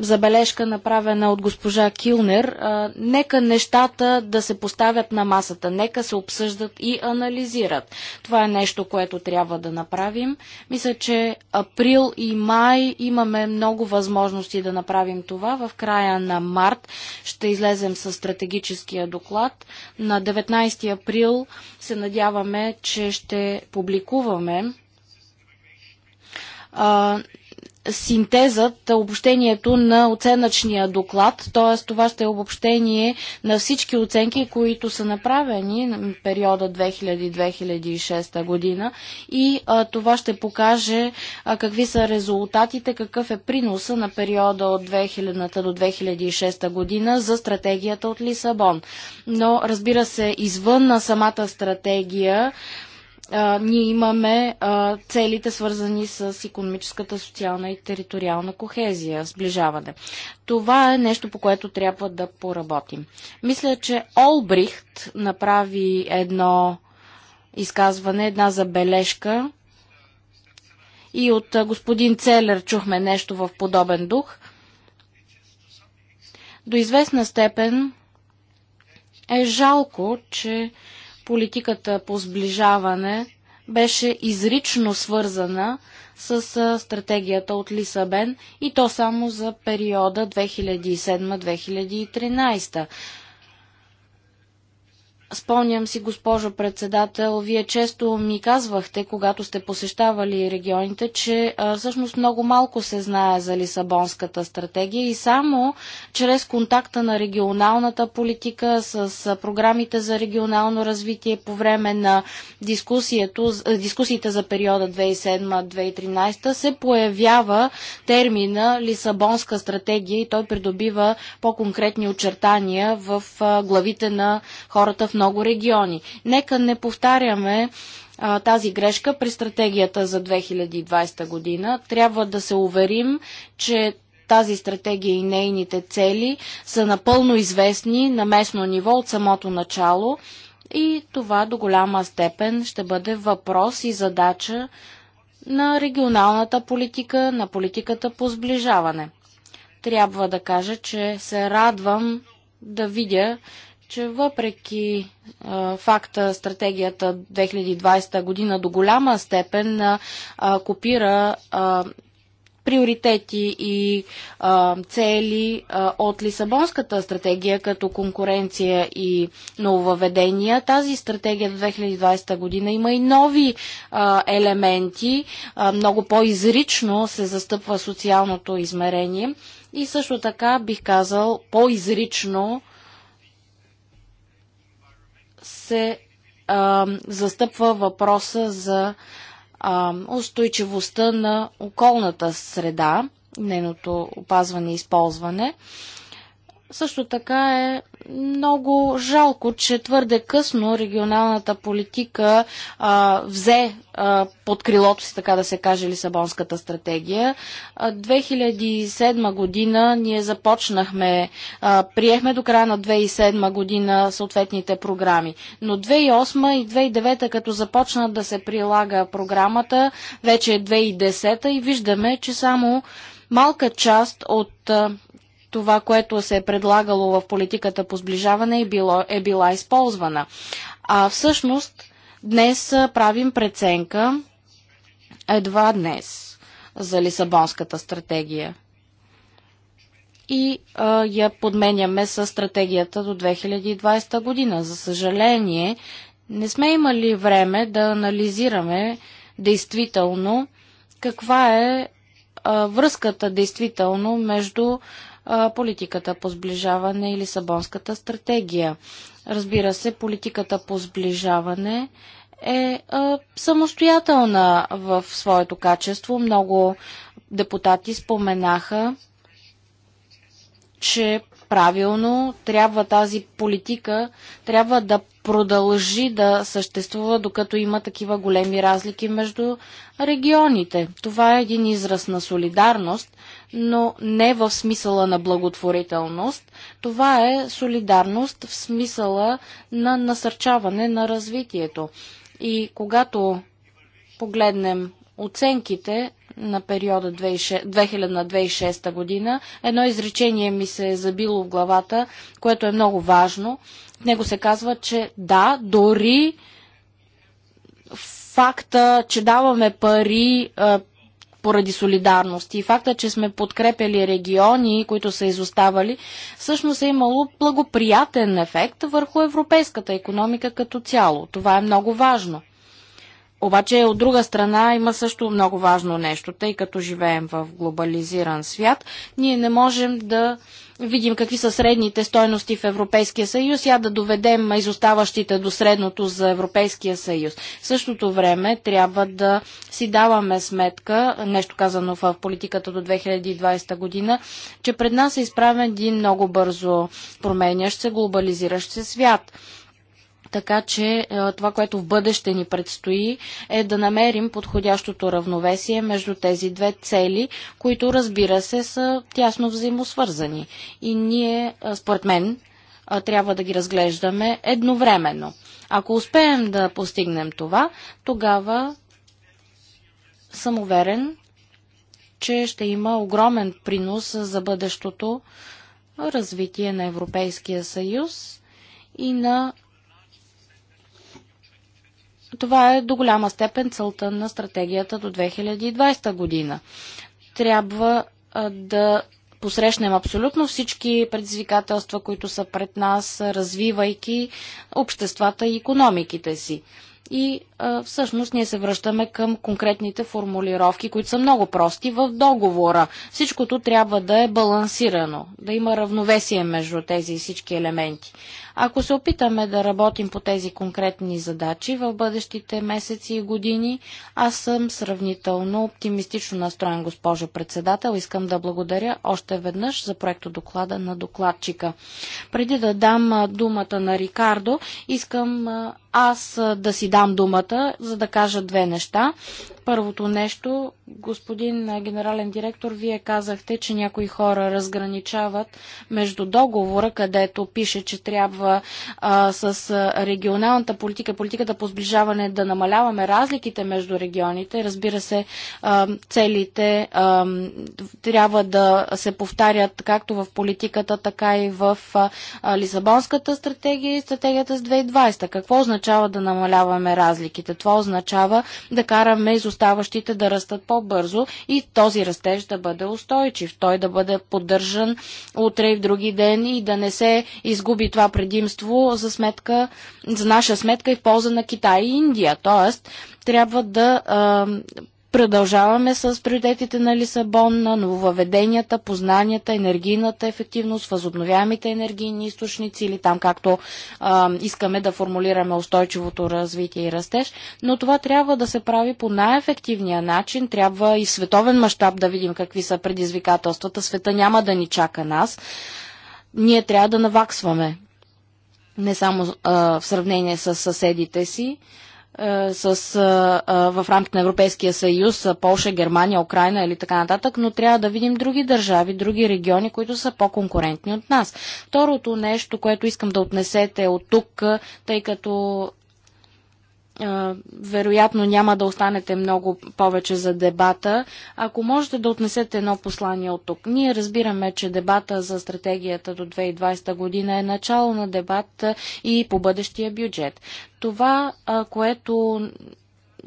забележка, направена от госпожа Килнер. Нека нещата да се поставят на масата, нека се обсъждат и анализират. Това е нещо, което трябва да направим. Мисля, че април и май имаме много възможности да направим това. В края на март ще излезем с стратегическия доклад. На 19 април се надяваме, че ще публикуваме синтезът, обобщението на оценъчния доклад, т.е. това ще е обобщение на всички оценки, които са направени на периода 2000-2006 година и а, това ще покаже а, какви са резултатите, какъв е приноса на периода от 2000 до 2006 година за стратегията от Лисабон. Но разбира се, извън на самата стратегия, а, ние имаме а, целите свързани с економическата, социална и териториална кохезия, сближаване. Това е нещо, по което трябва да поработим. Мисля, че Олбрихт направи едно изказване, една забележка и от господин Целер чухме нещо в подобен дух. До известна степен е жалко, че политиката по сближаване беше изрично свързана с стратегията от Лисабен и то само за периода 2007-2013. Спомням си, госпожо председател, вие често ми казвахте, когато сте посещавали регионите, че а, всъщност много малко се знае за Лисабонската стратегия и само чрез контакта на регионалната политика с, програмите за регионално развитие по време на дискусиите за периода 2007-2013 се появява термина Лисабонска стратегия и той придобива по-конкретни очертания в а, главите на хората в много региони. Нека не повтаряме а, тази грешка при стратегията за 2020 година. Трябва да се уверим, че тази стратегия и нейните цели са напълно известни на местно ниво от самото начало и това до голяма степен ще бъде въпрос и задача на регионалната политика, на политиката по сближаване. Трябва да кажа, че се радвам да видя, че въпреки а, факта стратегията 2020 година до голяма степен а, копира а, приоритети и а, цели а, от Лисабонската стратегия като конкуренция и нововведения. Тази стратегия до 2020 година има и нови а, елементи. А, много по-изрично се застъпва социалното измерение и също така бих казал по-изрично се а, застъпва въпроса за а, устойчивостта на околната среда, нейното опазване и използване. Също така е много жалко, че твърде късно регионалната политика а, взе а, под крилото си, така да се каже, Лисабонската стратегия. А, 2007 година ние започнахме, а, приехме до края на 2007 година съответните програми. Но 2008 и 2009, като започна да се прилага програмата, вече е 2010 и виждаме, че само малка част от а, това, което се е предлагало в политиката по сближаване е, било, е била използвана. А всъщност днес правим преценка едва днес за Лисабонската стратегия и а, я подменяме с стратегията до 2020 година. За съжаление, не сме имали време да анализираме действително каква е а, връзката действително между политиката по сближаване и Лисабонската стратегия. Разбира се, политиката по сближаване е самостоятелна в своето качество. Много депутати споменаха, че правилно трябва тази политика, трябва да продължи да съществува, докато има такива големи разлики между регионите. Това е един израз на солидарност, но не в смисъла на благотворителност. Това е солидарност в смисъла на насърчаване на развитието. И когато погледнем оценките, на периода 2000-2006 година. Едно изречение ми се е забило в главата, което е много важно. В него се казва, че да, дори факта, че даваме пари поради солидарност и факта, че сме подкрепили региони, които са изоставали, всъщност е имало благоприятен ефект върху европейската економика като цяло. Това е много важно. Обаче от друга страна има също много важно нещо, тъй като живеем в глобализиран свят, ние не можем да видим какви са средните стойности в Европейския съюз, а да доведем изоставащите до средното за Европейския съюз. В същото време трябва да си даваме сметка, нещо казано в политиката до 2020 година, че пред нас е изправен един много бързо променящ се, глобализиращ се свят. Така че е, това, което в бъдеще ни предстои, е да намерим подходящото равновесие между тези две цели, които, разбира се, са тясно взаимосвързани. И ние, е, според мен, е, трябва да ги разглеждаме едновременно. Ако успеем да постигнем това, тогава съм уверен, че ще има огромен принос за бъдещото развитие на Европейския съюз и на това е до голяма степен целта на стратегията до 2020 година. Трябва да посрещнем абсолютно всички предизвикателства, които са пред нас, развивайки обществата и економиките си. И всъщност ние се връщаме към конкретните формулировки, които са много прости в договора. Всичкото трябва да е балансирано, да има равновесие между тези всички елементи. Ако се опитаме да работим по тези конкретни задачи в бъдещите месеци и години, аз съм сравнително оптимистично настроен, госпожо председател. Искам да благодаря още веднъж за проекто доклада на докладчика. Преди да дам думата на Рикардо, искам аз да си дам думата думата, за да кажа две неща. Първото нещо, господин генерален директор, вие казахте, че някои хора разграничават между договора, където пише, че трябва а, с регионалната политика, политиката по сближаване да намаляваме разликите между регионите. Разбира се, а, целите а, трябва да се повтарят както в политиката, така и в а, Лисабонската стратегия и стратегията с 2020. Какво означава да намаляваме разлики? малките. Това означава да караме изоставащите да растат по-бързо и този растеж да бъде устойчив. Той да бъде поддържан утре и в други ден и да не се изгуби това предимство за сметка, за наша сметка и в полза на Китай и Индия. Тоест, трябва да а, Продължаваме с приоритетите на Лисабон, на нововъведенията, познанията, енергийната ефективност, възобновяемите енергийни източници или там както а, искаме да формулираме устойчивото развитие и растеж. Но това трябва да се прави по най-ефективния начин. Трябва и в световен мащаб да видим какви са предизвикателствата. Света няма да ни чака нас. Ние трябва да наваксваме не само а, в сравнение с съседите си, е, с, а, е, а, е, в рамките на Европейския съюз, Полша, Германия, Украина или така нататък, но трябва да видим други държави, други региони, които са по-конкурентни от нас. Второто нещо, което искам да отнесете от тук, тъй като вероятно няма да останете много повече за дебата. Ако можете да отнесете едно послание от тук. Ние разбираме, че дебата за стратегията до 2020 година е начало на дебат и по бъдещия бюджет. Това, което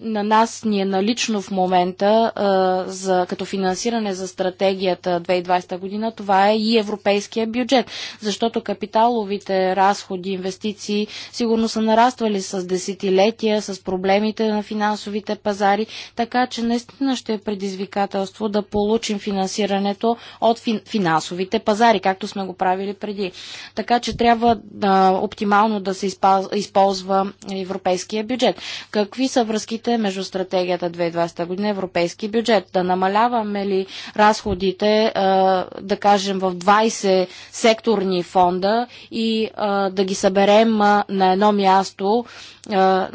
на нас ни е налично в момента а, за, като финансиране за стратегията 2020 година, това е и европейския бюджет, защото капиталовите разходи, инвестиции сигурно са нараствали с десетилетия, с проблемите на финансовите пазари, така че наистина ще е предизвикателство да получим финансирането от фин, финансовите пазари, както сме го правили преди. Така че трябва да, оптимално да се използва европейския бюджет. Какви са връзките е между стратегията 2020 година и европейски бюджет? Да намаляваме ли разходите, е, да кажем, в 20 секторни фонда и е, да ги съберем е, на едно място?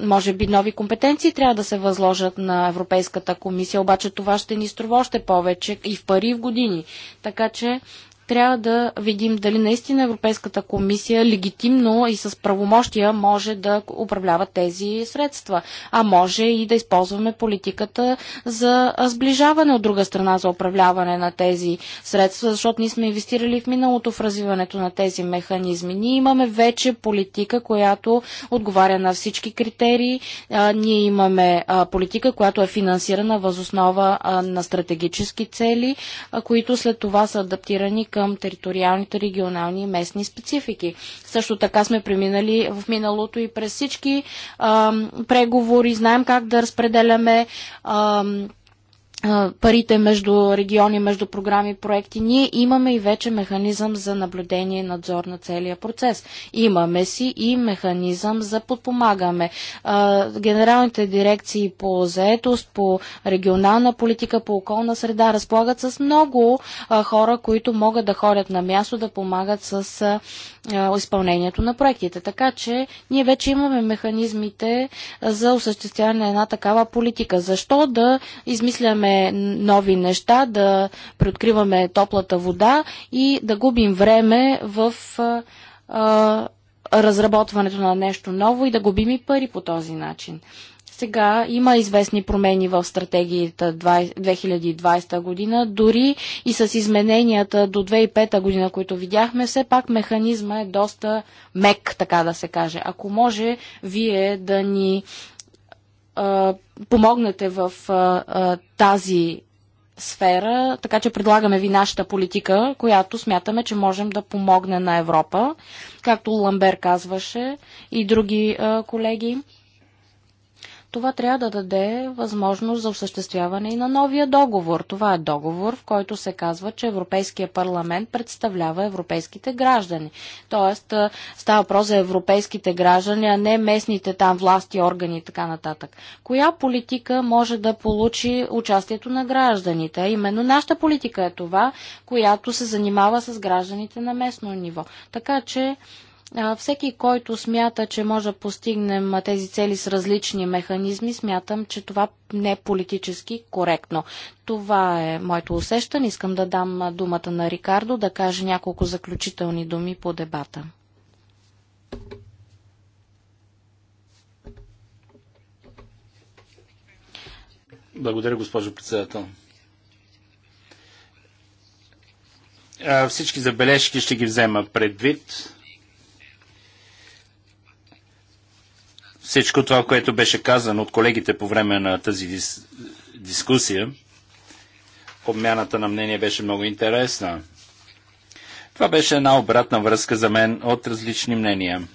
Може би нови компетенции трябва да се възложат на Европейската комисия, обаче това ще ни струва още повече и в пари, и в години. Така че трябва да видим дали наистина Европейската комисия легитимно и с правомощия може да управлява тези средства, а може и да използваме политиката за сближаване от друга страна за управляване на тези средства, защото ние сме инвестирали в миналото в развиването на тези механизми. Ние имаме вече политика, която отговаря на всички критерии. А, ние имаме а, политика, която е финансирана възоснова на стратегически цели, а, които след това са адаптирани към териториалните, регионални и местни специфики. Също така сме преминали в миналото и през всички а, преговори. Знаем как да разпределяме а, парите между региони, между програми и проекти, ние имаме и вече механизъм за наблюдение и надзор на целия процес. Имаме си и механизъм за подпомагаме. Генералните дирекции по заетост, по регионална политика, по околна среда разполагат с много хора, които могат да ходят на място да помагат с изпълнението на проектите. Така че ние вече имаме механизмите за осъществяване на една такава политика. Защо да измисляме опитваме нови неща, да преоткриваме топлата вода и да губим време в а, разработването на нещо ново и да губим и пари по този начин. Сега има известни промени в стратегията 2020 година, дори и с измененията до 2005 година, които видяхме, все пак механизма е доста мек, така да се каже. Ако може вие да ни а, помогнете в а, а, тази сфера, така че предлагаме ви нашата политика, която смятаме, че можем да помогне на Европа, както Ламбер казваше и други а, колеги това трябва да даде възможност за осъществяване и на новия договор. Това е договор, в който се казва, че Европейския парламент представлява европейските граждани. Тоест, става въпрос за европейските граждани, а не местните там власти, органи и така нататък. Коя политика може да получи участието на гражданите? Именно нашата политика е това, която се занимава с гражданите на местно ниво. Така че всеки, който смята, че може да постигнем тези цели с различни механизми, смятам, че това не е политически коректно. Това е моето усещане. Искам да дам думата на Рикардо да каже няколко заключителни думи по дебата. Благодаря, госпожо председател. Всички забележки ще ги взема предвид всичко това, което беше казано от колегите по време на тази дис... дискусия. Обмяната на мнение беше много интересна. Това беше една обратна връзка за мен от различни мнения.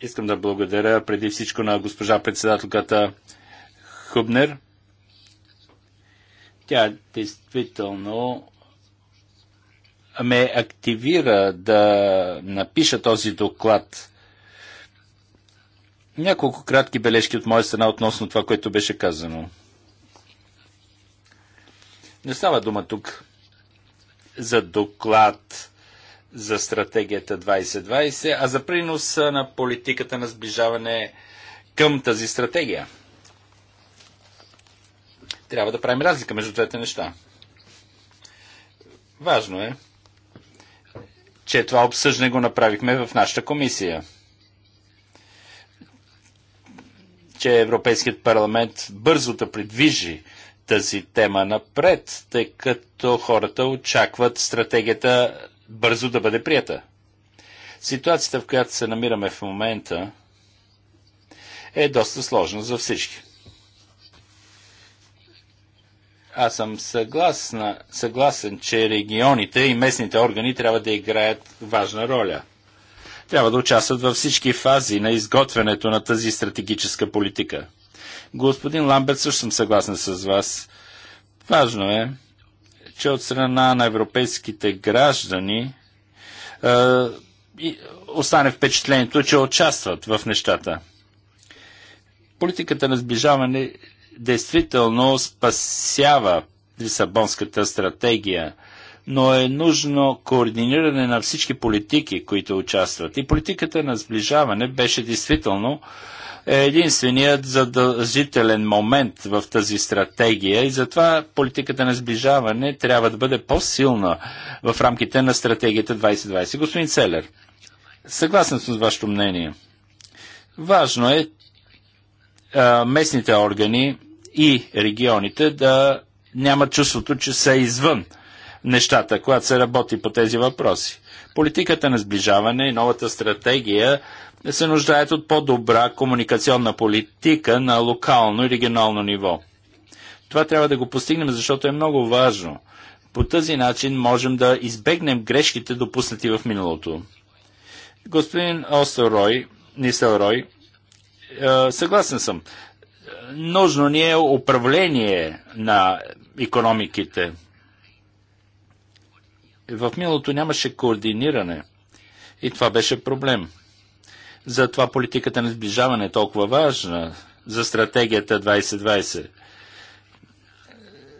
Искам да благодаря преди всичко на госпожа председателката Хубнер. Тя действително ме активира да напиша този доклад няколко кратки бележки от моя страна относно това, което беше казано. Не става дума тук за доклад за стратегията 2020, а за принос на политиката на сближаване към тази стратегия. Трябва да правим разлика между двете неща. Важно е, че това обсъждане го направихме в нашата комисия – че Европейският парламент бързо да придвижи тази тема напред, тъй като хората очакват стратегията бързо да бъде прията. Ситуацията, в която се намираме в момента, е доста сложна за всички. Аз съм съгласна, съгласен, че регионите и местните органи трябва да играят важна роля – трябва да участват във всички фази на изготвянето на тази стратегическа политика. Господин Ламберт, също съм съгласен с вас. Важно е, че от страна на европейските граждани е, остане впечатлението, че участват в нещата. Политиката на сближаване действително спасява Лисабонската стратегия – но е нужно координиране на всички политики, които участват. И политиката на сближаване беше действително е единственият задължителен момент в тази стратегия и затова политиката на сближаване трябва да бъде по-силна в рамките на стратегията 2020. Господин Целер, съгласен съм с вашето мнение. Важно е а, местните органи и регионите да нямат чувството, че са извън нещата, когато се работи по тези въпроси. Политиката на сближаване и новата стратегия се нуждаят от по-добра комуникационна политика на локално и регионално ниво. Това трябва да го постигнем, защото е много важно. По този начин можем да избегнем грешките, допуснати в миналото. Господин Остерой, Нисълрой, Рой, е, съгласен съм. Нужно ни е управление на економиките в миналото нямаше координиране и това беше проблем. Затова политиката на сближаване е толкова важна за стратегията 2020.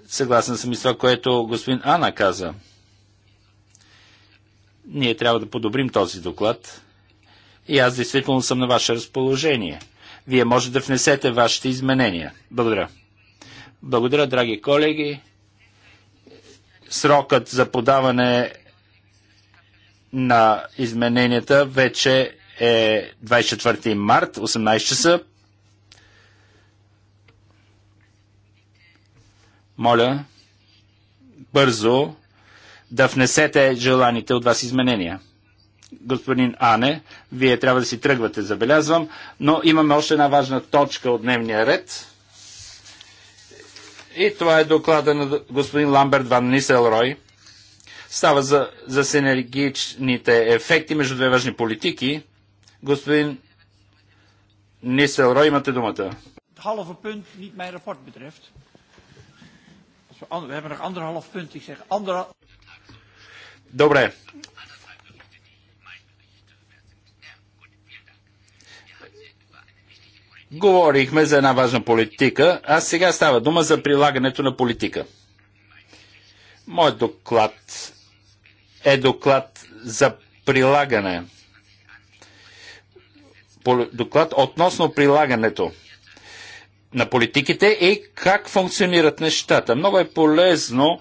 Съгласен съм и с това, което господин Ана каза. Ние трябва да подобрим този доклад и аз действително съм на ваше разположение. Вие може да внесете вашите изменения. Благодаря. Благодаря, драги колеги срокът за подаване на измененията вече е 24 март, 18 часа. Моля, бързо да внесете желаните от вас изменения. Господин Ане, вие трябва да си тръгвате, забелязвам, но имаме още една важна точка от дневния ред. И това е доклада на господин Ламберт Ван Ниселрой. Става за, за синергичните ефекти между две важни политики. Господин Ниселрой, имате думата. Halve punt niet mijn rapport betreft. We hebben nog anderhalf punt. Ik zeg anderhalf. Добре. Говорихме за една важна политика, а сега става дума за прилагането на политика. Моят доклад е доклад за прилагане. Доклад относно прилагането на политиките и как функционират нещата. Много е полезно,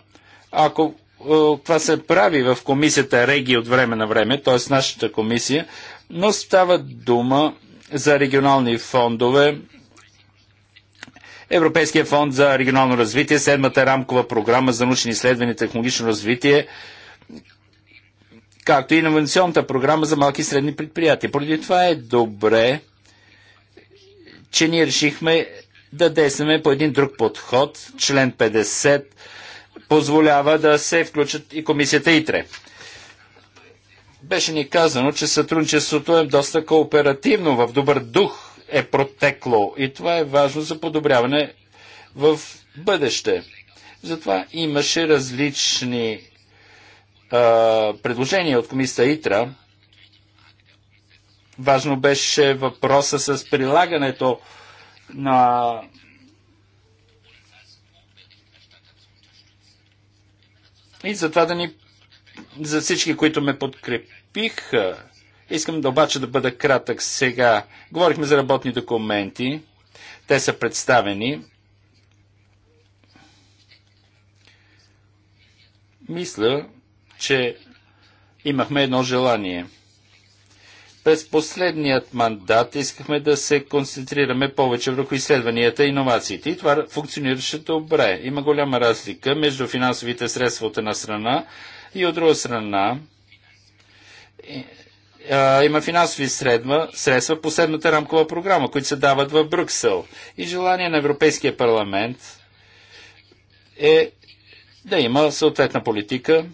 ако е, това се прави в комисията Реги от време на време, т.е. нашата комисия, но става дума за регионални фондове, Европейския фонд за регионално развитие, седмата рамкова програма за научни изследвания и технологично развитие, както и инновационната програма за малки и средни предприятия. Поради това е добре, че ние решихме да действаме по един друг подход. Член 50 позволява да се включат и комисията ИТРЕ. Беше ни казано, че сътрудничеството е доста кооперативно, в добър дух е протекло и това е важно за подобряване в бъдеще. Затова имаше различни а, предложения от комисията ИТРА. Важно беше въпроса с прилагането на и затова да ни за всички, които ме подкрепят подкрепих. Искам да обаче да бъда кратък сега. Говорихме за работни документи. Те са представени. Мисля, че имахме едно желание. През последният мандат искахме да се концентрираме повече върху изследванията и иновациите. И това функционираше добре. Има голяма разлика между финансовите средства от една страна и от друга страна има финансови средства, средства по седмата рамкова програма, които се дават в Брюксел. И желание на Европейския парламент е да има съответна политика,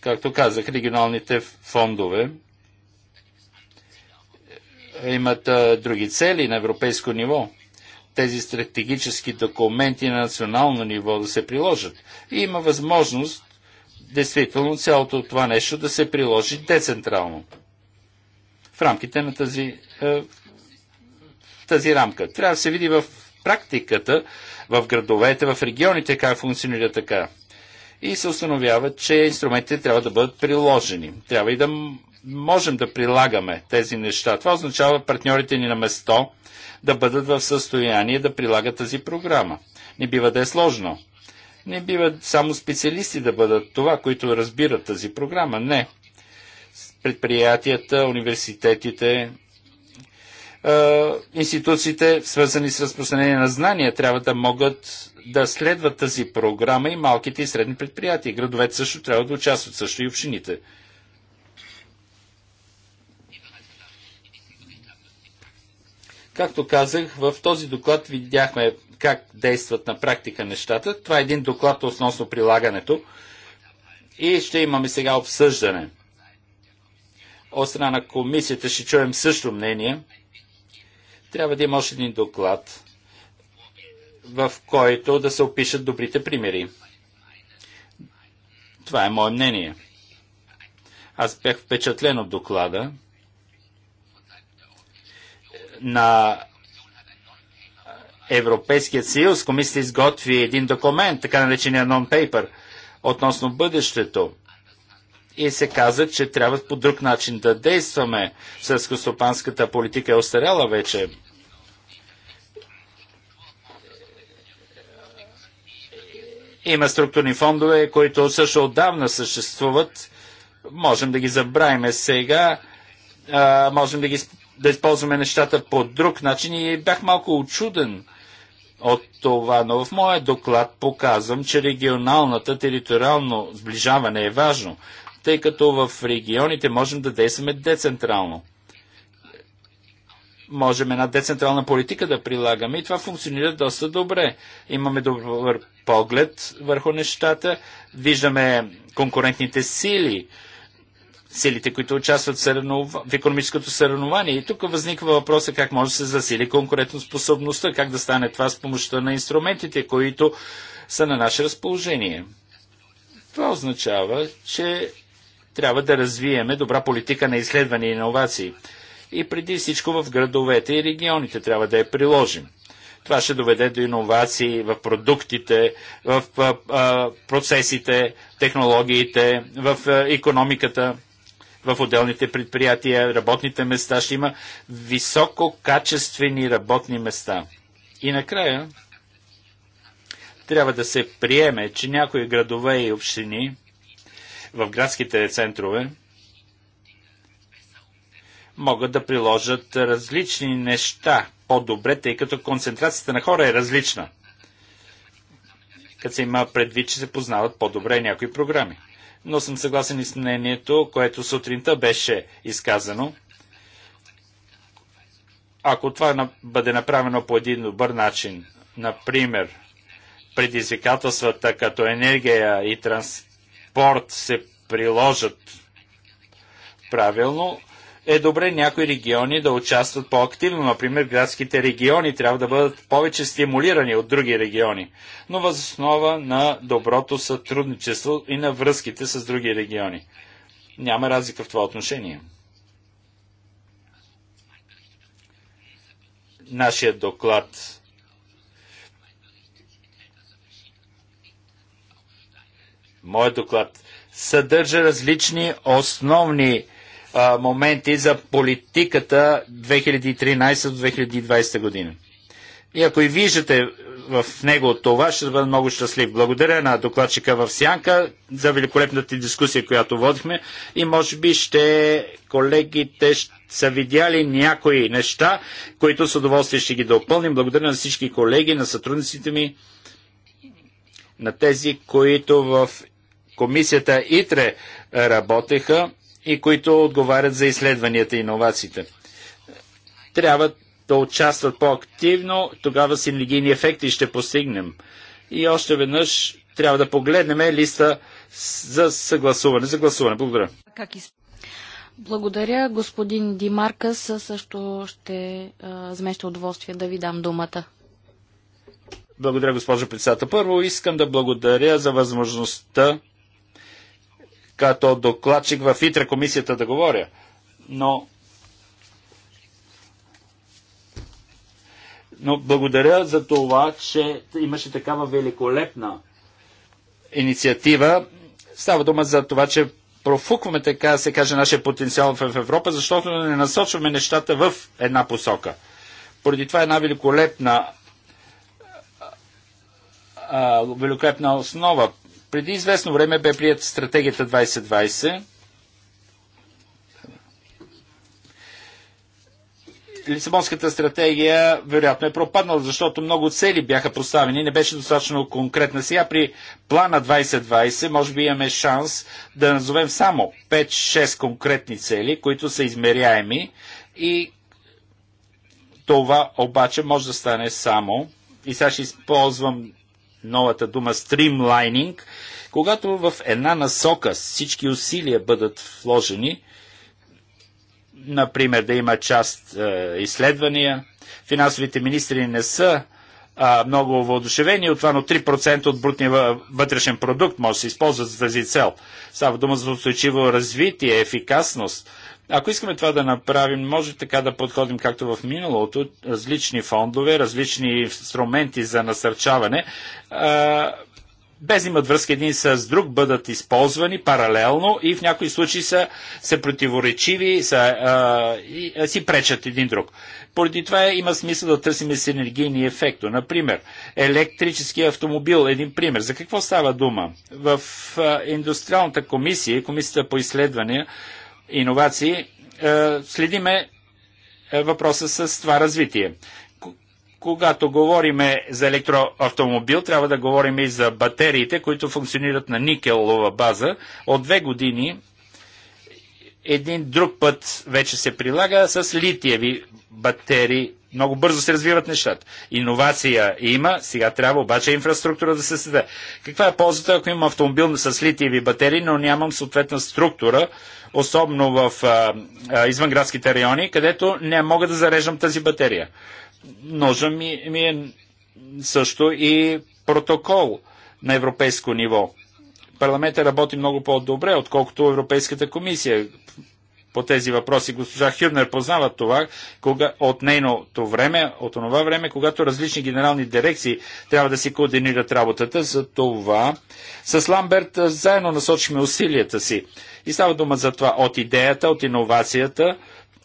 както казах, регионалните фондове имат а, други цели на европейско ниво. Тези стратегически документи на национално ниво да се приложат. И има възможност действително цялото това нещо да се приложи децентрално в рамките на тази, е, тази рамка. Трябва да се види в практиката, в градовете, в регионите, как функционира така. И се установява, че инструментите трябва да бъдат приложени. Трябва и да можем да прилагаме тези неща. Това означава партньорите ни на место да бъдат в състояние да прилагат тази програма. Не бива да е сложно. Не биват само специалисти да бъдат това, които разбират тази програма. Не. Предприятията, университетите, институциите, свързани с разпространение на знания, трябва да могат да следват тази програма и малките и средни предприятия. Градовете също трябва да участват, също и общините. Както казах, в този доклад видяхме как действат на практика нещата. Това е един доклад относно прилагането и ще имаме сега обсъждане. От страна на комисията ще чуем също мнение. Трябва да има още един доклад, в който да се опишат добрите примери. Това е мое мнение. Аз бях впечатлен от доклада на Европейският съюз, комисията изготви един документ, така наречения non-paper, относно бъдещето. И се каза, че трябва по друг начин да действаме. Сърскостопанската политика е остаряла вече. Има структурни фондове, които също отдавна съществуват. Можем да ги забравим сега. А, можем да ги да използваме нещата по друг начин и бях малко очуден от това, но в моя доклад показвам, че регионалната териториално сближаване е важно, тъй като в регионите можем да действаме децентрално. Можем една децентрална политика да прилагаме и това функционира доста добре. Имаме добър поглед върху нещата, виждаме конкурентните сили, силите, които участват в, в економическото съревнование. И тук възниква въпроса как може да се засили конкурентоспособността, как да стане това с помощта на инструментите, които са на наше разположение. Това означава, че трябва да развиеме добра политика на изследване и иновации. И преди всичко в градовете и регионите трябва да я приложим. Това ще доведе до иновации в продуктите, в процесите, технологиите, в економиката в отделните предприятия, работните места, ще има висококачествени работни места. И накрая трябва да се приеме, че някои градове и общини в градските центрове могат да приложат различни неща по-добре, тъй като концентрацията на хора е различна. Като се има предвид, че се познават по-добре някои програми но съм съгласен и с мнението, което сутринта беше изказано. Ако това бъде направено по един добър начин, например, предизвикателствата като енергия и транспорт се приложат правилно, е добре някои региони да участват по-активно. Например, градските региони трябва да бъдат повече стимулирани от други региони, но въз основа на доброто сътрудничество и на връзките с други региони. Няма разлика в това отношение. Нашият доклад Моят доклад съдържа различни основни моменти за политиката 2013-2020 година. И ако и виждате в него това, ще бъда много щастлив. Благодаря на докладчика в Сянка за великолепната дискусия, която водихме и може би ще колегите са видяли някои неща, които с удоволствие ще ги допълним. Благодаря на всички колеги, на сътрудниците ми, на тези, които в комисията ИТРЕ работеха и които отговарят за изследванията и иновациите. Трябва да участват по-активно, тогава синергийни ефекти ще постигнем. И още веднъж трябва да погледнем листа за съгласуване. За гласуване. Благодаря. Благодаря. Господин Димаркас също ще замеща удоволствие да ви дам думата. Благодаря, госпожо председател. Първо искам да благодаря за възможността като докладчик в ИТРА комисията да говоря, но Но благодаря за това, че имаше такава великолепна инициатива. Става дума за това, че профукваме, така се каже, нашия потенциал в Европа, защото не насочваме нещата в една посока. Поради това е една великолепна а, великолепна основа преди известно време бе прият стратегията 2020. Лисабонската стратегия вероятно е пропаднала, защото много цели бяха поставени, не беше достатъчно конкретна. Сега при плана 2020 може би имаме шанс да назовем само 5-6 конкретни цели, които са измеряеми и това обаче може да стане само и сега ще използвам новата дума стримлайнинг, когато в една насока всички усилия бъдат вложени, например да има част е, изследвания, финансовите министри не са а, много воодушевени от това, но 3% от брутния вътрешен продукт може да се използва за тази цел. Става дума за устойчиво развитие, ефикасност, ако искаме това да направим, може така да подходим както в миналото, различни фондове, различни инструменти за насърчаване, а, без имат връзка един с друг, бъдат използвани паралелно и в някои случаи са, са противоречиви, са, а, и, а, си пречат един друг. Поради това има смисъл да търсим синергийни ефекто. Например, електрически автомобил, един пример. За какво става дума? В а, индустриалната комисия, комисията по изследвания, иновации, е, следиме е, въпроса с това развитие. Когато говориме за електроавтомобил, трябва да говорим и за батериите, които функционират на никелова база. От две години един друг път вече се прилага с литиеви батерии много бързо се развиват нещата. Иновация има, сега трябва обаче инфраструктура да се създаде. Каква е ползата, ако имам автомобил с литиеви батерии, но нямам съответна структура, особено в а, а, извънградските райони, където не мога да зареждам тази батерия. Ножа ми, ми е също и протокол на европейско ниво. Парламентът работи много по-добре, отколкото Европейската комисия по тези въпроси. Госпожа Хюбнер познава това кога, от нейното време, от това време, когато различни генерални дирекции трябва да си координират работата. За това с Ламберт заедно насочихме усилията си. И става дума за това от идеята, от иновацията,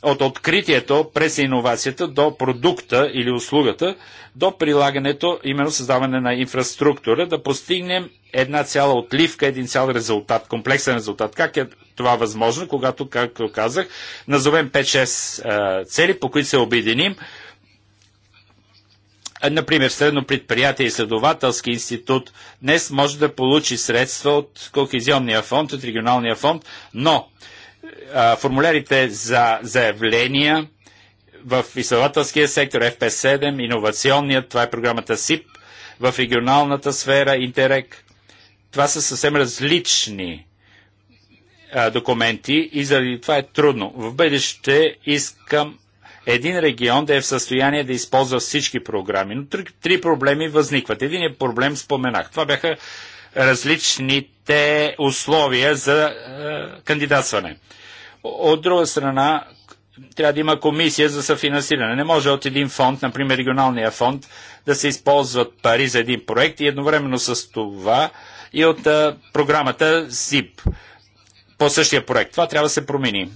от откритието през иновацията до продукта или услугата, до прилагането, именно създаване на инфраструктура, да постигнем една цяла отливка, един цял резултат, комплексен резултат. Как е това възможно, когато, както казах, назовем 5-6 цели, по които се обединим, например, средно предприятие изследователски институт днес може да получи средства от Кохезионния фонд, от Регионалния фонд, но а, формулярите за заявления в изследователския сектор FP7, иновационният, това е програмата СИП, в регионалната сфера Интерек. Това са съвсем различни а, документи и заради това е трудно. В бъдеще искам един регион да е в състояние да използва всички програми. Но три, три проблеми възникват. Един е проблем споменах. Това бяха различните условия за е, кандидатстване. От друга страна, трябва да има комисия за съфинансиране. Не може от един фонд, например регионалния фонд, да се използват пари за един проект и едновременно с това и от а, програмата СИП по същия проект. Това трябва да се промени.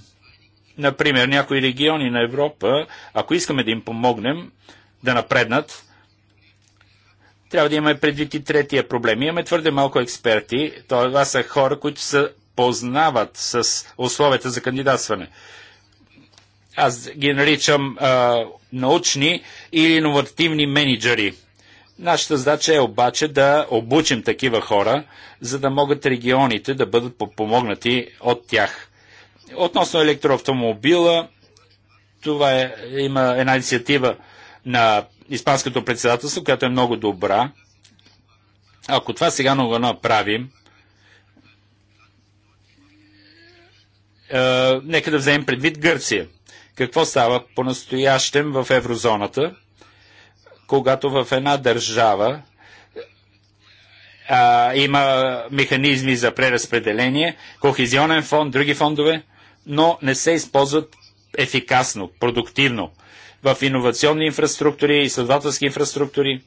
Например, някои региони на Европа, ако искаме да им помогнем да напреднат, трябва да имаме предвид и третия проблем. Имаме твърде малко експерти, това са хора, които са запознават с условията за кандидатстване. Аз ги наричам а, научни или иновативни менеджери. Нашата задача е обаче да обучим такива хора, за да могат регионите да бъдат помогнати от тях. Относно електроавтомобила, това е, има една инициатива на Испанското председателство, която е много добра. Ако това сега не го направим, е, нека да вземем предвид Гърция. Какво става по-настоящем в еврозоната, когато в една държава а, има механизми за преразпределение, кохезионен фонд, други фондове, но не се използват ефикасно, продуктивно в иновационни инфраструктури, изследователски инфраструктури.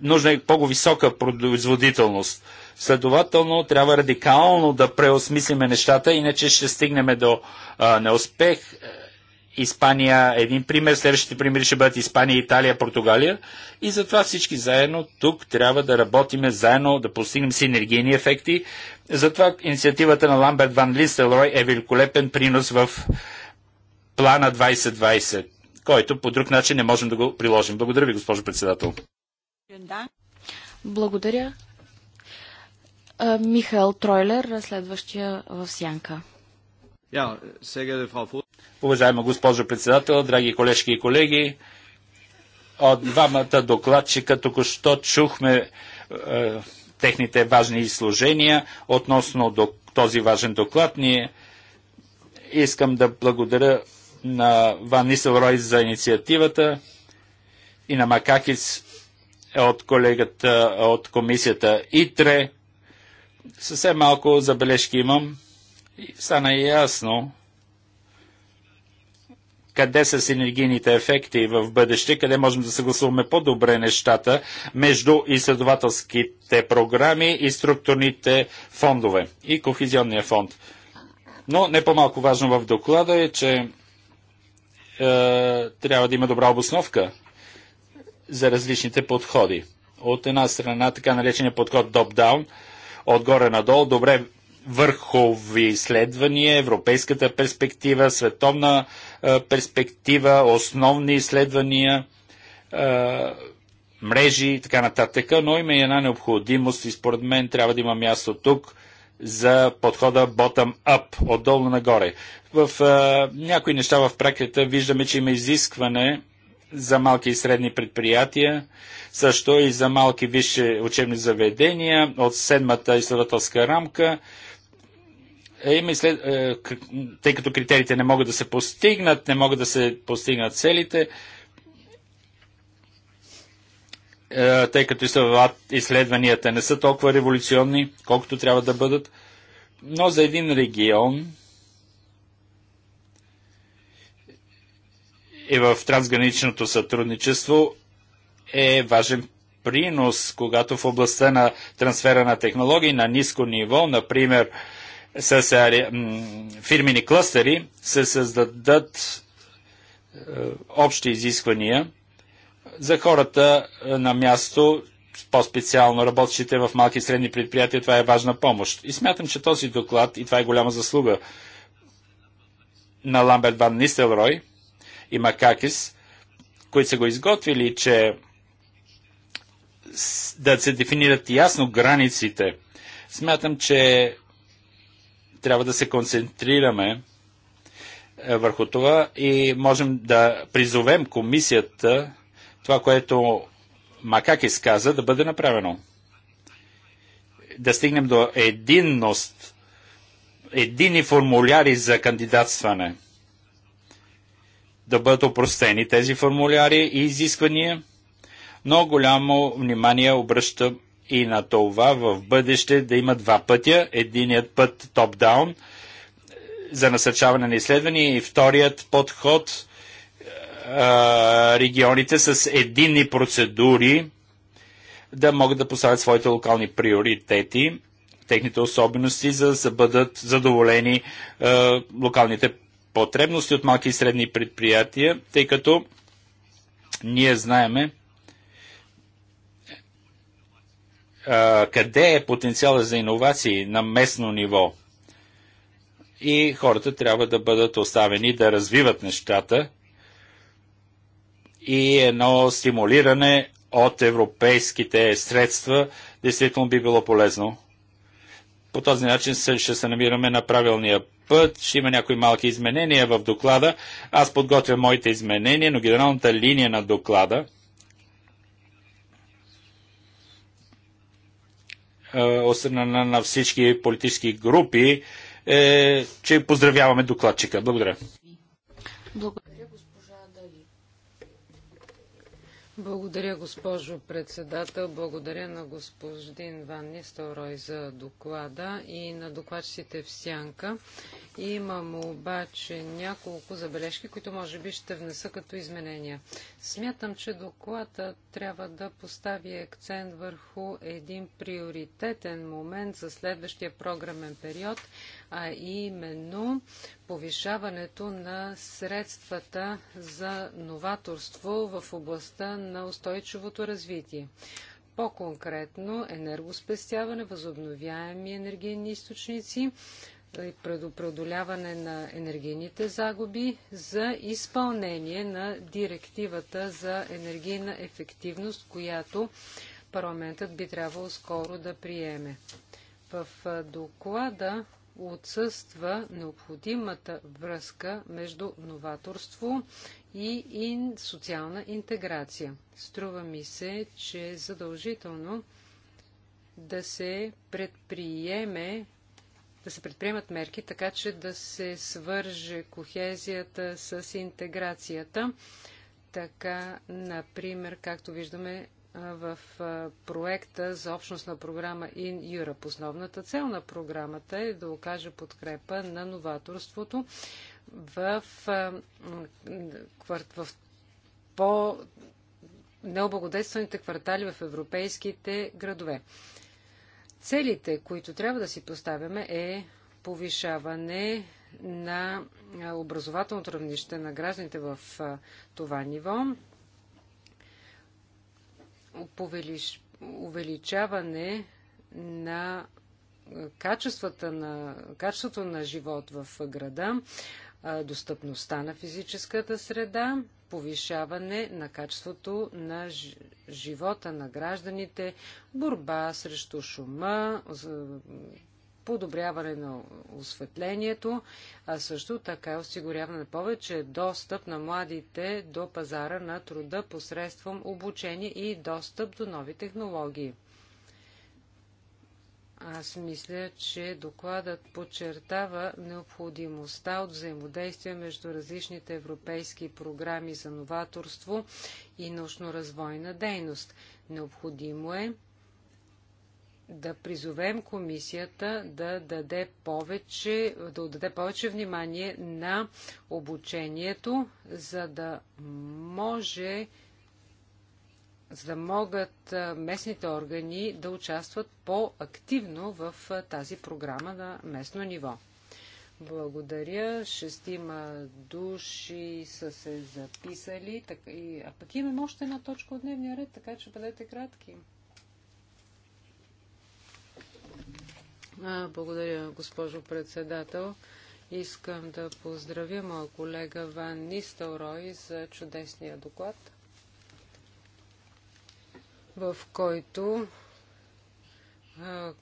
Нужна е по-висока производителност. Следователно, трябва радикално да преосмислиме нещата, иначе ще стигнем до а, неуспех. Испания е един пример, следващите примери ще бъдат Испания, Италия, Португалия. И затова всички заедно тук трябва да работиме заедно, да постигнем синергийни ефекти. Затова инициативата на Ламберт Ван Листелрой е великолепен принос в плана 2020, който по друг начин не можем да го приложим. Благодаря ви, госпожо председател. Благодаря. Михаил Тройлер, следващия в сянка. Уважаема госпожо председател, драги колежки и колеги, от двамата докладчика току-що чухме е, техните важни изложения относно до, този важен доклад. Ние искам да благодаря на Ван Ройс за инициативата и на Макакис е от колегата е от комисията ИТРЕ Съвсем малко забележки имам. И стана ясно къде са синергийните ефекти в бъдеще, къде можем да съгласуваме по-добре нещата между изследователските програми и структурните фондове и Кохизионния фонд. Но не по-малко важно в доклада е, че е, трябва да има добра обосновка за различните подходи. От една страна така наречения подход топ-даун – отгоре надолу, добре върхови изследвания, европейската перспектива, световна е, перспектива, основни изследвания, е, мрежи и така нататък, но има и една необходимост и според мен трябва да има място тук за подхода bottom-up, отдолу нагоре. В е, някои неща в практиката виждаме, че има изискване за малки и средни предприятия, също и за малки висши учебни заведения от седмата изследователска рамка. Е, е, тъй като критериите не могат да се постигнат, не могат да се постигнат целите, е, тъй като изследванията не са толкова революционни, колкото трябва да бъдат, но за един регион – и в трансграничното сътрудничество е важен принос, когато в областта на трансфера на технологии на ниско ниво, например с фирмени клъстери, се създадат е, общи изисквания за хората е, на място, по-специално работещите в малки и средни предприятия, това е важна помощ. И смятам, че този доклад, и това е голяма заслуга на Ламберт Ван Нистелрой – и Макакис, които са го изготвили, че да се дефинират ясно границите. Смятам, че трябва да се концентрираме е, върху това и можем да призовем комисията това, което Макакис каза, да бъде направено. Да стигнем до единност, едини формуляри за кандидатстване – да бъдат опростени тези формуляри и изисквания, но голямо внимание обръща и на това в бъдеще да има два пътя. Единият път топ-даун за насърчаване на изследвания и вторият подход регионите с единни процедури да могат да поставят своите локални приоритети, техните особености, за да бъдат задоволени локалните потребности от малки и средни предприятия, тъй като ние знаеме а, къде е потенциалът за иновации на местно ниво. И хората трябва да бъдат оставени да развиват нещата и едно стимулиране от европейските средства действително би било полезно. По този начин ще се намираме на правилния път. Ще има някои малки изменения в доклада. Аз подготвя моите изменения, но генералната линия на доклада е, от на всички политически групи, е, че поздравяваме докладчика. Благодаря. Благодаря. Благодаря, госпожо председател. Благодаря на господин Ван Нистелрой за доклада и на докладчиците в Сянка. Имам обаче няколко забележки, които може би ще внеса като изменения. Смятам, че доклада трябва да постави акцент върху един приоритетен момент за следващия програмен период – а именно повишаването на средствата за новаторство в областта на устойчивото развитие. По-конкретно енергоспестяване, възобновяеми енергийни източници, предопреодоляване на енергийните загуби за изпълнение на директивата за енергийна ефективност, която парламентът би трябвало скоро да приеме. В доклада отсъства необходимата връзка между новаторство и ин социална интеграция. Струва ми се, че е задължително да се предприеме да се предприемат мерки, така че да се свърже кохезията с интеграцията. Така, например, както виждаме в проекта за общностна програма In Europe. Основната цел на програмата е да окаже подкрепа на новаторството в, в по необлагодетстваните квартали в европейските градове. Целите, които трябва да си поставяме е повишаване на образователното равнище на гражданите в това ниво, повелиш, увеличаване на качествата на, качеството на живот в града, достъпността на физическата среда, повишаване на качеството на живота на гражданите, борба срещу шума, подобряване на осветлението, а също така осигуряване на повече достъп на младите до пазара на труда посредством обучение и достъп до нови технологии. Аз мисля, че докладът подчертава необходимостта от взаимодействие между различните европейски програми за новаторство и научно-развойна дейност. Необходимо е да призовем комисията да даде повече, да отдаде повече внимание на обучението, за да може за да могат местните органи да участват по-активно в тази програма на местно ниво. Благодаря. Шестима души са се записали. Так, и, а пък имаме още една точка от дневния ред, така че бъдете кратки. Благодаря, госпожо председател. Искам да поздравя моя колега Ван Нистелрой за чудесния доклад, в който, а,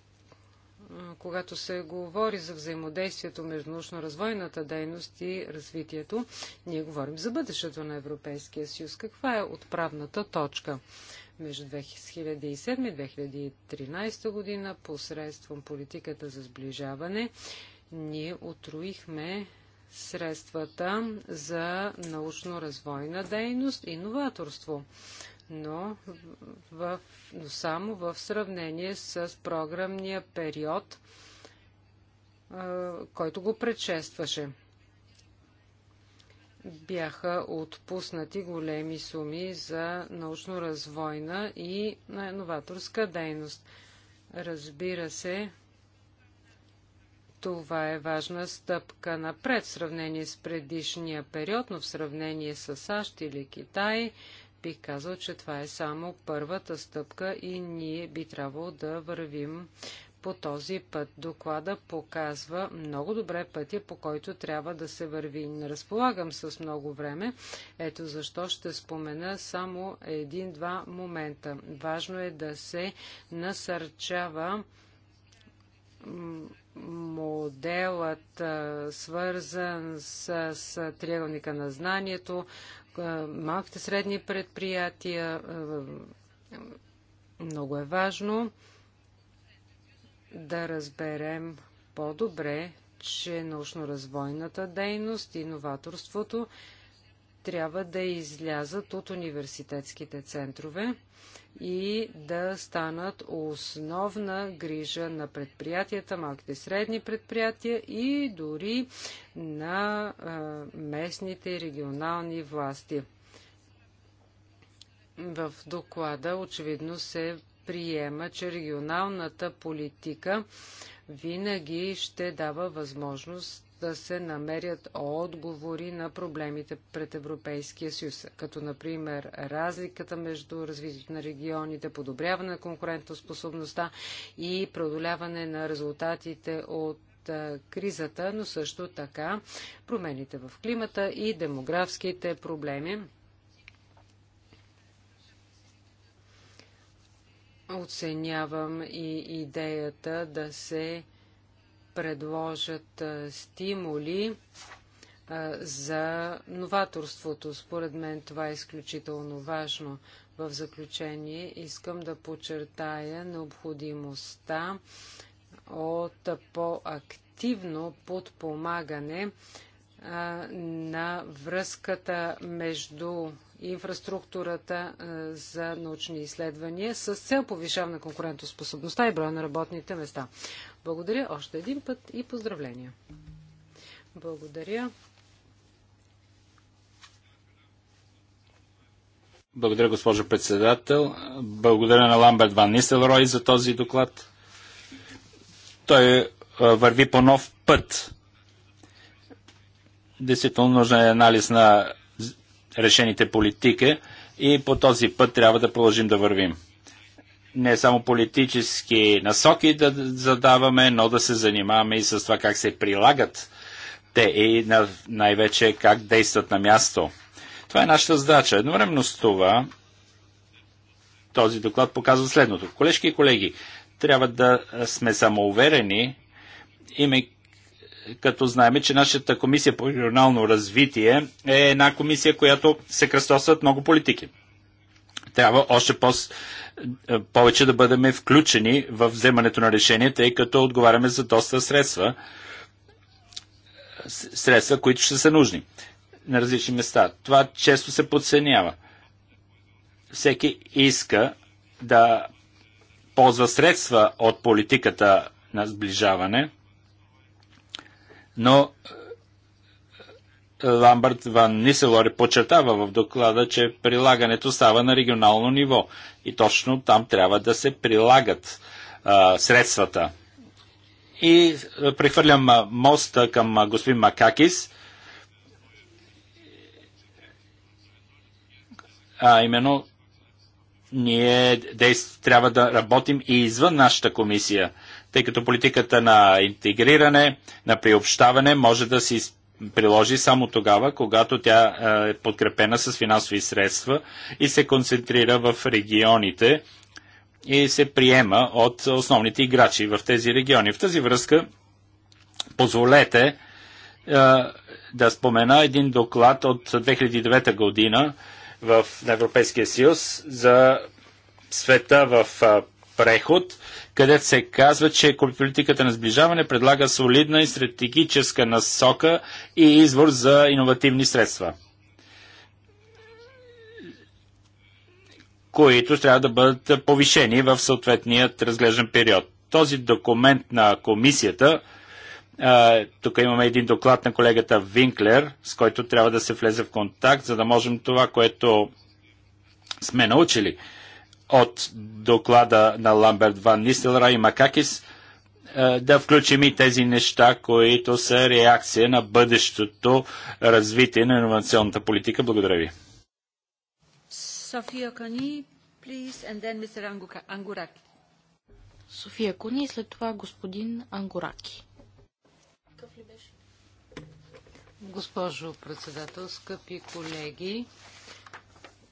когато се говори за взаимодействието между научно-развойната дейност и развитието, ние говорим за бъдещето на Европейския съюз. Каква е отправната точка? между 2007 и 2013 година посредством политиката за сближаване. Ние отруихме средствата за научно-развойна дейност и новаторство, но, в, но само в сравнение с програмния период, който го предшестваше бяха отпуснати големи суми за научно-развойна и новаторска дейност. Разбира се, това е важна стъпка напред в сравнение с предишния период, но в сравнение с САЩ или Китай, бих казал, че това е само първата стъпка и ние би трябвало да вървим по този път. Доклада показва много добре пътя, по който трябва да се върви. Не разполагам с много време. Ето защо ще спомена само един-два момента. Важно е да се насърчава моделът, свързан с, с триъгълника на знанието, малките средни предприятия. Много е важно да разберем по-добре, че научно-развойната дейност и новаторството трябва да излязат от университетските центрове и да станат основна грижа на предприятията, малките и средни предприятия и дори на местните и регионални власти. В доклада очевидно се приема, че регионалната политика винаги ще дава възможност да се намерят отговори на проблемите пред Европейския съюз, като например разликата между развитието на регионите, подобряване на конкурентоспособността и преодоляване на резултатите от кризата, но също така промените в климата и демографските проблеми. Оценявам и идеята да се предложат стимули за новаторството. Според мен това е изключително важно. В заключение искам да подчертая необходимостта от по-активно подпомагане на връзката между инфраструктурата за научни изследвания с цел повишаване на конкурентоспособността и броя на работните места. Благодаря още един път и поздравления. Благодаря. Благодаря, госпожо председател. Благодаря на Ламберт Ван Рой за този доклад. Той е, върви по нов път. Действително нужен е анализ на решените политики и по този път трябва да продължим да вървим. Не само политически насоки да задаваме, но да се занимаваме и с това как се прилагат те и най-вече как действат на място. Това е нашата задача. Едновременно с това този доклад показва следното. Колежки и колеги, трябва да сме самоуверени, имайки като знаем, че нашата комисия по регионално развитие е една комисия, която се кръстосват много политики. Трябва още по- е, повече да бъдем включени в вземането на решение, тъй като отговаряме за доста средства, средства, които ще са нужни на различни места. Това често се подценява. Всеки иска да ползва средства от политиката на сближаване, но е, Ламбърт Ван Ниселори подчертава в доклада, че прилагането става на регионално ниво и точно там трябва да се прилагат а, средствата. И е, прехвърлям моста към господин Макакис, а именно ние действ, трябва да работим и извън нашата комисия – тъй като политиката на интегриране, на приобщаване може да се приложи само тогава, когато тя е, е подкрепена с финансови средства и се концентрира в регионите и се приема от основните играчи в тези региони. В тази връзка позволете е, да спомена един доклад от 2009 година в, Европейския съюз за света в е, преход, където се казва, че политиката на сближаване предлага солидна и стратегическа насока и извор за иновативни средства, които трябва да бъдат повишени в съответният разглеждан период. Този документ на комисията, тук имаме един доклад на колегата Винклер, с който трябва да се влезе в контакт, за да можем това, което сме научили – от доклада на Ламберт Ван Нистелра и Макакис е, да включим и тези неща, които са реакция на бъдещото развитие на инновационната политика. Благодаря ви. София Кани, please, and then Mr. Anguraki. София Куни и след това господин Ангораки. Госпожо председател, скъпи колеги,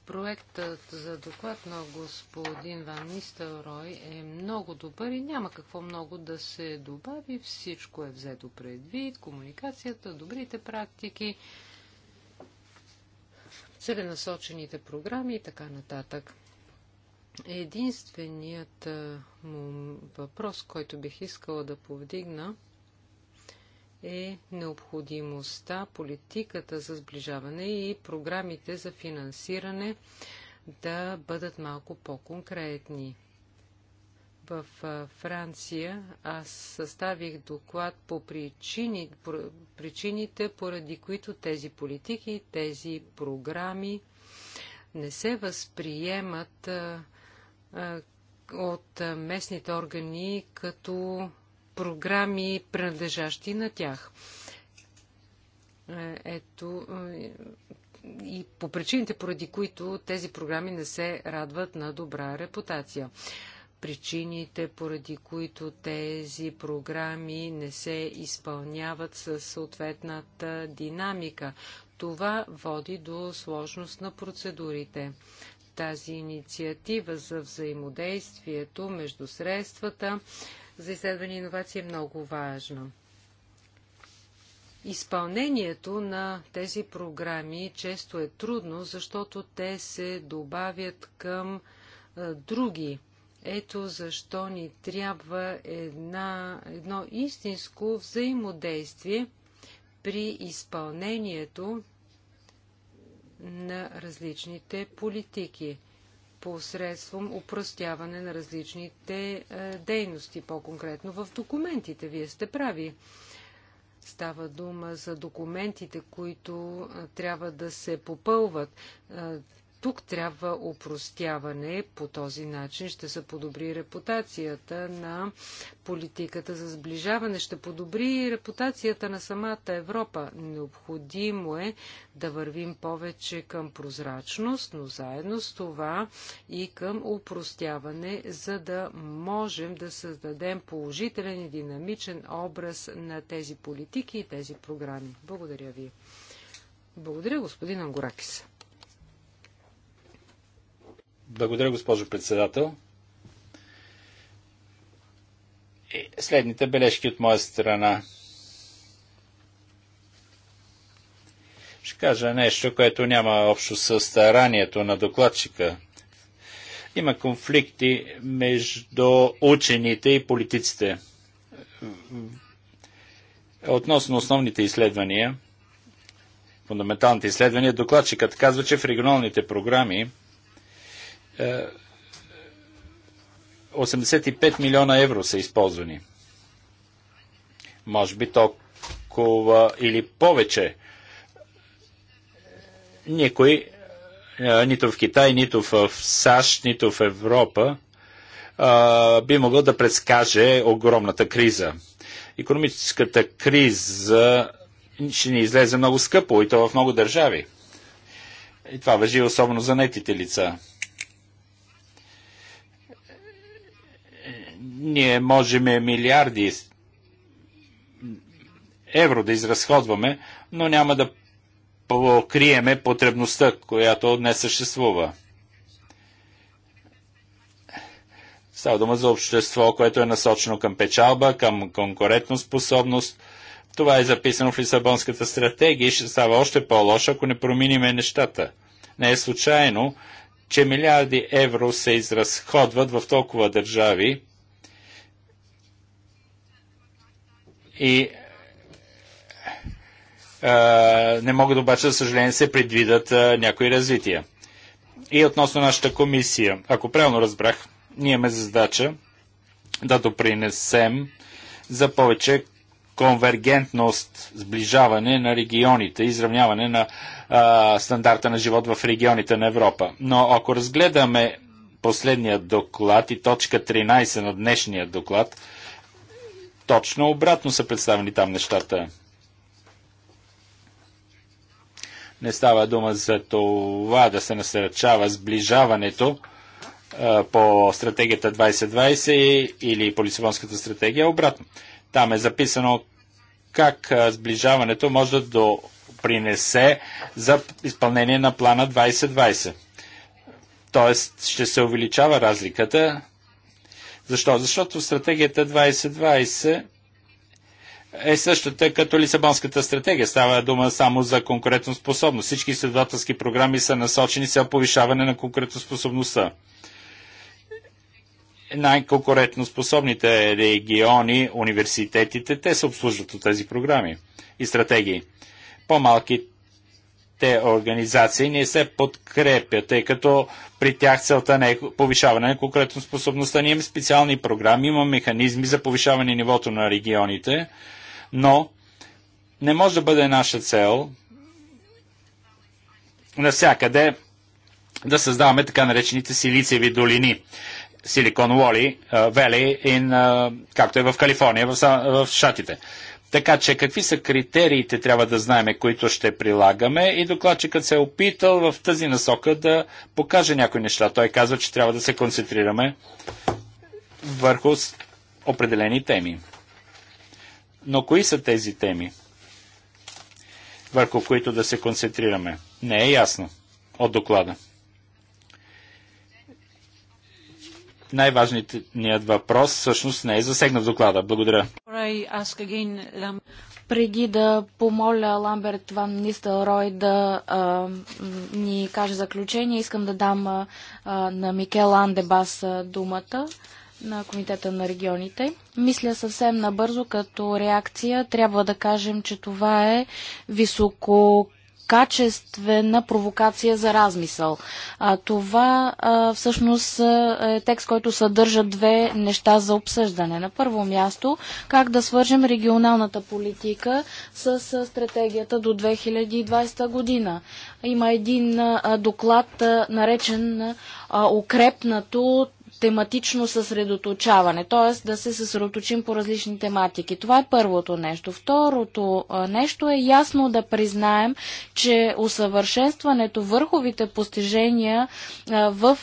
Проектът за доклад на господин Ван Нистелрой е много добър и няма какво много да се добави. Всичко е взето предвид, комуникацията, добрите практики, целенасочените програми и така нататък. Единственият въпрос, който бих искала да повдигна – е необходимостта политиката за сближаване и програмите за финансиране да бъдат малко по-конкретни. В Франция аз съставих доклад по причини, причините, поради които тези политики, тези програми не се възприемат от местните органи като програми, принадлежащи на тях. Е, ето е, и по причините, поради които тези програми не се радват на добра репутация. Причините, поради които тези програми не се изпълняват със съответната динамика. Това води до сложност на процедурите тази инициатива за взаимодействието между средствата за изследване и иновации е много важно. Изпълнението на тези програми често е трудно, защото те се добавят към а, други. Ето защо ни трябва една, едно истинско взаимодействие при изпълнението на различните политики посредством упростяване на различните е, дейности, по-конкретно в документите. Вие сте прави. Става дума за документите, които е, трябва да се попълват. Е, тук трябва упростяване. По този начин ще се подобри репутацията на политиката за сближаване. Ще подобри репутацията на самата Европа. Необходимо е да вървим повече към прозрачност, но заедно с това и към упростяване, за да можем да създадем положителен и динамичен образ на тези политики и тези програми. Благодаря ви. Благодаря, господин Ангоракис. Благодаря, госпожо председател. И следните бележки от моя страна. Ще кажа нещо, което няма общо със старанието на докладчика. Има конфликти между учените и политиците. Относно основните изследвания, фундаменталните изследвания, докладчикът казва, че в регионалните програми 85 е, милиона евро са използвани. Може би толкова или повече. Никой, е, нито в Китай, нито в САЩ, нито в Европа, е, би могъл да предскаже огромната криза. Економическата криза ще ни излезе много скъпо и то в много държави. И това въжи особено за нетите лица. Ние можем милиарди евро да изразходваме, но няма да покриеме потребността, която не съществува. Става дума за общество, което е насочено към печалба, към способност. Това е записано в Лисабонската стратегия и ще става още по-лошо, ако не промениме нещата. Не е случайно, че милиарди евро се изразходват в толкова държави, И а, не могат обаче, за съжаление, се предвидат а, някои развития. И относно нашата комисия, ако правилно разбрах, ние имаме задача да допринесем за повече конвергентност, сближаване на регионите, изравняване на а, стандарта на живот в регионите на Европа. Но ако разгледаме последния доклад и точка 13 на днешния доклад, точно обратно са представени там нещата. Не става дума за това да се насърчава сближаването а, по стратегията 2020 или по Лисабонската стратегия, обратно. Там е записано как сближаването може да допринесе за изпълнение на плана 2020. Тоест ще се увеличава разликата защо? Защото стратегията 2020 е същата като Лисабонската стратегия. Става дума само за конкурентоспособност. Всички изследователски програми са насочени за повишаване на конкурентоспособността. Най-конкурентоспособните региони, университетите, те се обслужват от тези програми и стратегии. По-малките те организации не се подкрепят, тъй като при тях целта не е повишаване на конкретно способността. Ние имаме специални програми, имаме механизми за повишаване на нивото на регионите, но не може да бъде наша цел навсякъде да създаваме така наречените силицеви долини. Силикон Уоли, Вели, както е в Калифорния, в, в Штатите. Така че какви са критериите, трябва да знаеме, които ще прилагаме и докладчикът се е опитал в тази насока да покаже някои неща. Той казва, че трябва да се концентрираме върху определени теми. Но кои са тези теми, върху които да се концентрираме? Не е ясно от доклада. най-важният въпрос всъщност не е засегнат в доклада. Благодаря. Преди да помоля Ламберт Ван Нистелрой да а, ни каже заключение, искам да дам а, на Микел Андебас думата на Комитета на регионите. Мисля съвсем набързо като реакция. Трябва да кажем, че това е високо качествена провокация за размисъл. А, това а, всъщност е текст, който съдържа две неща за обсъждане. На първо място, как да свържем регионалната политика с, стратегията до 2020 година. Има един а, доклад, а, наречен а, укрепнато тематично съсредоточаване, т.е. да се съсредоточим по различни тематики. Това е първото нещо. Второто нещо е ясно да признаем, че усъвършенстването върховите постижения в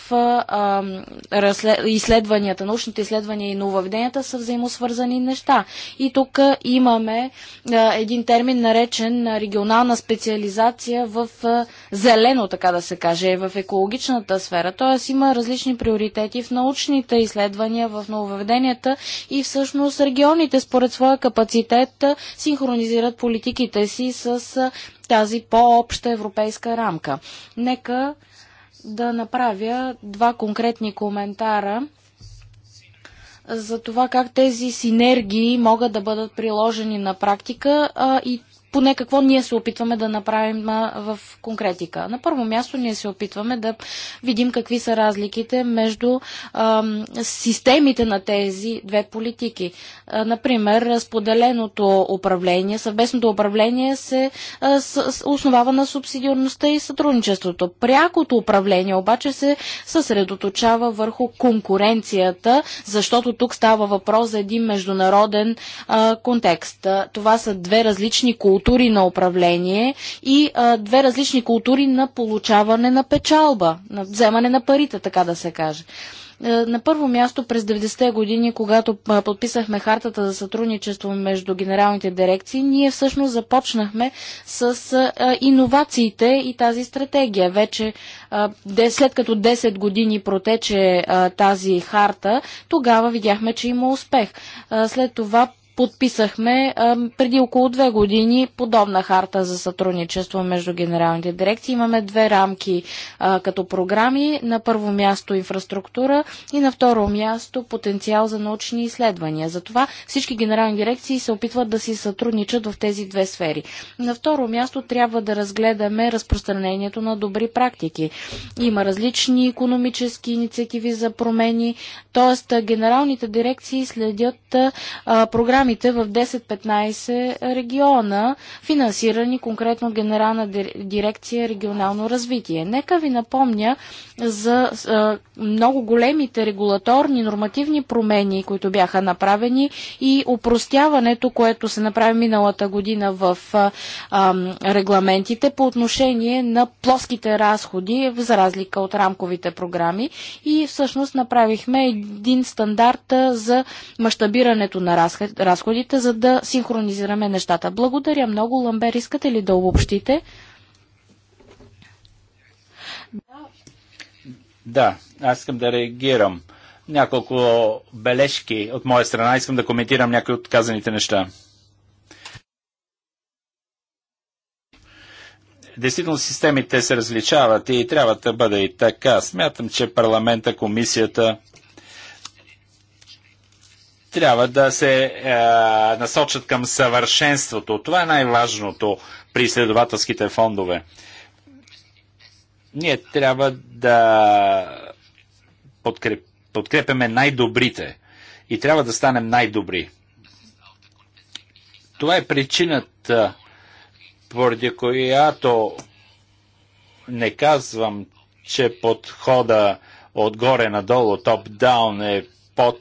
изследванията, научните изследвания и нововведенията са взаимосвързани неща. И тук имаме един термин наречен регионална специализация в зелено, така да се каже, в екологичната сфера. Т.е. има различни приоритети в научната научните изследвания в нововведенията и всъщност регионите според своя капацитет синхронизират политиките си с тази по-обща европейска рамка. Нека да направя два конкретни коментара за това как тези синергии могат да бъдат приложени на практика и поне какво ние се опитваме да направим в конкретика. На първо място ние се опитваме да видим какви са разликите между а, системите на тези две политики. А, например, споделеното управление, съвместното управление се а, с, с, основава на субсидиорността и сътрудничеството. Прякото управление обаче се съсредоточава върху конкуренцията, защото тук става въпрос за един международен а, контекст. Това са две различни култури култури на управление и а, две различни култури на получаване на печалба, на вземане на парите, така да се каже. Е, на първо място през 90-те години, когато подписахме хартата за сътрудничество между генералните дирекции, ние всъщност започнахме с иновациите и тази стратегия. Вече след като 10 години протече тази харта, тогава видяхме, че има успех. След това подписахме преди около две години подобна харта за сътрудничество между генералните дирекции. Имаме две рамки като програми. На първо място инфраструктура и на второ място потенциал за научни изследвания. Затова всички генерални дирекции се опитват да си сътрудничат в тези две сфери. На второ място трябва да разгледаме разпространението на добри практики. Има различни економически инициативи за промени, т.е. генералните дирекции следят програми програмите в 10-15 региона, финансирани конкретно от Генерална дирекция регионално развитие. Нека ви напомня за много големите регулаторни нормативни промени, които бяха направени и упростяването, което се направи миналата година в регламентите по отношение на плоските разходи, за разлика от рамковите програми. И всъщност направихме един стандарт за мащабирането на разходите разходите, за да синхронизираме нещата. Благодаря много. Ламбер, искате ли да обобщите? Да, аз искам да реагирам. Няколко бележки от моя страна. Искам да коментирам някои от казаните неща. Действително системите се различават и трябва да бъде и така. Смятам, че парламента, комисията, трябва да се е, насочат към съвършенството. Това е най-важното при изследователските фондове. Ние трябва да подкреп, подкрепяме най-добрите и трябва да станем най-добри. Това е причината, поради която не казвам, че подхода отгоре надолу, топ-даун е под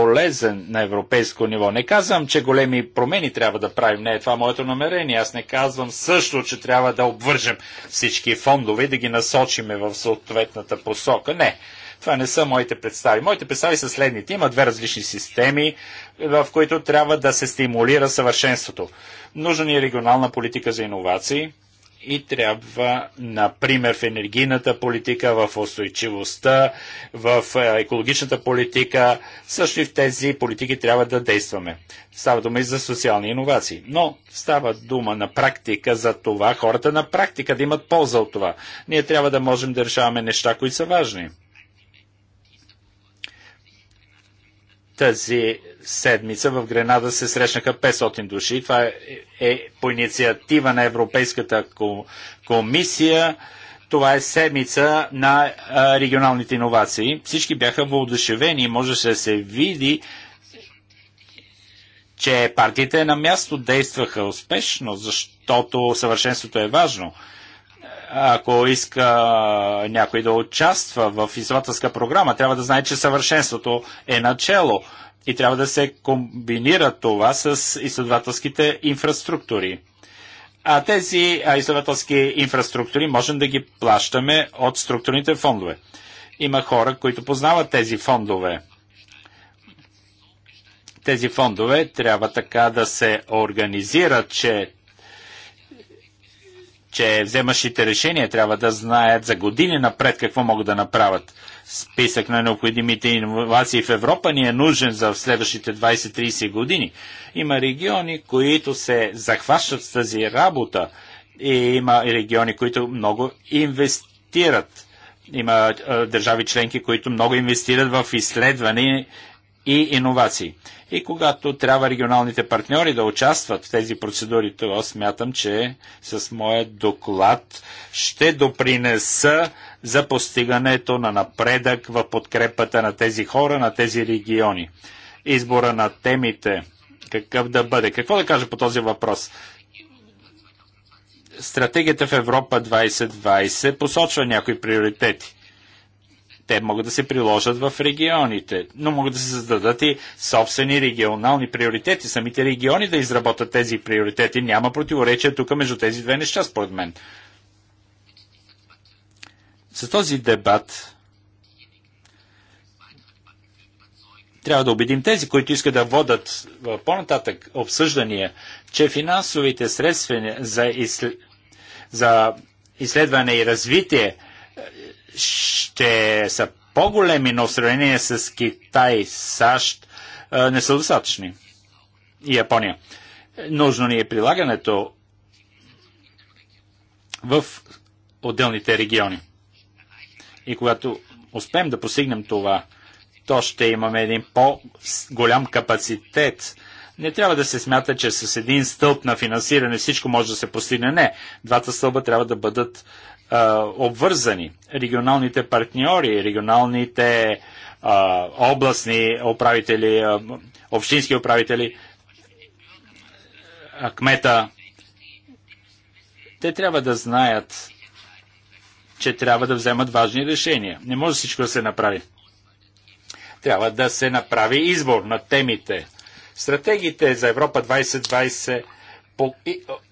полезен на европейско ниво. Не казвам, че големи промени трябва да правим. Не е това моето намерение. Аз не казвам също, че трябва да обвържем всички фондове и да ги насочиме в съответната посока. Не. Това не са моите представи. Моите представи са следните. Има две различни системи, в които трябва да се стимулира съвършенството. Нужна ни е регионална политика за иновации – и трябва, например, в енергийната политика, в устойчивостта, в е, екологичната политика, също и в тези политики трябва да действаме. Става дума и за социални иновации. Но става дума на практика за това, хората на практика да имат полза от това. Ние трябва да можем да решаваме неща, които са важни. тази седмица в Гренада се срещнаха 500 души. Това е, е, по инициатива на Европейската комисия. Това е седмица на регионалните иновации. Всички бяха въодушевени. Можеше да се види, че партиите на място действаха успешно, защото съвършенството е важно ако иска някой да участва в изследователска програма, трябва да знае, че съвършенството е начало и трябва да се комбинира това с изследователските инфраструктури. А тези изследователски инфраструктури можем да ги плащаме от структурните фондове. Има хора, които познават тези фондове. Тези фондове трябва така да се организират, че че вземащите решения трябва да знаят за години напред какво могат да направят. Списък на необходимите инновации в Европа ни е нужен за следващите 20-30 години. Има региони, които се захващат с тази работа и има региони, които много инвестират. Има държави членки, които много инвестират в изследване и иновации. И когато трябва регионалните партньори да участват в тези процедури, то смятам, че с моя доклад ще допринеса за постигането на напредък в подкрепата на тези хора, на тези региони. Избора на темите, какъв да бъде. Какво да кажа по този въпрос? Стратегията в Европа 2020 посочва някои приоритети те могат да се приложат в регионите, но могат да се създадат и собствени регионални приоритети. Самите региони да изработят тези приоритети. Няма противоречие тук между тези две неща, според мен. За този дебат трябва да убедим тези, които искат да водат по-нататък обсъждания, че финансовите средства за, за изследване и развитие ще са по-големи, но в сравнение с Китай, САЩ не са достатъчни. И Япония. Нужно ни е прилагането в отделните региони. И когато успеем да постигнем това, то ще имаме един по-голям капацитет. Не трябва да се смята, че с един стълб на финансиране всичко може да се постигне. Не. Двата стълба трябва да бъдат а, обвързани. Регионалните партньори, регионалните а, областни управители, а, общински управители, а, кмета, те трябва да знаят, че трябва да вземат важни решения. Не може всичко да се направи. Трябва да се направи избор на темите. Стратегиите за Европа 2020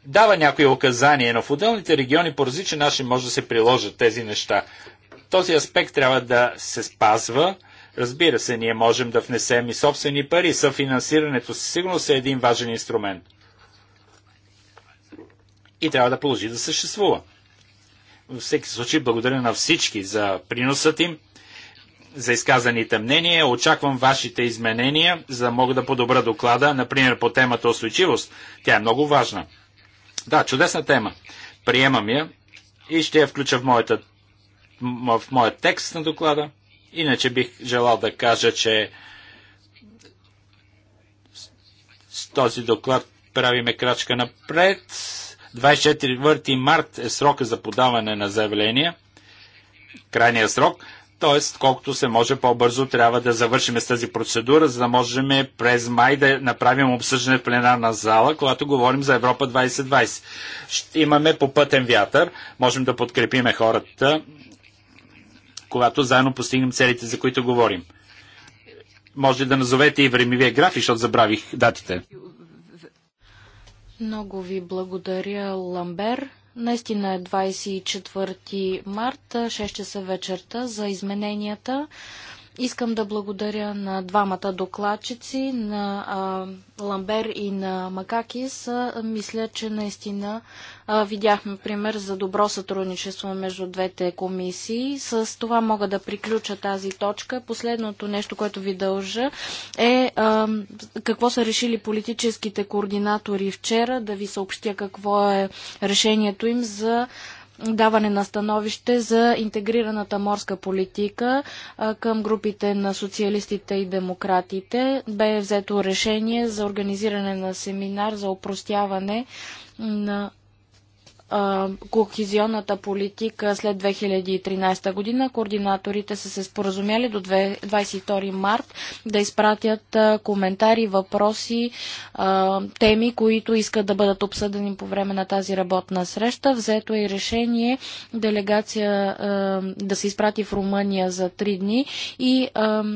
дава някои указания, но в отделните региони по различен начин може да се приложат тези неща. Този аспект трябва да се спазва. Разбира се, ние можем да внесем и собствени пари. Съфинансирането със сигурност е един важен инструмент. И трябва да положи да съществува. Във всеки случай, благодаря на всички за приносът им за изказаните мнения. Очаквам вашите изменения, за да мога да подобра доклада, например по темата устойчивост. Тя е много важна. Да, чудесна тема. Приемам я и ще я включа в, моята, в моя текст на доклада. Иначе бих желал да кажа, че с този доклад правиме крачка напред. 24 март е срока за подаване на заявления. Крайният срок. Т.е. колкото се може по-бързо трябва да завършим с тази процедура, за да можем през май да направим обсъждане в пленарна зала, когато говорим за Европа 2020. Имаме имаме попътен вятър, можем да подкрепиме хората, когато заедно постигнем целите, за които говорим. Може да назовете и времевия график, защото забравих датите. Много ви благодаря, Ламбер. Наистина е 24 марта, 6 часа вечерта за измененията. Искам да благодаря на двамата докладчици, на а, Ламбер и на Макакис. А, мисля, че наистина а, видяхме пример за добро сътрудничество между двете комисии. С това мога да приключа тази точка. Последното нещо, което ви дължа е а, какво са решили политическите координатори вчера, да ви съобщя какво е решението им за даване на становище за интегрираната морска политика към групите на социалистите и демократите. Бе взето решение за организиране на семинар за упростяване на кохезионната политика след 2013 година. Координаторите са се споразумяли до 22 март да изпратят коментари, въпроси, теми, които искат да бъдат обсъдени по време на тази работна среща. Взето е и решение делегация да се изпрати в Румъния за три дни и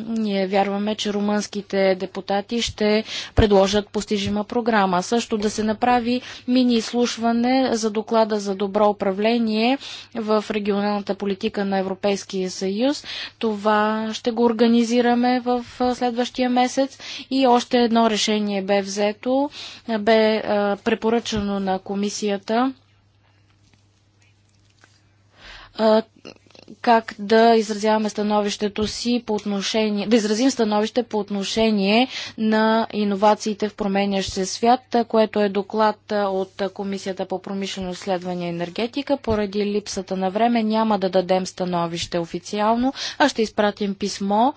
ние вярваме, че румънските депутати ще предложат постижима програма. Също да се направи мини изслушване за доклад доклада за добро управление в регионалната политика на Европейския съюз. Това ще го организираме в следващия месец и още едно решение бе взето, бе препоръчано на комисията как да изразяваме становището си по отношение, да изразим становище по отношение на иновациите в променящ се свят, което е доклад от Комисията по промишлено изследване и енергетика. Поради липсата на време няма да дадем становище официално, а ще изпратим писмо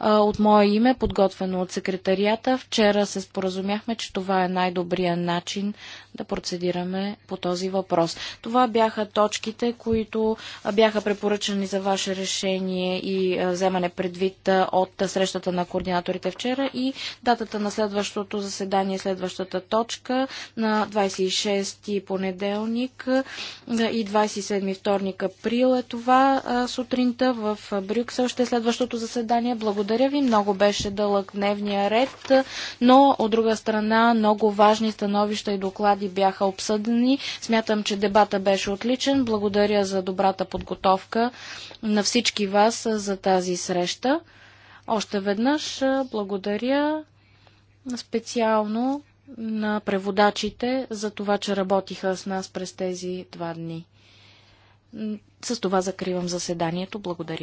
а, от мое име, подготвено от секретарията. Вчера се споразумяхме, че това е най-добрият начин да процедираме по този въпрос. Това бяха точките, които бяха препоръчени предложени за ваше решение и вземане предвид от срещата на координаторите вчера и датата на следващото заседание, следващата точка на 26 понеделник и 27 вторник април е това сутринта в Брюксел. Ще е следващото заседание. Благодаря ви. Много беше дълъг дневния ред, но от друга страна много важни становища и доклади бяха обсъдени. Смятам, че дебата беше отличен. Благодаря за добрата подготовка на всички вас за тази среща. Още веднъж благодаря специално на преводачите за това, че работиха с нас през тези два дни. С това закривам заседанието. Благодаря.